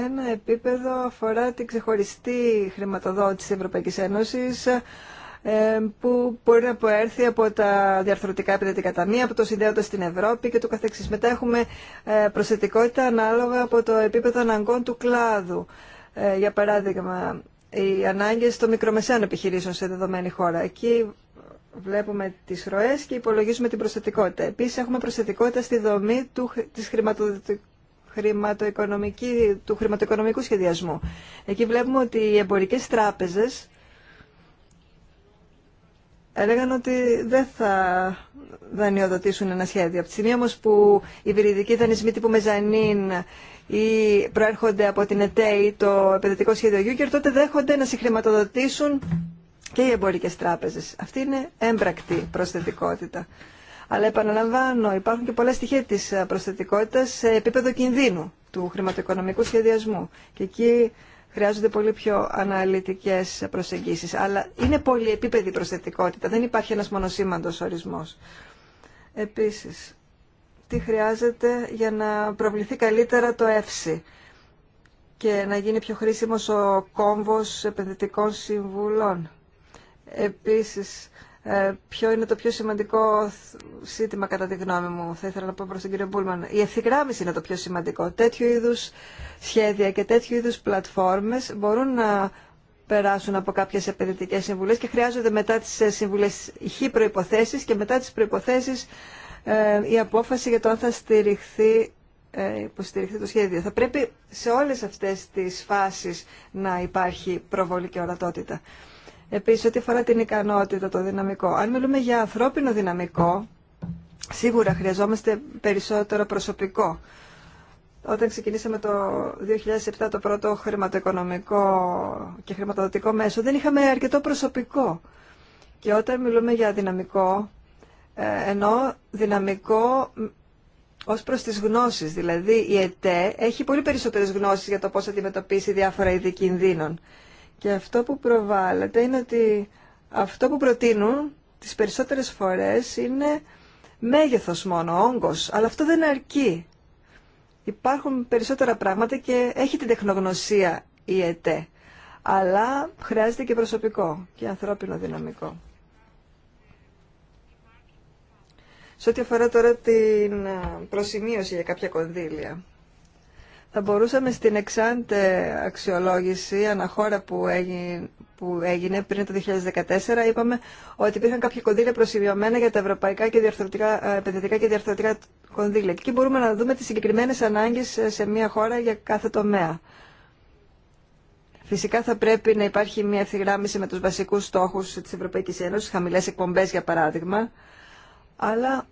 ένα επίπεδο αφορά την ξεχωριστή χρηματοδότηση της Ευρωπαϊκής Ένωσης, ε, που μπορεί να προέρθει από τα διαρθρωτικά επιδετικά ταμεία, από το συνδέοντα στην Ευρώπη και το καθεξής. Μετά έχουμε ε, προσθετικότητα ανάλογα από το επίπεδο αναγκών του κλάδου. Ε, για παράδειγμα, οι ανάγκες των μικρομεσαίων επιχειρήσεων σε δεδομένη χώρα. Εκεί βλέπουμε τις ροές και υπολογίζουμε την προσθετικότητα. Επίσης έχουμε προσθετικότητα στη δομή του, της του χρηματοοικονομικού σχεδιασμού. Εκεί βλέπουμε ότι οι εμπορικές τράπεζες έλεγαν ότι δεν θα δανειοδοτήσουν ένα σχέδιο. Από τη στιγμή όμως που οι βυριδικοί δανεισμοί τύπου μεζανίν ή προέρχονται από την ΕΤΕΙ, το επενδυτικό σχέδιο Γιούγκερ, τότε δέχονται να συγχρηματοδοτήσουν και οι εμπορικές τράπεζες. Αυτή είναι έμπρακτη προσθετικότητα. Αλλά επαναλαμβάνω, υπάρχουν και πολλά στοιχεία της προσθετικότητας σε επίπεδο κινδύνου του χρηματοοικονομικού σχεδιασμού. Και εκεί χρειάζονται πολύ πιο αναλυτικές προσεγγίσεις. Αλλά είναι πολυεπίπεδη προσθετικότητα, δεν υπάρχει ένας μονοσήμαντος ορισμός. Επίσης, τι χρειάζεται για να προβληθεί καλύτερα το εύση και να γίνει πιο χρήσιμος ο κόμβος επενδυτικών συμβουλών. Επίσης, ε, ποιο είναι το πιο σημαντικό σύντημα κατά τη γνώμη μου. Θα ήθελα να πω προς τον κύριο Μπούλμαν. Η ευθυγράμμιση είναι το πιο σημαντικό. Τέτοιου είδους σχέδια και τέτοιου είδους πλατφόρμες μπορούν να περάσουν από κάποιες επενδυτικές συμβουλές και χρειάζονται μετά τις συμβουλές ηχή προϋποθέσεις και μετά τις προϋποθέσεις ε, η απόφαση για το αν θα στηριχθεί ε, υποστηριχθεί το σχέδιο. Θα πρέπει σε όλες αυτές τις φάσεις να υπάρχει προβολή και ορατότητα. Επίση, ό,τι αφορά την ικανότητα, το δυναμικό. Αν μιλούμε για ανθρώπινο δυναμικό, σίγουρα χρειαζόμαστε περισσότερο προσωπικό. Όταν ξεκινήσαμε το 2007 το πρώτο χρηματοοικονομικό και χρηματοδοτικό μέσο, δεν είχαμε αρκετό προσωπικό. Και όταν μιλούμε για δυναμικό, ε, ενώ δυναμικό ως προς τις γνώσεις, δηλαδή η ΕΤΕ έχει πολύ περισσότερες γνώσεις για το πώς αντιμετωπίσει διάφορα είδη κινδύνων. Και αυτό που προβάλλεται είναι ότι αυτό που προτείνουν τις περισσότερες φορές είναι μέγεθος μόνο, όγκος, αλλά αυτό δεν αρκεί. Υπάρχουν περισσότερα πράγματα και έχει την τεχνογνωσία η ΕΤΕ, αλλά χρειάζεται και προσωπικό και ανθρώπινο δυναμικό. Σε ό,τι αφορά τώρα την ε, προσημείωση για κάποια κονδύλια θα μπορούσαμε στην εξάντε αξιολόγηση αναχώρα που έγινε, που έγινε πριν το 2014 είπαμε ότι υπήρχαν κάποια κονδύλια προσημειωμένα για τα ευρωπαϊκά και διαρθρωτικά, ε, επενδυτικά και διαρθρωτικά κονδύλια. Και εκεί μπορούμε να δούμε τις συγκεκριμένες ανάγκες ε, σε μια χώρα για κάθε τομέα. Φυσικά θα πρέπει να υπάρχει μια ευθυγράμμιση με τους βασικούς στόχους της Ευρωπαϊκής Ένωσης, χαμηλές εκπομπές για παράδειγμα, αλλά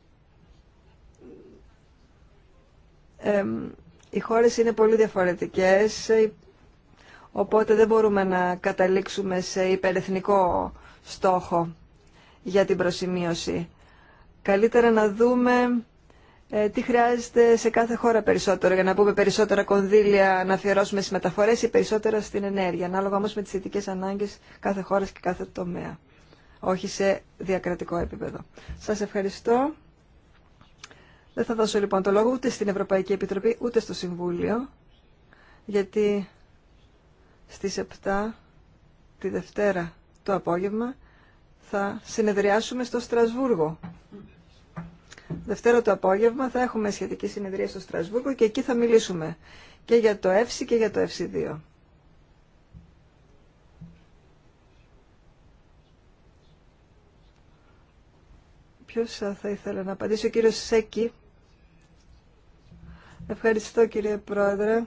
οι χώρες είναι πολύ διαφορετικές, ε, οπότε δεν μπορούμε να καταλήξουμε σε υπερεθνικό στόχο για την προσημείωση. Καλύτερα να δούμε ε, τι χρειάζεται σε κάθε χώρα περισσότερο για να πούμε περισσότερα κονδύλια να αφιερώσουμε στις μεταφορές ή περισσότερα στην ενέργεια, ανάλογα όμως με τις θετικές ανάγκες κάθε χώρας και κάθε τομέα, όχι σε διακρατικό επίπεδο. Σας ευχαριστώ. Δεν θα δώσω λοιπόν το λόγο ούτε στην Ευρωπαϊκή Επιτροπή ούτε στο Συμβούλιο, γιατί στις 7 τη Δευτέρα το απόγευμα θα συνεδριάσουμε στο Στρασβούργο. Δευτέρα το απόγευμα θα έχουμε σχετική συνεδρία στο Στρασβούργο και εκεί θα μιλήσουμε και για το ΕΦΣΙ και για το ΕΦΣΙ 2. Ποιος θα ήθελε να απαντήσει, ο κύριος Σέκη. Ευχαριστώ κύριε Πρόεδρε.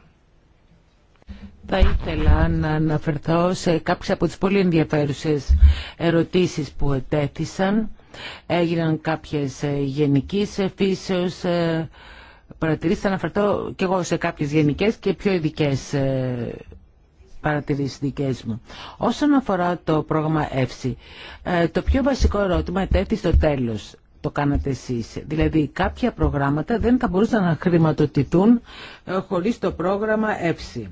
Θα ήθελα να αναφερθώ σε κάποιες από τις πολύ ενδιαφέρουσες ερωτήσεις που ετέθησαν. Έγιναν κάποιες ε, γενικής φύσεως ε, παρατηρήσεις. Θα αναφερθώ και εγώ σε κάποιες γενικές και πιο ειδικές ε, παρατηρήσεις δικές μου. Όσον αφορά το πρόγραμμα ΕΦΣΥ, το πιο βασικό ερώτημα ετέθη στο τέλος το κάνατε εσείς. Δηλαδή κάποια προγράμματα δεν θα μπορούσαν να χρηματοδοτηθούν ε, χωρίς το πρόγραμμα ΕΨΗ.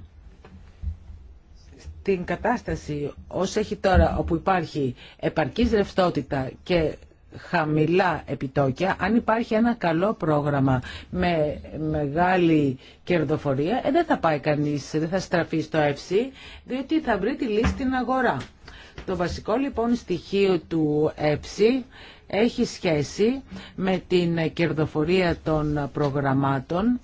Στην κατάσταση ως έχει τώρα όπου υπάρχει επαρκής ρευστότητα και χαμηλά επιτόκια, αν υπάρχει ένα καλό πρόγραμμα με μεγάλη κερδοφορία, ε, δεν θα πάει κανείς, δεν θα στραφεί στο ΕΦΣΥ, διότι θα βρει τη λύση στην αγορά. Το βασικό λοιπόν στοιχείο του ΕΦΣΥ έχει σχέση με την κερδοφορία των προγραμμάτων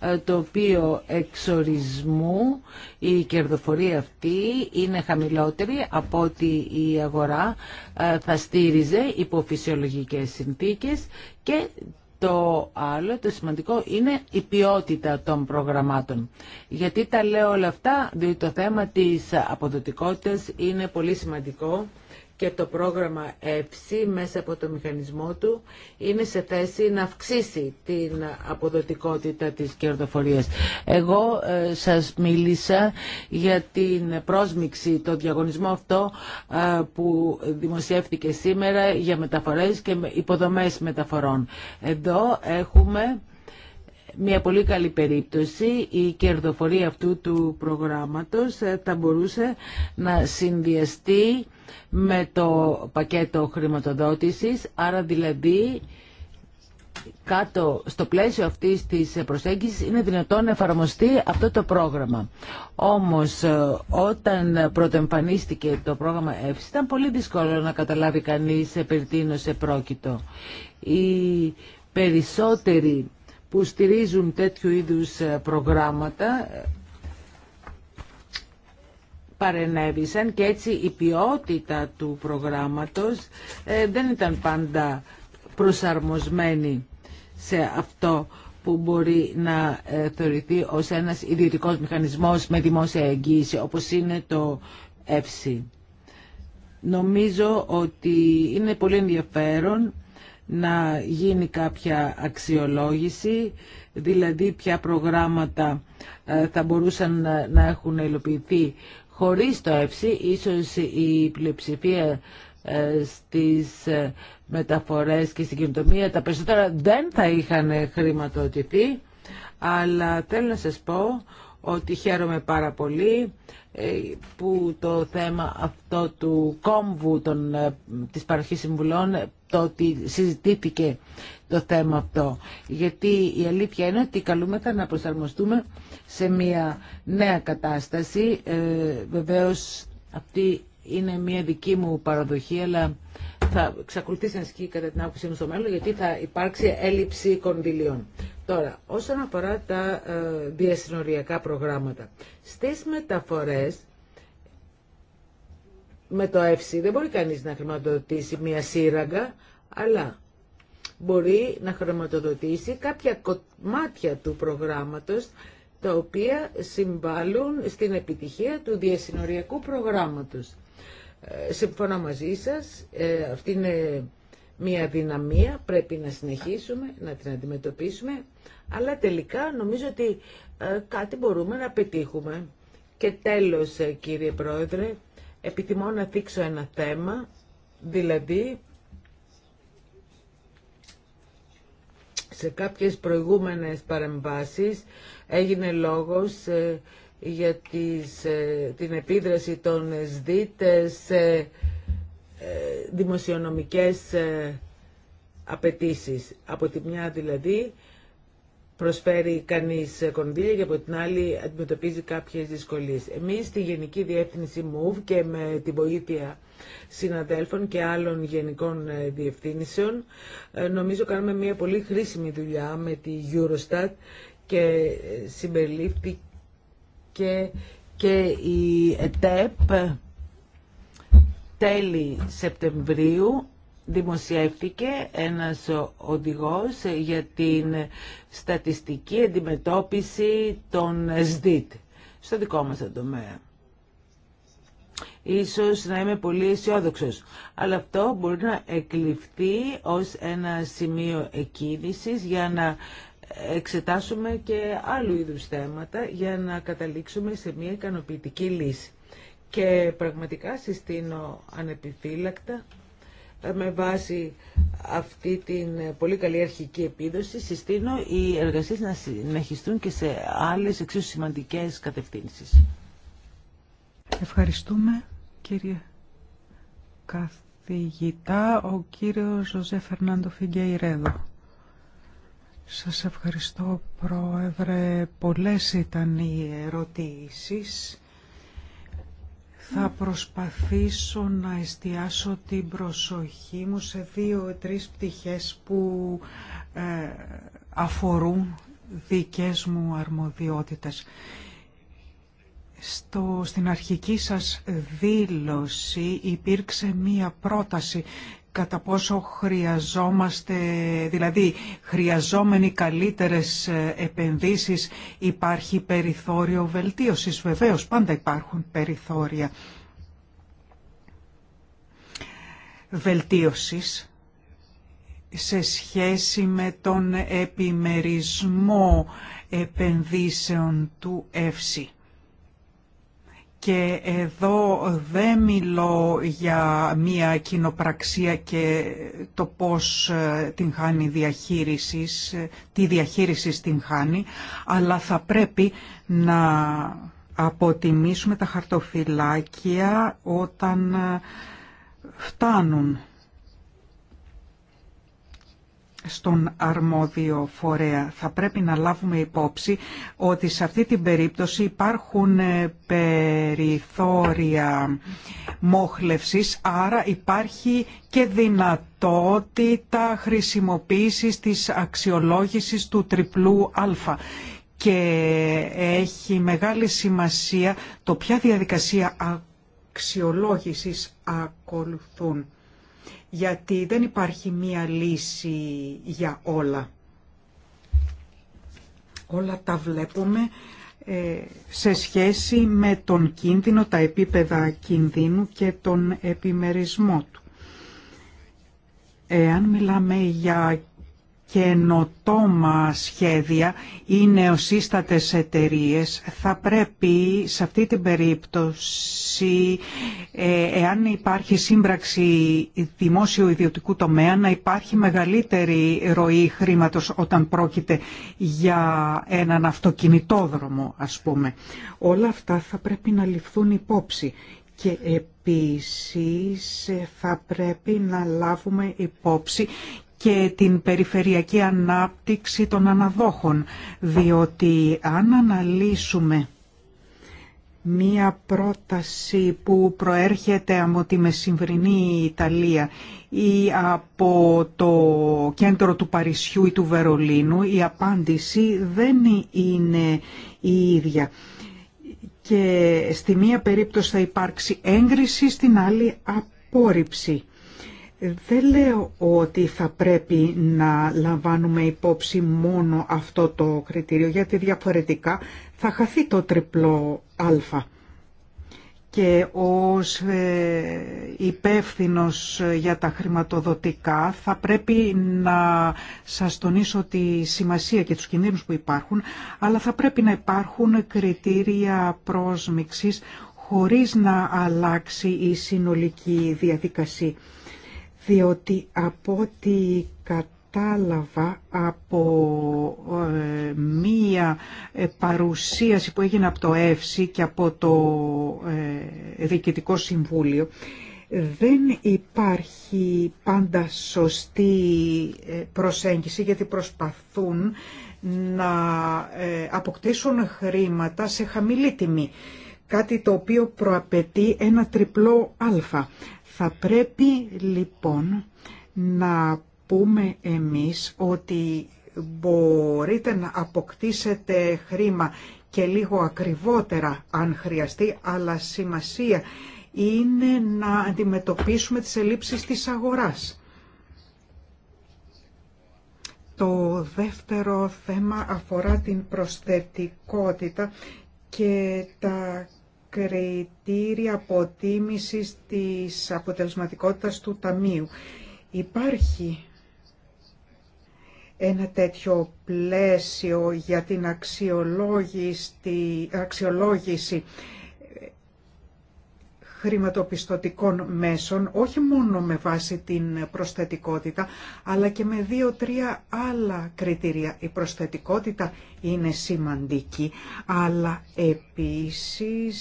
ε, το οποίο εξορισμού η κερδοφορία αυτή είναι χαμηλότερη από ότι η αγορά ε, θα στήριζε υπό φυσιολογικές συνθήκες και το άλλο, το σημαντικό, είναι η ποιότητα των προγραμμάτων. Γιατί τα λέω όλα αυτά, διότι το θέμα της αποδοτικότητας είναι πολύ σημαντικό και το πρόγραμμα ΕΦΣΥ μέσα από το μηχανισμό του είναι σε θέση να αυξήσει την αποδοτικότητα της κερδοφορίας. Εγώ ε, σας μίλησα για την πρόσμιξη, το διαγωνισμό αυτό ε, που δημοσιεύτηκε σήμερα για μεταφορές και υποδομές μεταφορών. Εδώ έχουμε μια πολύ καλή περίπτωση. Η κερδοφορία αυτού του προγράμματος ε, θα μπορούσε να συνδυαστεί με το πακέτο χρηματοδότησης, άρα δηλαδή κάτω στο πλαίσιο αυτής της προσέγγισης είναι δυνατόν να εφαρμοστεί αυτό το πρόγραμμα. Όμως ε, όταν πρωτοεμφανίστηκε το πρόγραμμα ΕΦΣ ήταν πολύ δύσκολο να καταλάβει κανείς ε, περί σε πρόκειτο. Οι περισσότεροι που στηρίζουν τέτοιου είδους ε, προγράμματα ε, παρενέβησαν και έτσι η ποιότητα του προγράμματος ε, δεν ήταν πάντα προσαρμοσμένη σε αυτό που μπορεί να θεωρηθεί ως ένας ιδιωτικός μηχανισμός με δημόσια εγγύηση, όπως είναι το ΕΦΣΥ. Νομίζω ότι είναι πολύ ενδιαφέρον να γίνει κάποια αξιολόγηση, δηλαδή ποια προγράμματα ε, θα μπορούσαν να έχουν υλοποιηθεί χωρίς το ΕΦΣΥ, ίσως η πλειοψηφία ε, στις ε, μεταφορές και στην κοινωνία τα περισσότερα δεν θα είχαν χρηματοδοτηθεί αλλά θέλω να σας πω ότι χαίρομαι πάρα πολύ ε, που το θέμα αυτό του κόμβου των, ε, της παροχής συμβουλών ε, το ότι συζητήθηκε το θέμα αυτό. Γιατί η αλήθεια είναι ότι καλούμεθα να προσαρμοστούμε σε μια νέα κατάσταση. Ε, βεβαίως αυτή είναι μια δική μου παραδοχή, αλλά θα εξακολουθήσει να ασκεί κατά την άποψή μου στο μέλλον, γιατί θα υπάρξει έλλειψη κονδυλίων. Τώρα, όσον αφορά τα ε, διασυνοριακά προγράμματα, στις μεταφορές με το ΕΦΣΥ δεν μπορεί κανείς να χρηματοδοτήσει μια σύραγγα, αλλά μπορεί να χρηματοδοτήσει κάποια κομμάτια του προγράμματος τα οποία συμβάλλουν στην επιτυχία του διασυνοριακού προγράμματος. Ε, συμφωνώ μαζί σας, ε, αυτή είναι μια δυναμία, πρέπει να συνεχίσουμε να την αντιμετωπίσουμε. Αλλά τελικά νομίζω ότι ε, κάτι μπορούμε να πετύχουμε. Και τέλος, ε, κύριε Πρόεδρε, επιθυμώ να θίξω ένα θέμα, δηλαδή σε κάποιες προηγούμενες παρεμβάσεις έγινε λόγος ε, για την επίδραση των ΣΔΙΤ σε δημοσιονομικές απαιτήσεις. Από τη μια δηλαδή προσφέρει κανείς κονδύλια και από την άλλη αντιμετωπίζει κάποιες δυσκολίες. Εμείς στη Γενική Διεύθυνση MOVE και με την βοήθεια συναδέλφων και άλλων γενικών ε, διευθύνσεων ε, νομίζω κάνουμε μια πολύ χρήσιμη δουλειά με τη Eurostat και ε, συμπεριλήφθηκε και η ΕΤΕΠ τέλη Σεπτεμβρίου δημοσιεύτηκε ένας οδηγός για την στατιστική αντιμετώπιση των ΣΔΙΤ στο δικό μας τομέα. Ίσως να είμαι πολύ αισιόδοξο. Αλλά αυτό μπορεί να εκλειφθεί ως ένα σημείο εκκίνησης για να εξετάσουμε και άλλου είδους θέματα για να καταλήξουμε σε μια ικανοποιητική λύση. Και πραγματικά συστήνω ανεπιφύλακτα με βάση αυτή την πολύ καλή αρχική επίδοση συστήνω οι εργασίες να συνεχιστούν και σε άλλες εξίσου σημαντικές κατευθύνσεις. Ευχαριστούμε κύριε καθηγητά ο κύριος Ζωζέ Φερνάντο Φιγκέιρέδο. Σας ευχαριστώ πρόεδρε. Πολλές ήταν οι ερωτήσεις θα προσπαθήσω να εστιάσω την προσοχή μου σε δύο-τρεις πτυχές που ε, αφορούν δικές μου αρμοδιότητες. Στο, στην αρχική σας δήλωση υπήρξε μία πρόταση κατά πόσο χρειαζόμαστε, δηλαδή χρειαζόμενοι καλύτερες ε, επενδύσεις, υπάρχει περιθώριο βελτίωσης. Βεβαίως, πάντα υπάρχουν περιθώρια βελτίωσης σε σχέση με τον επιμερισμό επενδύσεων του ΕΦΣΥ. Και εδώ δεν μιλώ για μία κοινοπραξία και το πώς ε, την χάνει διαχείριση, τι διαχείριση την χάνει, αλλά θα πρέπει να αποτιμήσουμε τα χαρτοφυλάκια όταν ε, φτάνουν στον αρμόδιο φορέα. Θα πρέπει να λάβουμε υπόψη ότι σε αυτή την περίπτωση υπάρχουν ε, περιθώρια μόχλευσης, άρα υπάρχει και δυνατότητα χρησιμοποίησης της αξιολόγησης του τριπλού α και έχει μεγάλη σημασία το ποια διαδικασία αξιολόγησης ακολουθούν γιατί δεν υπάρχει μία λύση για όλα. Όλα τα βλέπουμε ε, σε σχέση με τον κίνδυνο, τα επίπεδα κινδύνου και τον επιμερισμό του. Εάν μιλάμε για καινοτόμα σχέδια ή νεοσύστατες εταιρείε, θα πρέπει σε αυτή την περίπτωση, ε, εάν υπάρχει σύμπραξη δημόσιο ιδιωτικού τομέα, να υπάρχει μεγαλύτερη ροή χρήματος όταν πρόκειται για έναν αυτοκινητόδρομο, ας πούμε. Όλα αυτά θα πρέπει να ληφθούν υπόψη και επίσης ε, θα πρέπει να λάβουμε υπόψη και την περιφερειακή ανάπτυξη των αναδόχων, διότι αν αναλύσουμε μία πρόταση που προέρχεται από τη μεσημβρινή Ιταλία ή από το κέντρο του Παρισιού ή του Βερολίνου, η απάντηση δεν είναι η ίδια. Και στη μία περίπτωση θα υπάρξει έγκριση, στην άλλη απόρριψη. Δεν λέω ότι θα πρέπει να λαμβάνουμε υπόψη μόνο αυτό το κριτήριο, γιατί διαφορετικά θα χαθεί το τριπλό α. Και ως υπεύθυνο υπεύθυνος για τα χρηματοδοτικά θα πρέπει να σας τονίσω τη σημασία και τους κινδύνους που υπάρχουν, αλλά θα πρέπει να υπάρχουν κριτήρια πρόσμιξης χωρίς να αλλάξει η συνολική διαδικασία διότι από ό,τι κατάλαβα από ε, μία ε, παρουσίαση που έγινε από το ΕΦΣΙ και από το ε, Διοικητικό Συμβούλιο, δεν υπάρχει πάντα σωστή ε, προσέγγιση γιατί προσπαθούν να αποκτήσουν χρήματα σε χαμηλή τιμή. Κάτι το οποίο προαπαιτεί ένα τριπλό αλφα. Θα πρέπει λοιπόν να πούμε εμείς ότι μπορείτε να αποκτήσετε χρήμα και λίγο ακριβότερα αν χρειαστεί, αλλά σημασία είναι να αντιμετωπίσουμε τις ελλείψεις της αγοράς. Το δεύτερο θέμα αφορά την προσθετικότητα και τα κριτήρια αποτίμησης της αποτελεσματικότητας του Ταμείου. Υπάρχει ένα τέτοιο πλαίσιο για την αξιολόγηση, αξιολόγηση χρηματοπιστωτικών μέσων, όχι μόνο με βάση την προσθετικότητα, αλλά και με δύο-τρία άλλα κριτήρια. Η προσθετικότητα είναι σημαντική, αλλά επίσης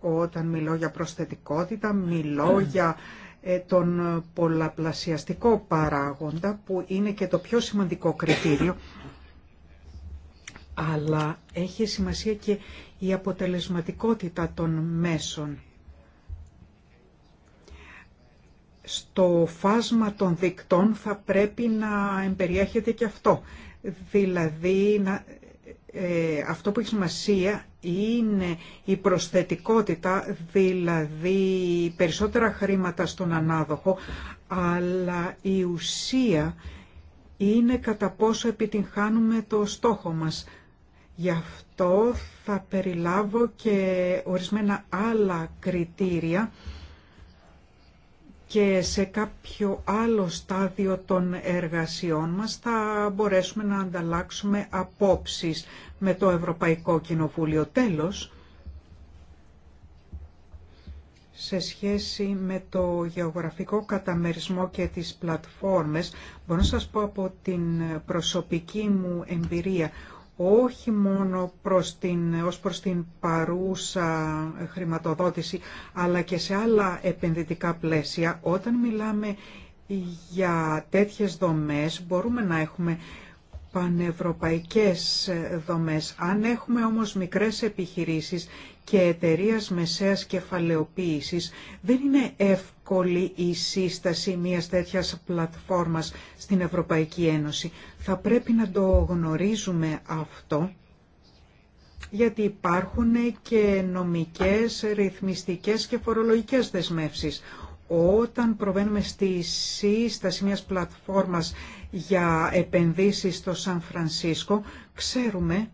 όταν μιλώ για προσθετικότητα, μιλώ για ε, τον πολλαπλασιαστικό παράγοντα που είναι και το πιο σημαντικό κριτήριο αλλά έχει σημασία και η αποτελεσματικότητα των μέσων. στο φάσμα των δικτών θα πρέπει να εμπεριέχεται και αυτό. Δηλαδή, να, ε, αυτό που έχει σημασία είναι η προσθετικότητα, δηλαδή περισσότερα χρήματα στον ανάδοχο, αλλά η ουσία είναι κατά πόσο επιτυγχάνουμε το στόχο μας. Γι' αυτό θα περιλάβω και ορισμένα άλλα κριτήρια και σε κάποιο άλλο στάδιο των εργασιών μας θα μπορέσουμε να ανταλλάξουμε απόψεις με το Ευρωπαϊκό Κοινοβούλιο. Τέλος, σε σχέση με το γεωγραφικό καταμερισμό και τις πλατφόρμες, μπορώ να σας πω από την προσωπική μου εμπειρία όχι μόνο προς την, ως προς την παρούσα χρηματοδότηση, αλλά και σε άλλα επενδυτικά πλαίσια. Όταν μιλάμε για τέτοιες δομές, μπορούμε να έχουμε πανευρωπαϊκές δομές. Αν έχουμε όμως μικρές επιχειρήσεις και εταιρεία μεσαίας κεφαλαιοποίησης δεν είναι εύκολη η σύσταση μιας τέτοιας πλατφόρμας στην Ευρωπαϊκή Ένωση. Θα πρέπει να το γνωρίζουμε αυτό γιατί υπάρχουν και νομικές, ρυθμιστικές και φορολογικές δεσμεύσεις. Όταν προβαίνουμε στη σύσταση μιας πλατφόρμας για επενδύσεις στο Σαν Φρανσίσκο, ξέρουμε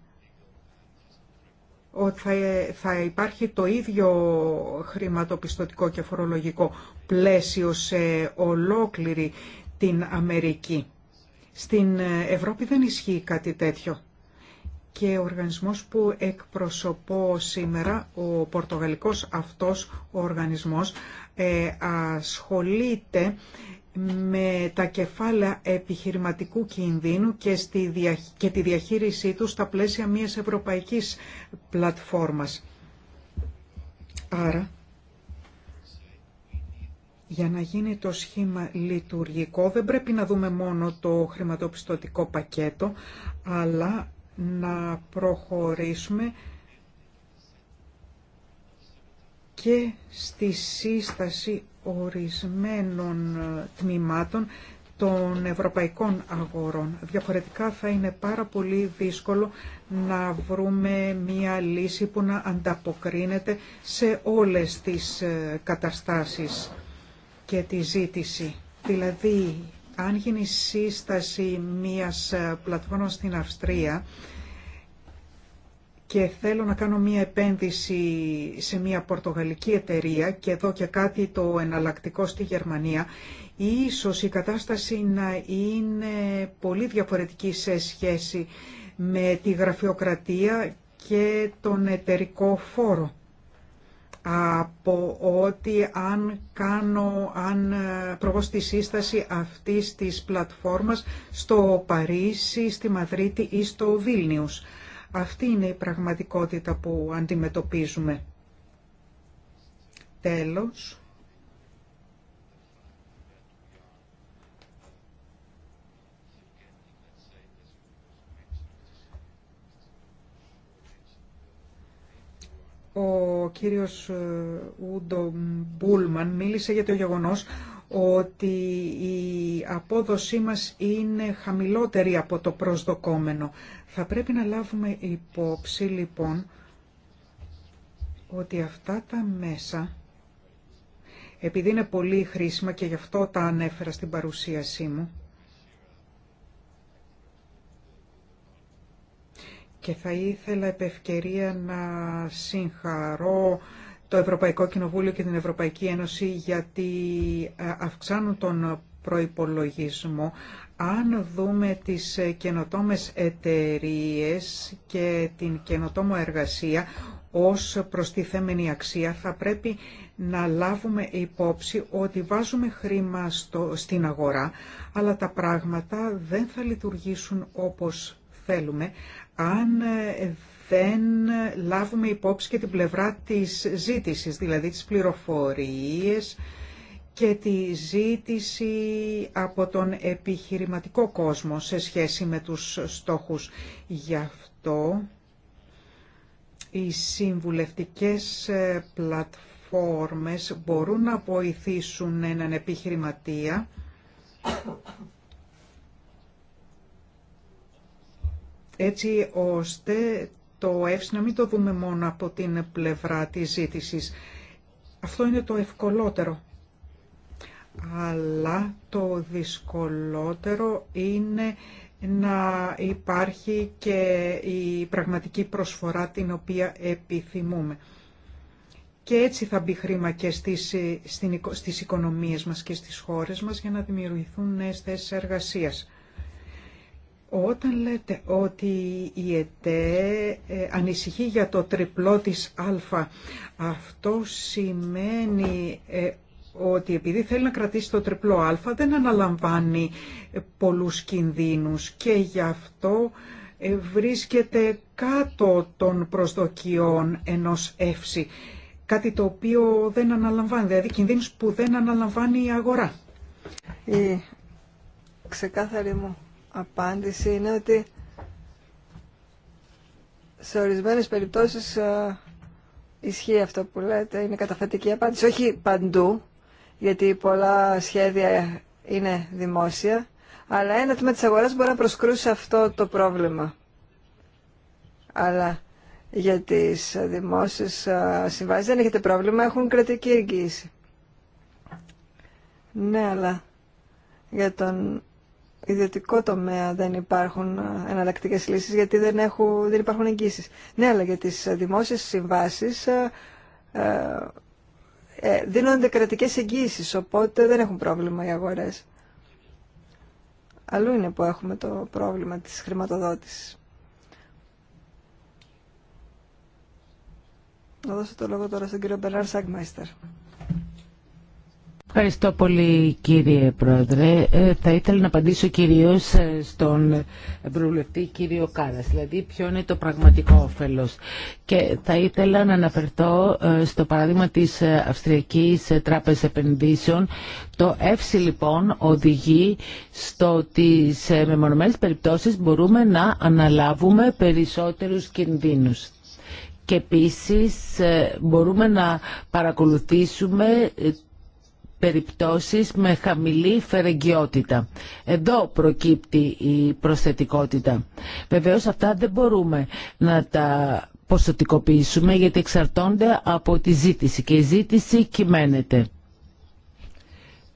ότι θα υπάρχει το ίδιο χρηματοπιστωτικό και φορολογικό πλαίσιο σε ολόκληρη την Αμερική. Στην Ευρώπη δεν ισχύει κάτι τέτοιο. Και ο οργανισμός που εκπροσωπώ σήμερα, ο πορτογαλικός αυτός ο οργανισμός, ε, ασχολείται με τα κεφάλαια επιχειρηματικού κινδύνου και, στη και τη διαχείρισή τους στα πλαίσια μιας ευρωπαϊκής πλατφόρμας. Άρα, για να γίνει το σχήμα λειτουργικό δεν πρέπει να δούμε μόνο το χρηματοπιστωτικό πακέτο, αλλά να προχωρήσουμε και στη σύσταση ορισμένων ε, τμήματων των ευρωπαϊκών αγορών. Διαφορετικά θα είναι πάρα πολύ δύσκολο να βρούμε μία λύση που να ανταποκρίνεται σε όλες τις ε, καταστάσεις και τη ζήτηση. Δηλαδή, αν γίνει σύσταση μίας ε, πλατφόρμας στην Αυστρία, και θέλω να κάνω μία επένδυση σε μία πορτογαλική εταιρεία και εδώ και κάτι το εναλλακτικό στη Γερμανία, ίσως η κατάσταση να είναι πολύ διαφορετική σε σχέση με τη γραφειοκρατία και τον εταιρικό φόρο από ότι αν, κάνω, αν προβώ στη σύσταση αυτής της πλατφόρμας στο Παρίσι, στη Μαδρίτη ή στο Βίλνιους. Αυτή είναι η πραγματικότητα που αντιμετωπίζουμε. Τέλος. ο κύριος ε, Ούντο Μπούλμαν μίλησε για το γεγονός ότι η απόδοσή μας είναι χαμηλότερη από το προσδοκόμενο. Θα πρέπει να λάβουμε υπόψη λοιπόν ότι αυτά τα μέσα, επειδή είναι πολύ χρήσιμα και γι' αυτό τα ανέφερα στην παρουσίασή μου, και θα ήθελα επ' να συγχαρώ το Ευρωπαϊκό Κοινοβούλιο και την Ευρωπαϊκή Ένωση γιατί ε, αυξάνουν τον προϋπολογισμό αν δούμε τις ε, καινοτόμες εταιρείες και την καινοτόμο εργασία ως προστιθέμενη αξία, θα πρέπει να λάβουμε υπόψη ότι βάζουμε χρήμα στο, στην αγορά, αλλά τα πράγματα δεν θα λειτουργήσουν όπως θέλουμε, αν ε, δεν λάβουμε υπόψη και την πλευρά της ζήτησης, δηλαδή τις πληροφορίες, και τη ζήτηση από τον επιχειρηματικό κόσμο σε σχέση με τους στόχους. Γι' αυτό οι συμβουλευτικές ε, πλατφόρμες μπορούν να βοηθήσουν έναν επιχειρηματία έτσι ώστε το εύση να μην το δούμε μόνο από την πλευρά της ζήτησης. Αυτό είναι το ευκολότερο αλλά το δυσκολότερο είναι να υπάρχει και η πραγματική προσφορά την οποία επιθυμούμε. Και έτσι θα μπει χρήμα και στις, στις οικονομίες μας και στις χώρες μας για να δημιουργηθούν νέες θέσεις εργασίας. Όταν λέτε ότι η ΕΤΕ ε, ανησυχεί για το τριπλό της α, αυτό σημαίνει ε, ότι επειδή θέλει να κρατήσει το τριπλό α δεν αναλαμβάνει πολλούς κινδύνους και γι' αυτό ε, βρίσκεται κάτω των προσδοκιών ενός εύση. Κάτι το οποίο δεν αναλαμβάνει, δηλαδή κινδύνους που δεν αναλαμβάνει η αγορά. Η ξεκάθαρη μου απάντηση είναι ότι σε ορισμένες περιπτώσεις ε, ισχύει αυτό που λέτε, είναι καταθετική απάντηση, όχι παντού, γιατί πολλά σχέδια είναι δημόσια, αλλά ένα τμήμα της αγοράς μπορεί να προσκρούσει αυτό το πρόβλημα. Αλλά για τις δημόσιες συμβάσεις δεν έχετε πρόβλημα, έχουν κρατική εγγύηση. Ναι, αλλά για τον ιδιωτικό τομέα δεν υπάρχουν εναλλακτικέ λύσεις γιατί δεν, έχουν, δεν υπάρχουν εγγύσεις. Ναι, αλλά για τις δημόσιες συμβάσεις ε, δίνονται κρατικέ εγγύσει, οπότε δεν έχουν πρόβλημα οι αγορές. Αλλού είναι που έχουμε το πρόβλημα της χρηματοδότησης. Να δώσω το λόγο τώρα στον κύριο Μπερνάρ Σάγκμαϊστερ. Ευχαριστώ πολύ κύριε Πρόεδρε. Ε, θα ήθελα να απαντήσω κυρίως ε, στον Ευρωβουλευτή κύριο Κάρας, δηλαδή ποιο είναι το πραγματικό όφελος. Και θα ήθελα να αναφερθώ ε, στο παράδειγμα της Αυστριακής Τράπεζας Επενδύσεων. Το ΕΦΣΙ λοιπόν οδηγεί στο ότι σε μεμονωμένες περιπτώσεις μπορούμε να αναλάβουμε περισσότερους κινδύνους και επίσης μπορούμε να παρακολουθήσουμε περιπτώσεις με χαμηλή φερεγγιότητα. Εδώ προκύπτει η προσθετικότητα. Βεβαίως αυτά δεν μπορούμε να τα ποσοτικοποιήσουμε γιατί εξαρτώνται από τη ζήτηση και η ζήτηση κυμαίνεται.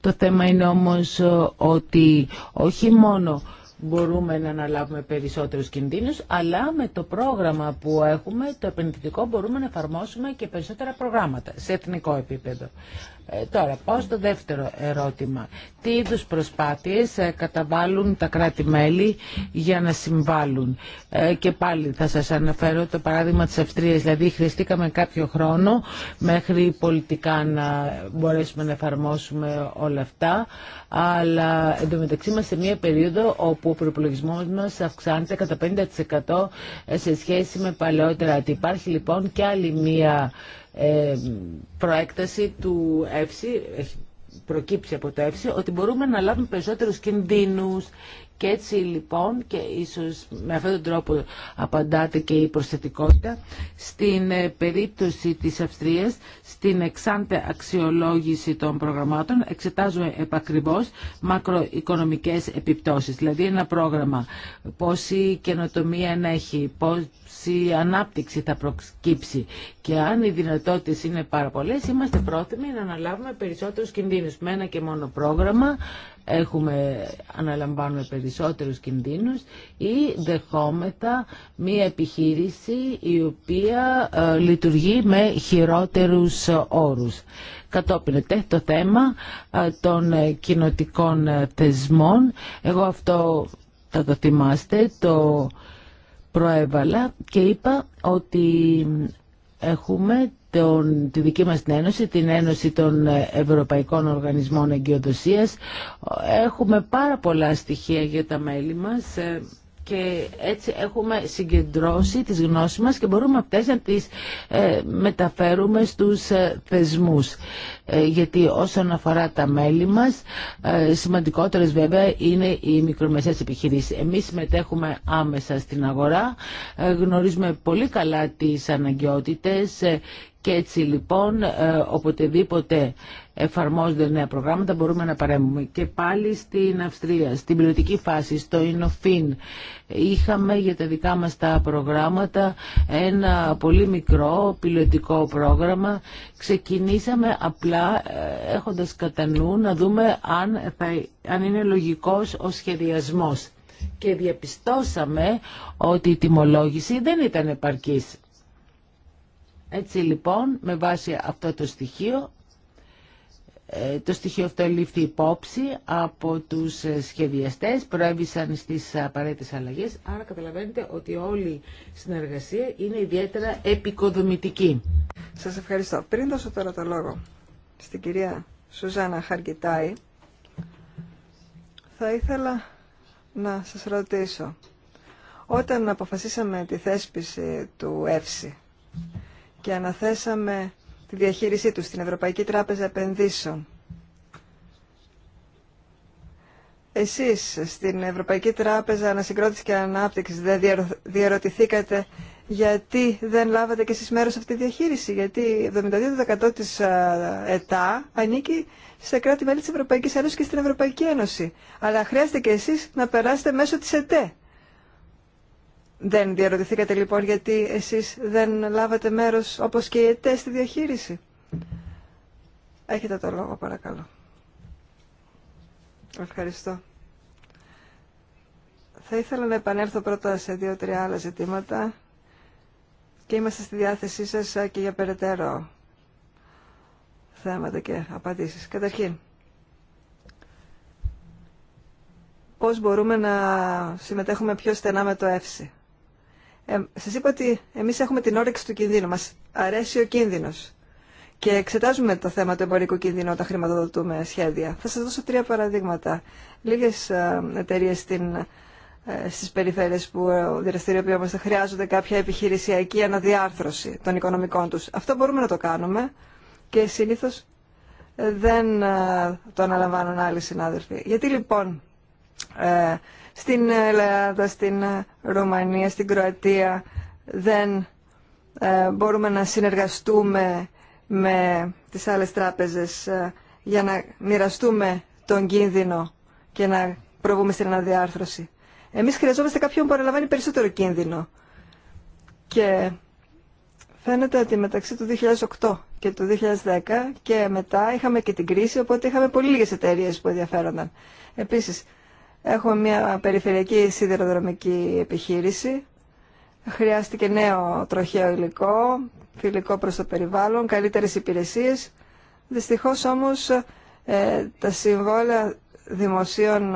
Το θέμα είναι όμως ότι όχι μόνο μπορούμε να αναλάβουμε περισσότερους κινδύνους, αλλά με το πρόγραμμα που έχουμε, το επενδυτικό, μπορούμε να εφαρμόσουμε και περισσότερα προγράμματα σε εθνικό επίπεδο. Ε, τώρα πάω στο δεύτερο ερώτημα. Τι είδους προσπάθειες ε, καταβάλουν τα κράτη-μέλη για να συμβάλλουν. Ε, και πάλι θα σας αναφέρω το παράδειγμα της Αυστρίας. Δηλαδή χρειαστήκαμε κάποιο χρόνο μέχρι πολιτικά να μπορέσουμε να εφαρμόσουμε όλα αυτά. Αλλά εντωμεταξύ είμαστε σε μια περίοδο όπου ο προπολογισμό μας αυξάνεται κατά 50% σε σχέση με παλαιότερα. Υπάρχει λοιπόν και άλλη μια ε, προέκταση του ΕΦΣΙ, προκύψει από το ΕΦΣΙ, ότι μπορούμε να λάβουμε περισσότερους κινδύνους και έτσι λοιπόν, και ίσως με αυτόν τον τρόπο απαντάτε και η προσθετικότητα, στην ε, περίπτωση της Αυστρίας, στην εξάντε αξιολόγηση των προγραμμάτων, εξετάζουμε επακριβώς μακροοικονομικές επιπτώσεις. Δηλαδή ένα πρόγραμμα, πόση καινοτομία να έχει, η ανάπτυξη θα προκύψει. Και αν οι δυνατότητες είναι πάρα πολλές, είμαστε πρόθυμοι να αναλάβουμε περισσότερους κινδύνους. Με ένα και μόνο πρόγραμμα έχουμε, αναλαμβάνουμε περισσότερους κινδύνους ή δεχόμετα μία επιχείρηση η οποία ε, λειτουργεί με χειρότερους όρους. Κατόπιν το θέμα ε, των ε, κοινοτικών θεσμών. Εγώ αυτό θα το θυμάστε, το προέβαλα και είπα ότι έχουμε τον, τη δική μας την ένωση, την Ένωση των Ευρωπαϊκών Οργανισμών Εγκυοδοσίας. Έχουμε πάρα πολλά στοιχεία για τα μέλη μας. Ε, και έτσι έχουμε συγκεντρώσει τις γνώσεις μας και μπορούμε αυτές να τις ε, μεταφέρουμε στους ε, θεσμούς. Ε, γιατί όσον αφορά τα μέλη μας, σημαντικότερες βέβαια είναι οι μικρομεσαίες επιχειρήσεις. Εμείς συμμετέχουμε άμεσα στην αγορά, γνωρίζουμε πολύ καλά τις αναγκαιότητες και έτσι λοιπόν ε, οποτεδήποτε εφαρμόζονται νέα προγράμματα μπορούμε να παρέμβουμε. Και πάλι στην Αυστρία, στην πιλωτική φάση, στο Ινοφίν, είχαμε για τα δικά μας τα προγράμματα ένα πολύ μικρό πιλωτικό πρόγραμμα. Ξεκινήσαμε απλά ε, έχοντας κατά νου να δούμε αν, θα, αν είναι λογικός ο σχεδιασμός. Και διαπιστώσαμε ότι η τιμολόγηση δεν ήταν επαρκής. Έτσι λοιπόν, με βάση αυτό το στοιχείο, ε, το στοιχείο αυτό λήφθη υπόψη από τους ε, σχεδιαστές, προέβησαν στις απαραίτητες αλλαγές, άρα καταλαβαίνετε ότι όλη η συνεργασία είναι ιδιαίτερα επικοδομητική. Σας ευχαριστώ. Πριν δώσω τώρα το λόγο στην κυρία Σουζάνα Χαρκιτάη, θα ήθελα να σας ρωτήσω. Όταν αποφασίσαμε τη θέσπιση του ΕΦΣΙ, και αναθέσαμε τη διαχείρισή του στην Ευρωπαϊκή Τράπεζα Επενδύσεων. Εσείς στην Ευρωπαϊκή Τράπεζα Ανασυγκρότησης και Ανάπτυξης δεν διαρωτηθήκατε γιατί δεν λάβατε και εσείς μέρος αυτή τη διαχείριση, γιατί 72% της ΕΤΑ ανήκει σε κράτη-μέλη της Ευρωπαϊκής Ένωσης και στην Ευρωπαϊκή Ένωση. Αλλά χρειάζεται και εσείς να περάσετε μέσω της ΕΤΕ. Δεν διαρωτηθήκατε λοιπόν γιατί εσείς δεν λάβατε μέρος όπως και οι ΕΤΕ στη διαχείριση. Έχετε το λόγο παρακαλώ. Ευχαριστώ. Θα ήθελα να επανέλθω πρώτα σε δύο-τρία άλλα ζητήματα και είμαστε στη διάθεσή σας και για περαιτέρω θέματα και απαντήσεις. Καταρχήν, πώς μπορούμε να συμμετέχουμε πιο στενά με το ΕΦΣΥ ε, σας είπα ότι εμείς έχουμε την όρεξη του κινδύνου, μας αρέσει ο κίνδυνος και εξετάζουμε το θέμα του εμπορικού κινδύνου όταν χρηματοδοτούμε σχέδια. Θα σας δώσω τρία παραδείγματα. Λίγες ε, εταιρείε στην ε, στις περιφέρειες που ε, δραστηριοποιούμαστε χρειάζονται κάποια επιχειρησιακή αναδιάρθρωση των οικονομικών τους. Αυτό μπορούμε να το κάνουμε και συνήθως δεν το αναλαμβάνουν άλλοι συνάδελφοι. Γιατί λοιπόν στην Ελλάδα, στην Ρωμανία, στην Κροατία δεν ε, μπορούμε να συνεργαστούμε με τις άλλες τράπεζες ε, για να μοιραστούμε τον κίνδυνο και να προβούμε στην αναδιάρθρωση. Εμείς χρειαζόμαστε κάποιον που παραλαμβάνει περισσότερο κίνδυνο. Και φαίνεται ότι μεταξύ του 2008 και του 2010 και μετά είχαμε και την κρίση, οπότε είχαμε πολύ λίγες εταιρείες που ενδιαφέρονταν. Επίσης, Έχουμε μια περιφερειακή σιδηροδρομική επιχείρηση. Χρειάστηκε νέο τροχαίο υλικό, φιλικό προς το περιβάλλον, καλύτερες υπηρεσίες. Δυστυχώς όμως ε, τα συμβόλαια δημοσίων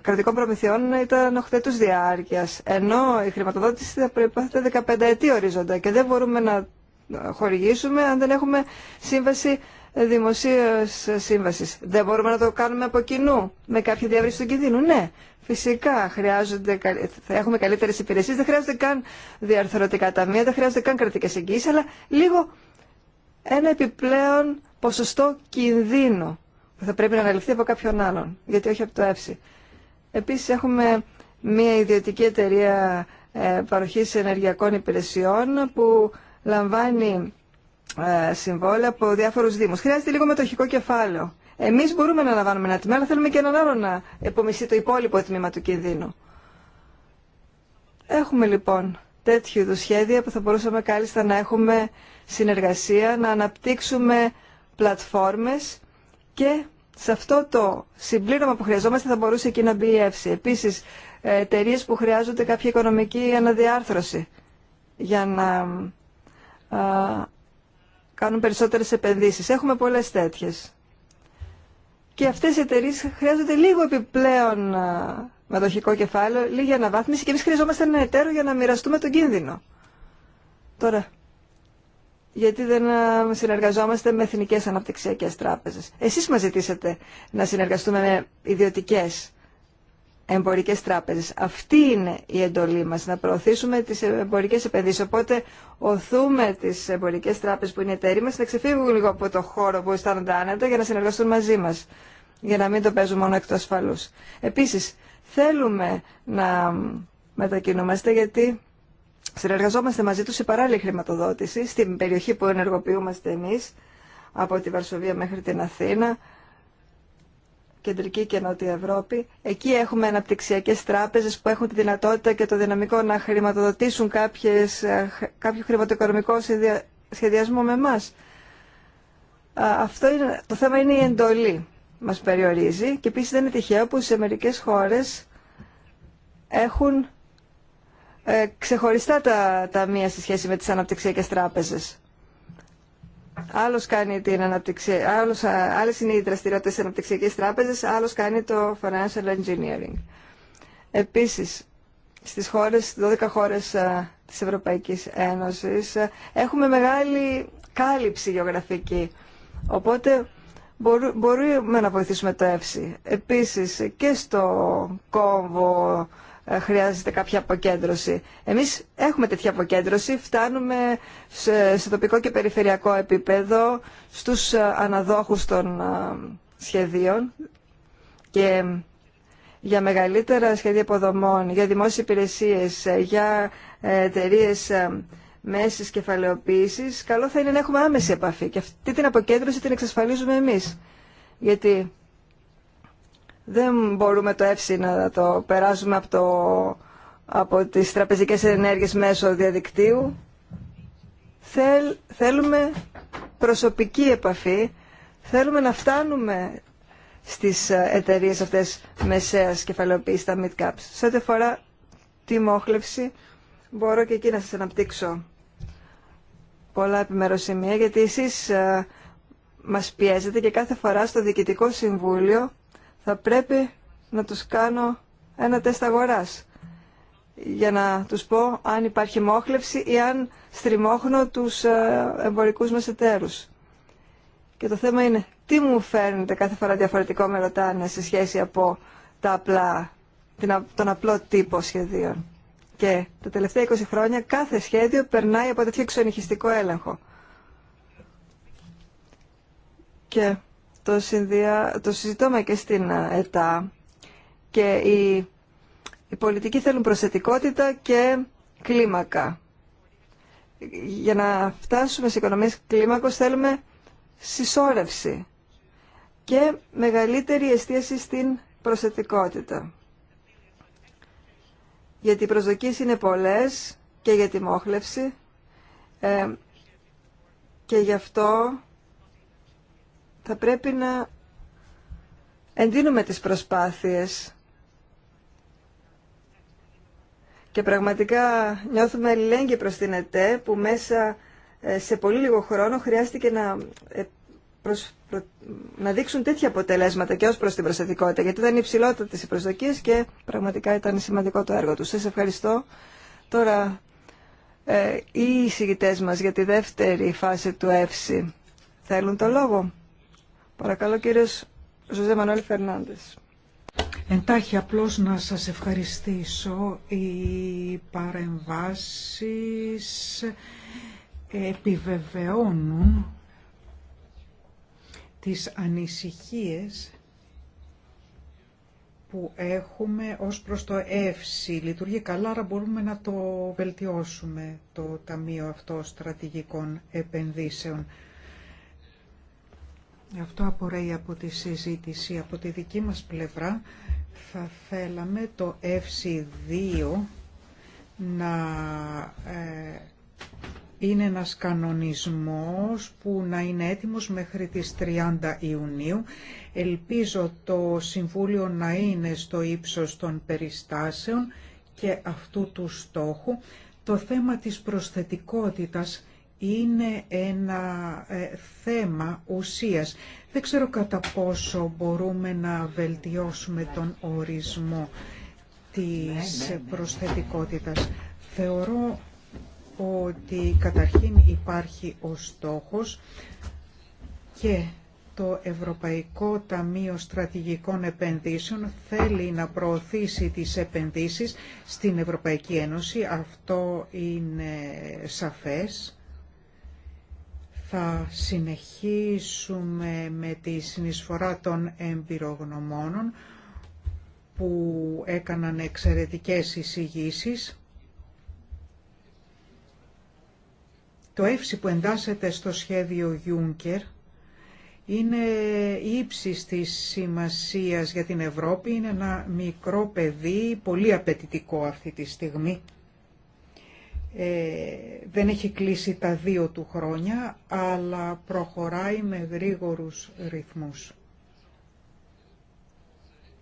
κρατικών προμηθειών ήταν οχθέτους διάρκειας, ενώ η χρηματοδότηση θα προϋπάθεται 15 ετή ορίζοντα και δεν μπορούμε να ε, χορηγήσουμε αν δεν έχουμε σύμβαση δημοσία σύμβαση. Δεν μπορούμε να το κάνουμε από κοινού, με κάποια διαβρύση του κινδύνου. Ναι, φυσικά χρειάζονται, θα έχουμε καλύτερε υπηρεσίε, δεν χρειάζονται καν διαρθρωτικά ταμεία, δεν χρειάζονται καν κρατικέ εγγύσει, αλλά λίγο ένα επιπλέον ποσοστό κινδύνου που θα πρέπει να αναλυφθεί από κάποιον άλλον, γιατί όχι από το ΕΦΣΥ. Επίσης έχουμε μια ιδιωτική εταιρεία ε, παροχής ενεργειακών υπηρεσιών που λαμβάνει ε, συμβόλαια από διάφορους δήμους. Χρειάζεται λίγο μετοχικό κεφάλαιο. Εμείς μπορούμε να αναβάνουμε ένα τμήμα, αλλά θέλουμε και έναν άλλο να επομιστεί το υπόλοιπο τμήμα του κινδύνου. Έχουμε λοιπόν τέτοιου είδου σχέδια που θα μπορούσαμε κάλλιστα να έχουμε συνεργασία, να αναπτύξουμε πλατφόρμες και σε αυτό το συμπλήρωμα που χρειαζόμαστε θα μπορούσε εκεί να μπει η ΕΦΣΗ. Επίσης, εταιρείε που χρειάζονται κάποια οικονομική αναδιάρθρωση για να κάνουν περισσότερες επενδύσεις. Έχουμε πολλές τέτοιες. Και αυτές οι εταιρείε χρειάζονται λίγο επιπλέον μετοχικό κεφάλαιο, λίγη αναβάθμιση και εμείς χρειαζόμαστε ένα εταίρο για να μοιραστούμε τον κίνδυνο. Τώρα, γιατί δεν συνεργαζόμαστε με εθνικές αναπτυξιακές τράπεζες. Εσείς μας ζητήσατε να συνεργαστούμε με ιδιωτικές εμπορικές τράπεζες. Αυτή είναι η εντολή μας, να προωθήσουμε τις εμπορικές επενδύσεις. Οπότε οθούμε τις εμπορικές τράπεζες που είναι εταίροι μας να ξεφύγουν λίγο από το χώρο που αισθάνονται άνετα για να συνεργαστούν μαζί μας, για να μην το παίζουν μόνο εκ του ασφαλούς. Επίσης, θέλουμε να μετακινούμαστε γιατί συνεργαζόμαστε μαζί τους σε παράλληλη χρηματοδότηση στην περιοχή που ενεργοποιούμαστε εμείς από τη Βαρσοβία μέχρι την Αθήνα Κεντρική και Νότια Ευρώπη. Εκεί έχουμε αναπτυξιακέ τράπεζε που έχουν τη δυνατότητα και το δυναμικό να χρηματοδοτήσουν κάποιες, ε, κάποιο χρηματοοικονομικό σχεδιασμό με εμά. Αυτό είναι, το θέμα είναι η εντολή μας περιορίζει και επίσης δεν είναι τυχαίο που σε μερικές χώρες έχουν ε, ξεχωριστά τα ταμεία στη σχέση με τις αναπτυξιακές τράπεζες. Άλλος, κάνει την αναπτυξία άλλος, άλλες είναι οι δραστηριότητες της Αναπτυξιακής Τράπεζας, άλλος κάνει το Financial Engineering. Επίσης, στις χώρες, 12 χώρες της Ευρωπαϊκής Ένωσης, έχουμε μεγάλη κάλυψη γεωγραφική. Οπότε μπορούμε να βοηθήσουμε το ΕΦΣΥ. Επίσης και στο κόμβο ε, χρειάζεται κάποια αποκέντρωση. Εμείς έχουμε τέτοια αποκέντρωση, φτάνουμε σε, τοπικό και περιφερειακό επίπεδο, στους ε, αναδόχους των ε, σχεδίων και για μεγαλύτερα σχέδια υποδομών, για δημόσιες υπηρεσίες, για εταιρείε μέσης κεφαλαιοποίησης, καλό θα είναι να έχουμε άμεση επαφή και αυτή την αποκέντρωση την εξασφαλίζουμε εμείς. Γιατί δεν μπορούμε το εύση να το περάσουμε από, το, από τις τραπεζικές ενέργειες μέσω διαδικτύου. θέλουμε προσωπική επαφή, θέλουμε να φτάνουμε στις εταιρείε αυτές μεσαίας κεφαλαιοποίησης, τα mid-caps. Σε ό,τι αφορά τη μόχλευση, μπορώ και εκεί να σας αναπτύξω πολλά επιμεροσημεία, γιατί εσείς ε, μας πιέζετε και κάθε φορά στο Διοικητικό Συμβούλιο θα πρέπει να τους κάνω ένα τεστ αγοράς για να τους πω αν υπάρχει μόχλευση ή αν στριμώχνω τους ε, εμπορικούς μας Και το θέμα είναι τι μου φέρνετε κάθε φορά διαφορετικό με ρωτάνε σε σχέση από τα απλά, τον απλό τύπο σχεδίων. Και τα τελευταία 20 χρόνια κάθε σχέδιο περνάει από τέτοιο εξονυχιστικό έλεγχο. Και το, συνδυα... το συζητώμε και στην ε, ΕΤΑ και οι, οι πολιτικοί θέλουν προσετικότητα και κλίμακα. Για να φτάσουμε σε οικονομίες κλίμακος θέλουμε συσσόρευση και μεγαλύτερη εστίαση στην προσετικότητα. Γιατί οι προσδοκίες είναι πολλές και για τη μόχλευση ε, και γι' αυτό θα πρέπει να εντείνουμε τις προσπάθειες και πραγματικά νιώθουμε αλληλέγγυοι προς την ΕΤΕ που μέσα ε, σε πολύ λίγο χρόνο χρειάστηκε να, ε, να δείξουν τέτοια αποτελέσματα και ως προς την προστατικότητα γιατί ήταν υψηλότητα της προσδοκίες και πραγματικά ήταν σημαντικό το έργο τους. Σας ευχαριστώ. Τώρα ε, οι εισηγητές μας για τη δεύτερη φάση του ΕΦΣΥ θέλουν το λόγο. Παρακαλώ κύριε Ζωζέ Μανώλη Φερνάντες. Εντάχει απλώς να σας ευχαριστήσω οι παρεμβάσεις επιβεβαιώνουν τις ανησυχίες που έχουμε ως προς το ΕΦΣΥ. Λειτουργεί καλά, άρα μπορούμε να το βελτιώσουμε το Ταμείο αυτό Στρατηγικών Επενδύσεων. Αυτό απορρέει από τη συζήτηση. Από τη δική μας πλευρά θα θέλαμε το FC2 να ε, είναι ένας κανονισμός που να είναι έτοιμος μέχρι τις 30 Ιουνίου. Ελπίζω το Συμβούλιο να είναι στο ύψος των περιστάσεων και αυτού του στόχου. Το θέμα της προσθετικότητας είναι ένα ε, θέμα ουσίας. Δεν ξέρω κατά πόσο μπορούμε να βελτιώσουμε τον ορισμό της ναι, ναι, ναι. προσθετικότητας. Θεωρώ ότι καταρχήν υπάρχει ο στόχος και το Ευρωπαϊκό Ταμείο Στρατηγικών Επενδύσεων θέλει να προωθήσει τις επενδύσεις στην Ευρωπαϊκή Ένωση. Αυτό είναι σαφές. Θα συνεχίσουμε με τη συνεισφορά των εμπειρογνωμόνων που έκαναν εξαιρετικές εισηγήσει. Το εύση που εντάσσεται στο σχέδιο Juncker είναι ύψη της σημασίας για την Ευρώπη. Είναι ένα μικρό παιδί, πολύ απαιτητικό αυτή τη στιγμή ε, δεν έχει κλείσει τα δύο του χρόνια, αλλά προχωράει με γρήγορους ρυθμούς.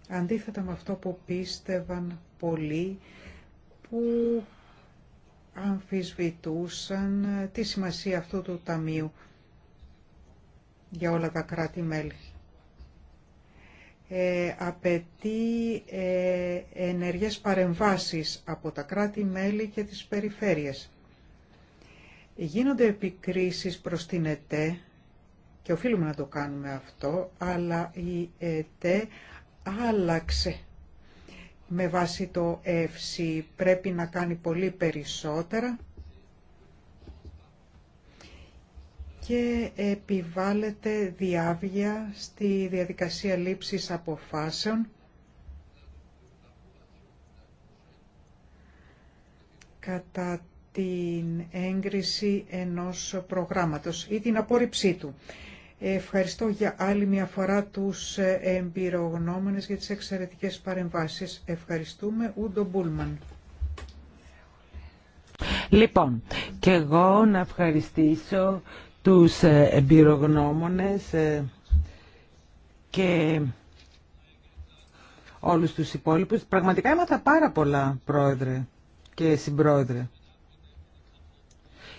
Αντίθετα με αυτό που πίστευαν πολλοί που αμφισβητούσαν τη σημασία αυτού του ταμείου για όλα τα κράτη-μέλη ε, απαιτεί ε, ενεργές παρεμβάσεις από τα κράτη-μέλη και τις περιφέρειες. Γίνονται επικρίσεις προς την ΕΤΕ και οφείλουμε να το κάνουμε αυτό, αλλά η ΕΤΕ άλλαξε. Με βάση το ΕΦΣΥ πρέπει να κάνει πολύ περισσότερα και επιβάλλεται διάβια στη διαδικασία λήψης αποφάσεων κατά την έγκριση ενός προγράμματος ή την απόρριψή του. Ευχαριστώ για άλλη μια φορά τους εμπειρογνώμονες για τις εξαιρετικές παρεμβάσεις. Ευχαριστούμε. Ούντο Μπούλμαν. Λοιπόν, και εγώ να ευχαριστήσω τους ε, εμπειρογνώμονες ε, και όλους τους υπόλοιπους. Πραγματικά έμαθα πάρα πολλά, πρόεδρε και συμπρόεδρε.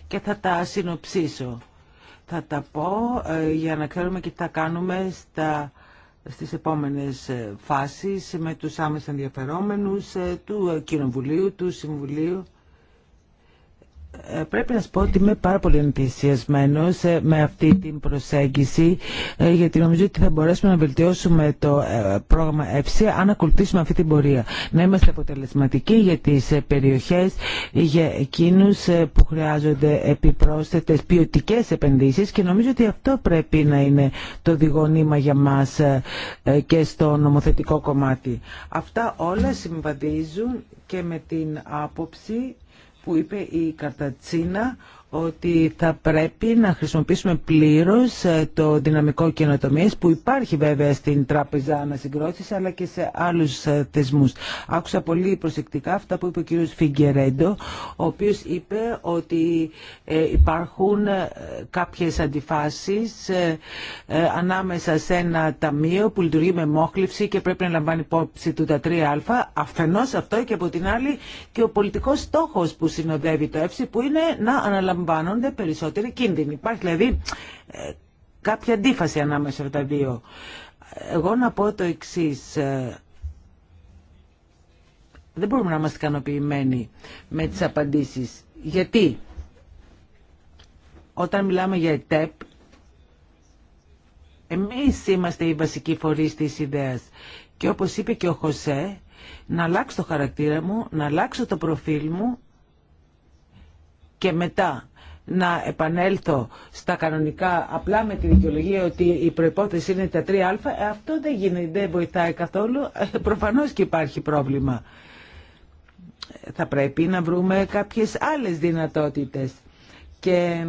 Και θα τα συνοψίσω. Θα τα πω ε, για να ξέρουμε και τι θα κάνουμε στα στις επόμενες φάσεις με τους άμεσα ενδιαφερόμενους του Κοινοβουλίου, του Συμβουλίου ε, πρέπει να σου πω ότι είμαι πάρα πολύ ενθουσιασμένος ε, με αυτή την προσέγγιση ε, γιατί νομίζω ότι θα μπορέσουμε να βελτιώσουμε το πρόγραμμα ΕΦΣΙ αν ακολουθήσουμε αυτή την πορεία. Να είμαστε αποτελεσματικοί για τι περιοχές, για εκείνου που χρειάζονται επιπρόσθετε ποιοτικέ επενδύσεις και νομίζω ότι αυτό πρέπει να είναι το διγονήμα για μα και στο νομοθετικό κομμάτι. Αυτά όλα συμβαδίζουν και με την άποψη που είπε η Καρτατσίνα ότι θα πρέπει να χρησιμοποιήσουμε πλήρως ε, το δυναμικό καινοτομίες που υπάρχει βέβαια στην Τράπεζα Ανασυγκρότησης αλλά και σε άλλους ε, θεσμούς. Άκουσα πολύ προσεκτικά αυτά που είπε ο κύριος Φιγκερέντο ο οποίος είπε ότι ε, υπάρχουν κάποιες αντιφάσεις ανάμεσα σε ένα ταμείο που λειτουργεί με μόχλευση και πρέπει να λαμβάνει υπόψη του τα 3α αφενός αυτό και από την άλλη και ο πολιτικός στόχος που συνοδεύει το ΕΦΣΥ που είναι να αναλαμβάνει αναλαμβάνονται περισσότεροι κίνδυνοι. Υπάρχει δηλαδή ε, κάποια αντίφαση ανάμεσα από τα δύο. Εγώ να πω το εξή. Ε, δεν μπορούμε να είμαστε ικανοποιημένοι με τις απαντήσεις. Γιατί όταν μιλάμε για ΕΤΕΠ, εμείς είμαστε οι βασικοί φορείς της ιδέας. Και όπως είπε και ο Χωσέ, να αλλάξω το χαρακτήρα μου, να αλλάξω το προφίλ μου και μετά να επανέλθω στα κανονικά απλά με τη δικαιολογία ότι η προπόθεση είναι τα 3α, ε, αυτό δεν γίνεται, δεν βοηθάει καθόλου. Ε, προφανώς και υπάρχει πρόβλημα. Θα πρέπει να βρούμε κάποιες άλλες δυνατότητες. Και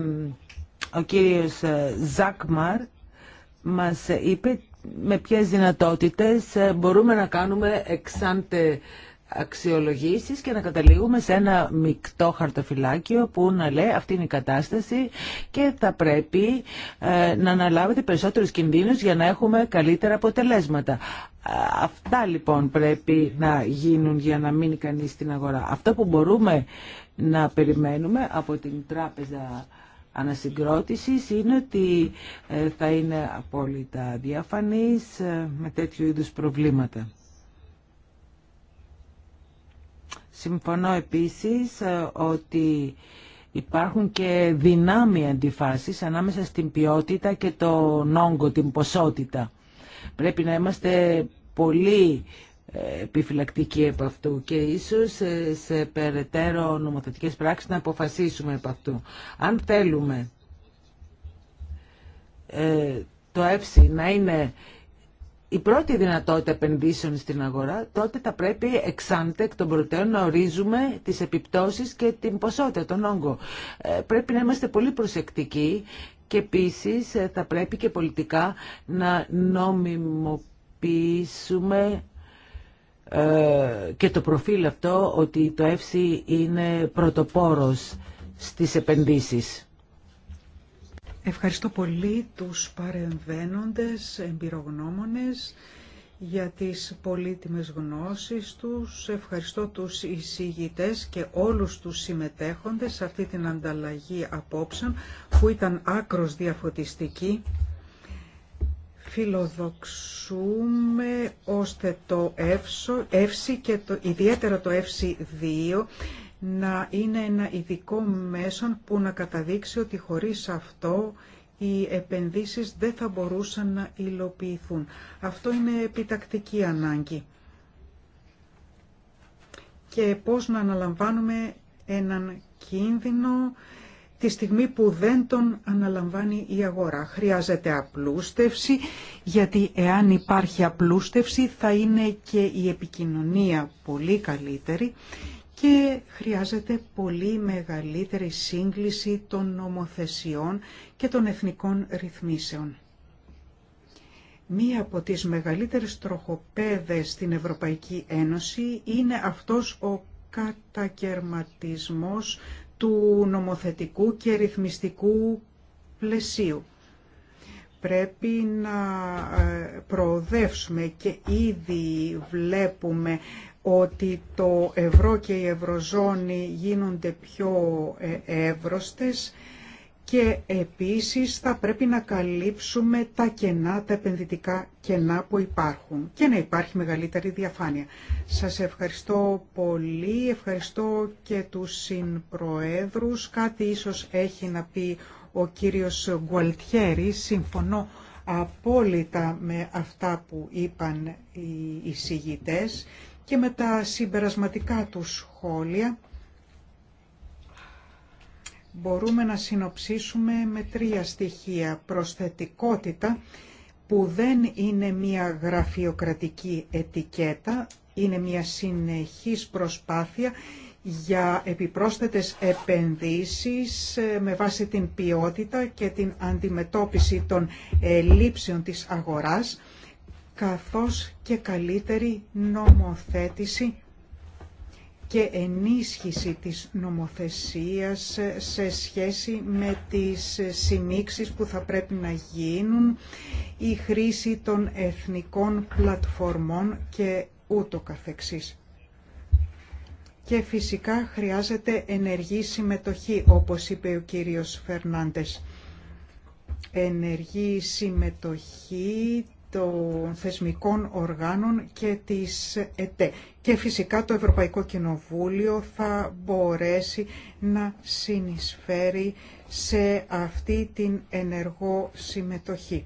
ο κύριος ε, Ζάκμαρ μας είπε με ποιες δυνατότητες μπορούμε να κάνουμε εξάντε αξιολογήσεις και να καταλήγουμε σε ένα μεικτό χαρτοφυλάκιο που να λέει αυτή είναι η κατάσταση και θα πρέπει ε, να αναλάβετε περισσότερους κινδύνους για να έχουμε καλύτερα αποτελέσματα. Αυτά λοιπόν πρέπει να γίνουν για να μείνει κανείς στην αγορά. Αυτό που μπορούμε να περιμένουμε από την τράπεζα ανασυγκρότησης είναι ότι ε, θα είναι απόλυτα διαφανής ε, με τέτοιου είδους προβλήματα. Συμφωνώ επίσης ε, ότι υπάρχουν και δυνάμει αντιφάσεις ανάμεσα στην ποιότητα και τον όγκο, την ποσότητα. Πρέπει να είμαστε πολύ ε, επιφυλακτικοί από αυτού και ίσως ε, σε περαιτέρω νομοθετικές πράξεις να αποφασίσουμε από αυτού. Αν θέλουμε το ΕΦΣΙ να είναι η πρώτη δυνατότητα επενδύσεων στην αγορά, τότε θα πρέπει εξάντε εκ των προτέρων να ορίζουμε τις επιπτώσεις και την ποσότητα, τον όγκο. Ε, πρέπει να είμαστε πολύ προσεκτικοί και επίσης ε, θα πρέπει και πολιτικά να νομιμοποιήσουμε ε, και το προφίλ αυτό ότι το ΕΦΣΙ είναι πρωτοπόρος στις επενδύσεις. Ευχαριστώ πολύ τους παρεμβαίνοντες εμπειρογνώμονες για τις πολύτιμες γνώσεις τους. Ευχαριστώ τους εισηγητές και όλους τους συμμετέχοντες σε αυτή την ανταλλαγή απόψεων που ήταν άκρος διαφωτιστική. Φιλοδοξούμε ώστε το εύση και το, ιδιαίτερα το εύση 2 να είναι ένα ειδικό μέσο που να καταδείξει ότι χωρίς αυτό οι επενδύσεις δεν θα μπορούσαν να υλοποιηθούν. Αυτό είναι επιτακτική ανάγκη. Και πώς να αναλαμβάνουμε έναν κίνδυνο τη στιγμή που δεν τον αναλαμβάνει η αγορά. Χρειάζεται απλούστευση, γιατί εάν υπάρχει απλούστευση θα είναι και η επικοινωνία πολύ καλύτερη και χρειάζεται πολύ μεγαλύτερη σύγκληση των νομοθεσιών και των εθνικών ρυθμίσεων. Μία από τις μεγαλύτερες τροχοπέδες στην Ευρωπαϊκή Ένωση είναι αυτός ο κατακαιρματισμός του νομοθετικού και ρυθμιστικού πλαισίου. Πρέπει να ε, προοδεύσουμε και ήδη βλέπουμε ότι το ευρώ και η ευρωζώνη γίνονται πιο ε, εύρωστες και επίσης θα πρέπει να καλύψουμε τα κενά, τα επενδυτικά κενά που υπάρχουν και να υπάρχει μεγαλύτερη διαφάνεια. Σας ευχαριστώ πολύ, ευχαριστώ και τους συμπροέδρους. Κάτι ίσως έχει να πει ο κύριος Γκουαλτιέρη, συμφωνώ απόλυτα με αυτά που είπαν οι εισηγητές και με τα συμπερασματικά του σχόλια μπορούμε να συνοψίσουμε με τρία στοιχεία. Προσθετικότητα που δεν είναι μια γραφειοκρατική ετικέτα, είναι μια συνεχής προσπάθεια για επιπρόσθετες επενδύσεις ε, με βάση την ποιότητα και την αντιμετώπιση των ελλείψεων της αγοράς καθώς και καλύτερη νομοθέτηση και ενίσχυση της νομοθεσίας σε σχέση με τις συνήξεις που θα πρέπει να γίνουν, η χρήση των εθνικών πλατφορμών και ούτω καθεξής. Και φυσικά χρειάζεται ενεργή συμμετοχή, όπως είπε ο κύριος Φερνάντες. Ενεργή συμμετοχή των θεσμικών οργάνων και της ΕΤΕ. Και φυσικά το Ευρωπαϊκό Κοινοβούλιο θα μπορέσει να συνεισφέρει σε αυτή την ενεργό συμμετοχή.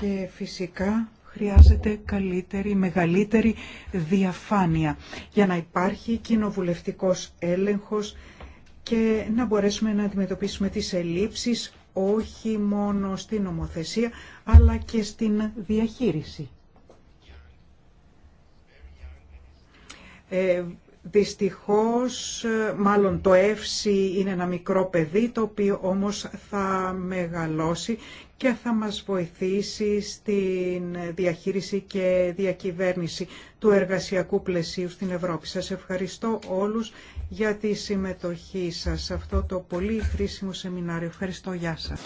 Και φυσικά χρειάζεται καλύτερη, μεγαλύτερη διαφάνεια για να υπάρχει κοινοβουλευτικός έλεγχος και να μπορέσουμε να αντιμετωπίσουμε τις ελλείψεις όχι μόνο στην νομοθεσία αλλά και στην διαχείριση. Ε, Δυστυχώς, μάλλον το εύση είναι ένα μικρό παιδί, το οποίο όμως θα μεγαλώσει και θα μας βοηθήσει στην διαχείριση και διακυβέρνηση του εργασιακού πλαισίου στην Ευρώπη. Σας ευχαριστώ όλους για τη συμμετοχή σας σε αυτό το πολύ χρήσιμο σεμινάριο. Ευχαριστώ. Γεια σας.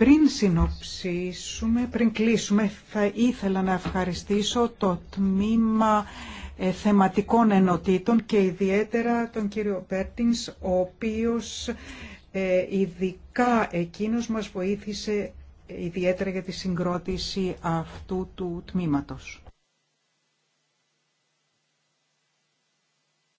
Πριν συνοψίσουμε, πριν κλείσουμε, θα ήθελα να ευχαριστήσω το τμήμα ε, θεματικών ενωτήτων και ιδιαίτερα τον κύριο Πέρτινς, ο οποίος ε, ειδικά εκείνος μας βοήθησε ε, ιδιαίτερα για τη συγκρότηση αυτού του τμήματος.